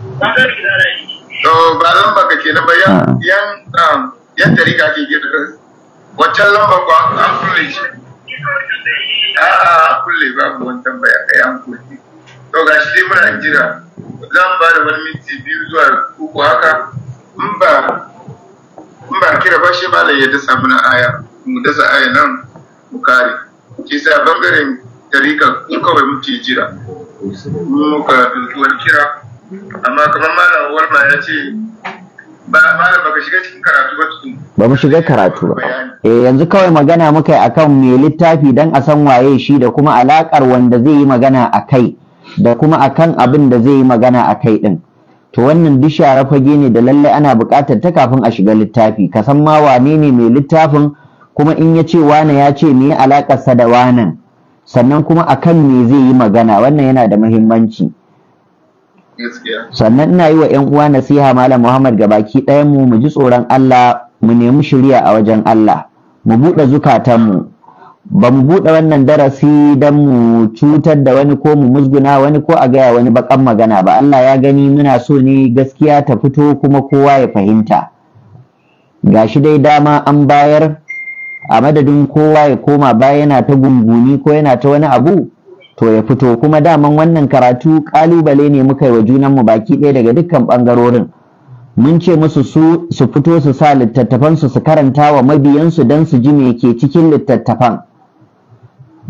to ba lamba ka kenan ba yan ah. yan um, yan tarika ke gidan wancan lamba ba an kulle shi a'a kulle babu wancan baya kai an kulle to ga shi muna jira zan ba da wani minti biyu zuwa uku haka in ba in ba kira ba shi ba ya dasa mana aya mu dasa aya nan mu kare shi sa bangaren tarika kawai muke jira mu ka tuntuwar kira amma kamar malam walma ya ce ba shiga karatu ba eh yanzu kawai magana muka yi akan me littafi dan a san waye shi da kuma alakar wanda zai yi magana a kai da kuma akan abin da zai yi magana a kai din to wannan bishara fage ne da lallai ana buƙatar ta kafin a shiga littafi ka san ma wane ne mai littafin kuma in ya ce wane ya ce me sa da wanan sannan kuma akan me zai yi magana wannan yana da muhimmanci sannan ina yi wa ‘yan uwa nasiha malam Muhammad baki ɗayan mu mu ji tsoron Allah mu nemi shirya a wajen Allah mu buɗe zukatanmu ba mu buɗe wannan darasi don mu cutar da wani ko mu musguna wani ko a gaya wani bakan magana ba Allah ya gani muna so ne gaskiya ta fito kuma kowa ya fahimta gashi dai dama an bayar a madadin kowa ya koma baya yana ta gunguni ko yana ta wani abu to ya fito kuma daman wannan karatu kalubale ne muka yi wa junanmu baki ɗaya daga dukkan ɓangarorin mun ce musu su su fito su sa littattafansu su karanta wa mabiyansu don su ji me ke cikin littattafan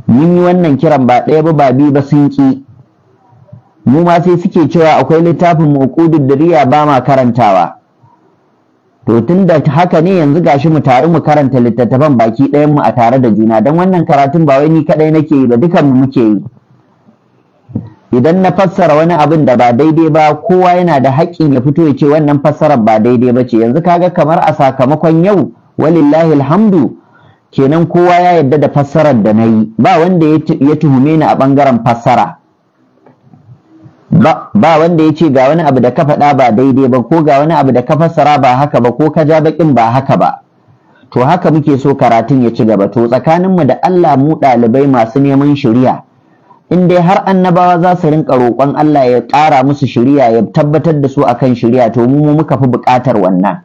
mun yi wannan kiran ba ɗaya ba babi ba sun ki mu ma sai suke cewa akwai littafin muƙudud dariya ba ma karantawa to tun da haka ne yanzu gashi mu taru mu karanta littattafan baki ɗayan mu a tare da juna don wannan karatun ba wai ni kaɗai nake yi ba dukan mu muke yi idan na fassara wani abin da ba daidai ba kowa yana da haƙƙin ya fito ya ce wannan fassarar ba daidai ba ce yanzu kaga kamar a sakamakon yau walillahi alhamdu kenan kowa ya yadda da fassarar da na yi ba wanda ya tuhume ni a ɓangaren fassara ba wanda ya ce ga wani abu da ka faɗa ba daidai ba ko ga wani abu da ka fassara ba haka ba ko ka ja baƙin ba haka ba to haka muke so karatun ya ci gaba to tsakaninmu da Allah mu ɗalibai masu neman shari'a in dai har annabawa za su rinka roƙon Allah ya ƙara musu shiriya ya tabbatar da su akan shiriya to mu muka fi buƙatar wannan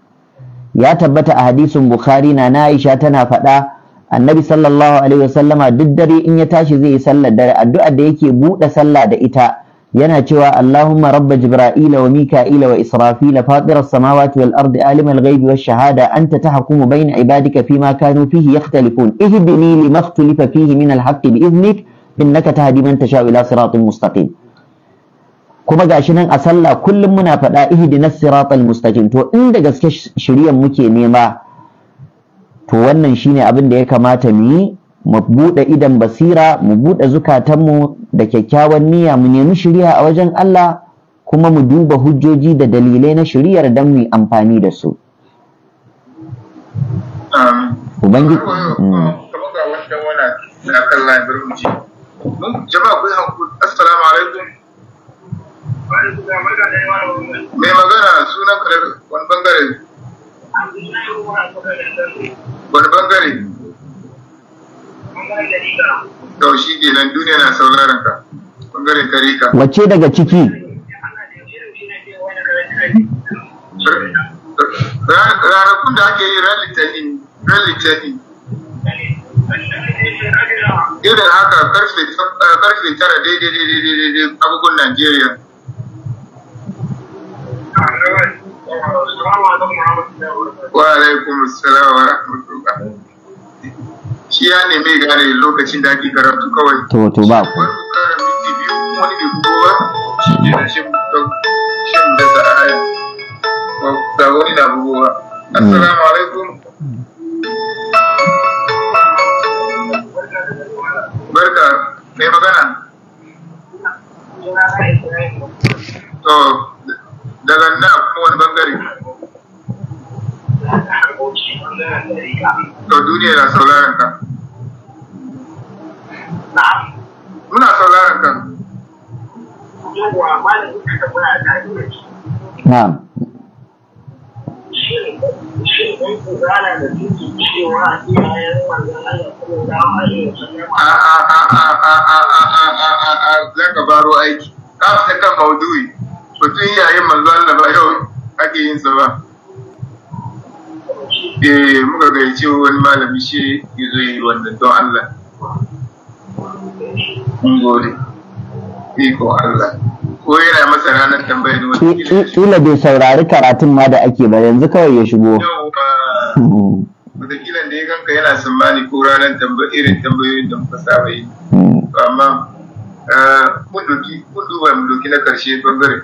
ya tabbata a hadisin bukhari na Aisha tana faɗa annabi sallallahu alaihi wasallama duk dare in ya tashi zai yi sallar dare addu'a da yake buɗe sallah da ita yana cewa Allahumma rabba jibra'ila wa mika'ila wa israfila fatirar samawati wal ardi alimul ghaibi wash shahada anta tahkumu bayna ibadika fima kanu fihi yakhtalifun ihdini lima ikhtalifa fihi min al haqqi bi idnik innaka tahdi man tasha ila siratin mustaqim kuma gashi nan a sallah kullum muna faɗa ihdinas siratal mustaqim to inda gaske shiryan muke nema to wannan shine abin da ya kamata mu yi mu buɗe idan basira mu buɗe zukatanmu da kyakkyawan niyya mu nemi shiriya a wajen Allah kuma mu duba hujjoji da dalilai na shiriyar don mu amfani da su. Ubangiji. mai magana sunan karar wani bangare wani to shi ke nan duniya na sauraron ka bangaren tarika wace daga ciki ranakun da ake yi ran litani. duk haka karfe eh, tara daidai daidai daidai agogon Najeriya. Wa alaikum salam wa rahmatullah. Shi ya nemi gane lokacin da ake karatu kawai. To to ba ku. Wani bai fito ba, shi ne shi da sa'aya. Ba wani na bugowa. Assalamu alaikum. barka mai magana to daga na kuma wani bangare to duniya na sauraron ka muna sauraron ka na'am shin a a a a a a a baro aiki ka kan maudu'i mutum iyayen manzan Allah ba yau ake yin sa ba eh muka gayyace wani shi Allah iko Allah ko yana masa ranar tambayar wani kila bai saurari karatun ma da ake ba yanzu kawai ya shigo hmm. wataƙila da ya ganka yana tsammani ko ranar irin tambayoyin da muka saba yi hmm. amma ah, mun doki mun duba mu doki na karshe bangare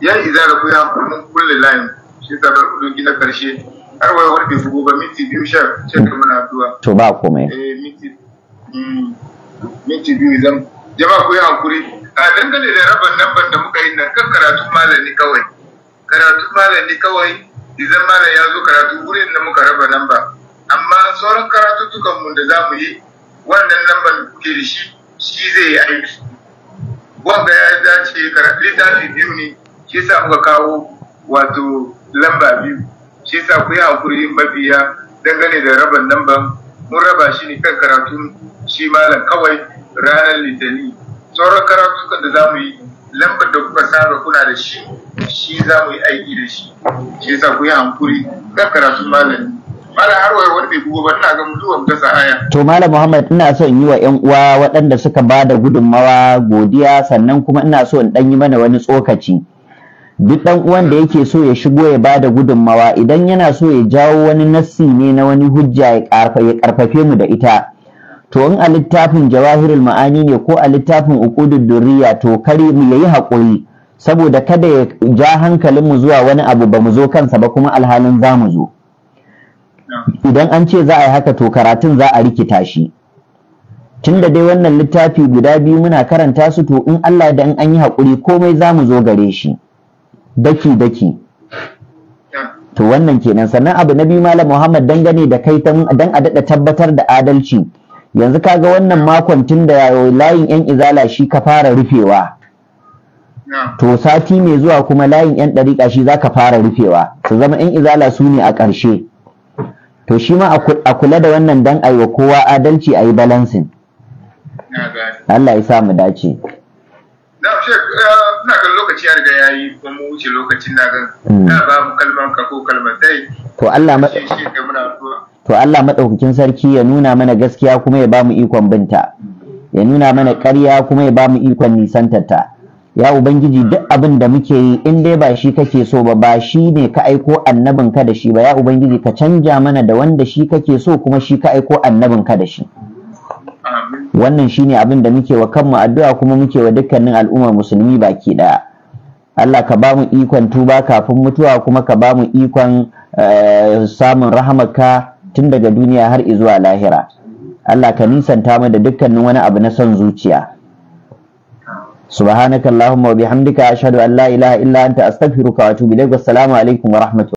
ya izara ku ya mun kulle layin shi ta bar doki na karshe har wai warke shigo ba minti biyu sha ce da muna addu'a to ba komai eh minti hmm, minti biyu zan jama'a ku yi hankuri a dangane da rabon nan da muka yi nan kan karatun malami kawai karatun malami kawai idan malam ya zo karatu wurin da muka raba nan amma sauran karatuttukan mu da za mu yi wannan lambar da kuke da shi shi zai yi aiki wanda ya dace karatu littafi biyu ne shi sa muka kawo wato lamba biyu shi sa ku yi hakuri mabiya dangane da rabon lambar mun raba shi ne kan karatun shi malam kawai ranar litani sauran karatukan da za mu yi lambar da kuka saba kuna da shi shi za mu yi aiki da shi shi yasa ku yi hankuri kan karatu malami malam har wani wani bai bugu ba ina ga mu zuwa mu aya to malam muhammad ina so in yi wa yan uwa waɗanda suka ba da gudunmawa godiya sannan kuma ina so in ɗan yi mana wani tsokaci duk ɗan uwan da yake so ya shigo ya ba da gudunmawa idan yana so ya jawo wani nassi ne na wani hujja ya ƙarfafe mu da ita to in a littafin jawahirul ma'ani ne ko a littafin uqudud durriya to kare mu yayi hakuri, saboda kada ya ja hankalin mu zuwa wani abu ba mu zo kansa ba kuma alhalin za mu zo idan an ce za a yi haka to karatun za a rikita shi tunda dai wannan littafi guda biyu muna karanta su to in Allah da in an yi hakuri komai za mu zo gare shi daki daki to wannan kenan sannan abu na biyu malam Muhammad dangane da kai dan a daɗa tabbatar da adalci yanzu kaga wannan makon tun da layin yan izala shi ka fara rufewa to sati mai zuwa kuma layin yan ɗariƙa shi za ka fara rufewa su zama yan izala su ne a ƙarshe to shi ma a kula da wannan dan a wa kowa adalci a yi balansin Allah ya sa mu dace na ina kan lokaci ya riga ya yi ba mu wuce lokacin na gan mm. na ba mu kalman ka ko kalman dai to Allah ma shi shi muna to Allah maɗaukakin sarki ya nuna mana gaskiya kuma ya bamu ikon binta ya nuna mana ƙarya kuma ya bamu ikon nisantarta ya ubangiji duk abin da muke yi in dai ba shi kake so ba ba shi ne ka aiko annabin ka da shi ba ya ubangiji ka canja mana da wanda shi kake so kuma shi ka aiko annabin ka da shi wannan shine abin da muke wa kanmu addu'a kuma muke wa dukkanin al'ummar musulmi baki ɗaya Allah ka ba mu ikon tuba kafin mutuwa kuma ka ba mu ikon eh, samun ka. tun daga duniya har zuwa lahira Allah ka nisanta mu da dukkanin wani abu na son zuciya subhanakallahumma wa bihamdika ashhadu an la ilaha illa anta astaghfiruka wa atubu ilaik assalamu alaikum wa rahmatullahi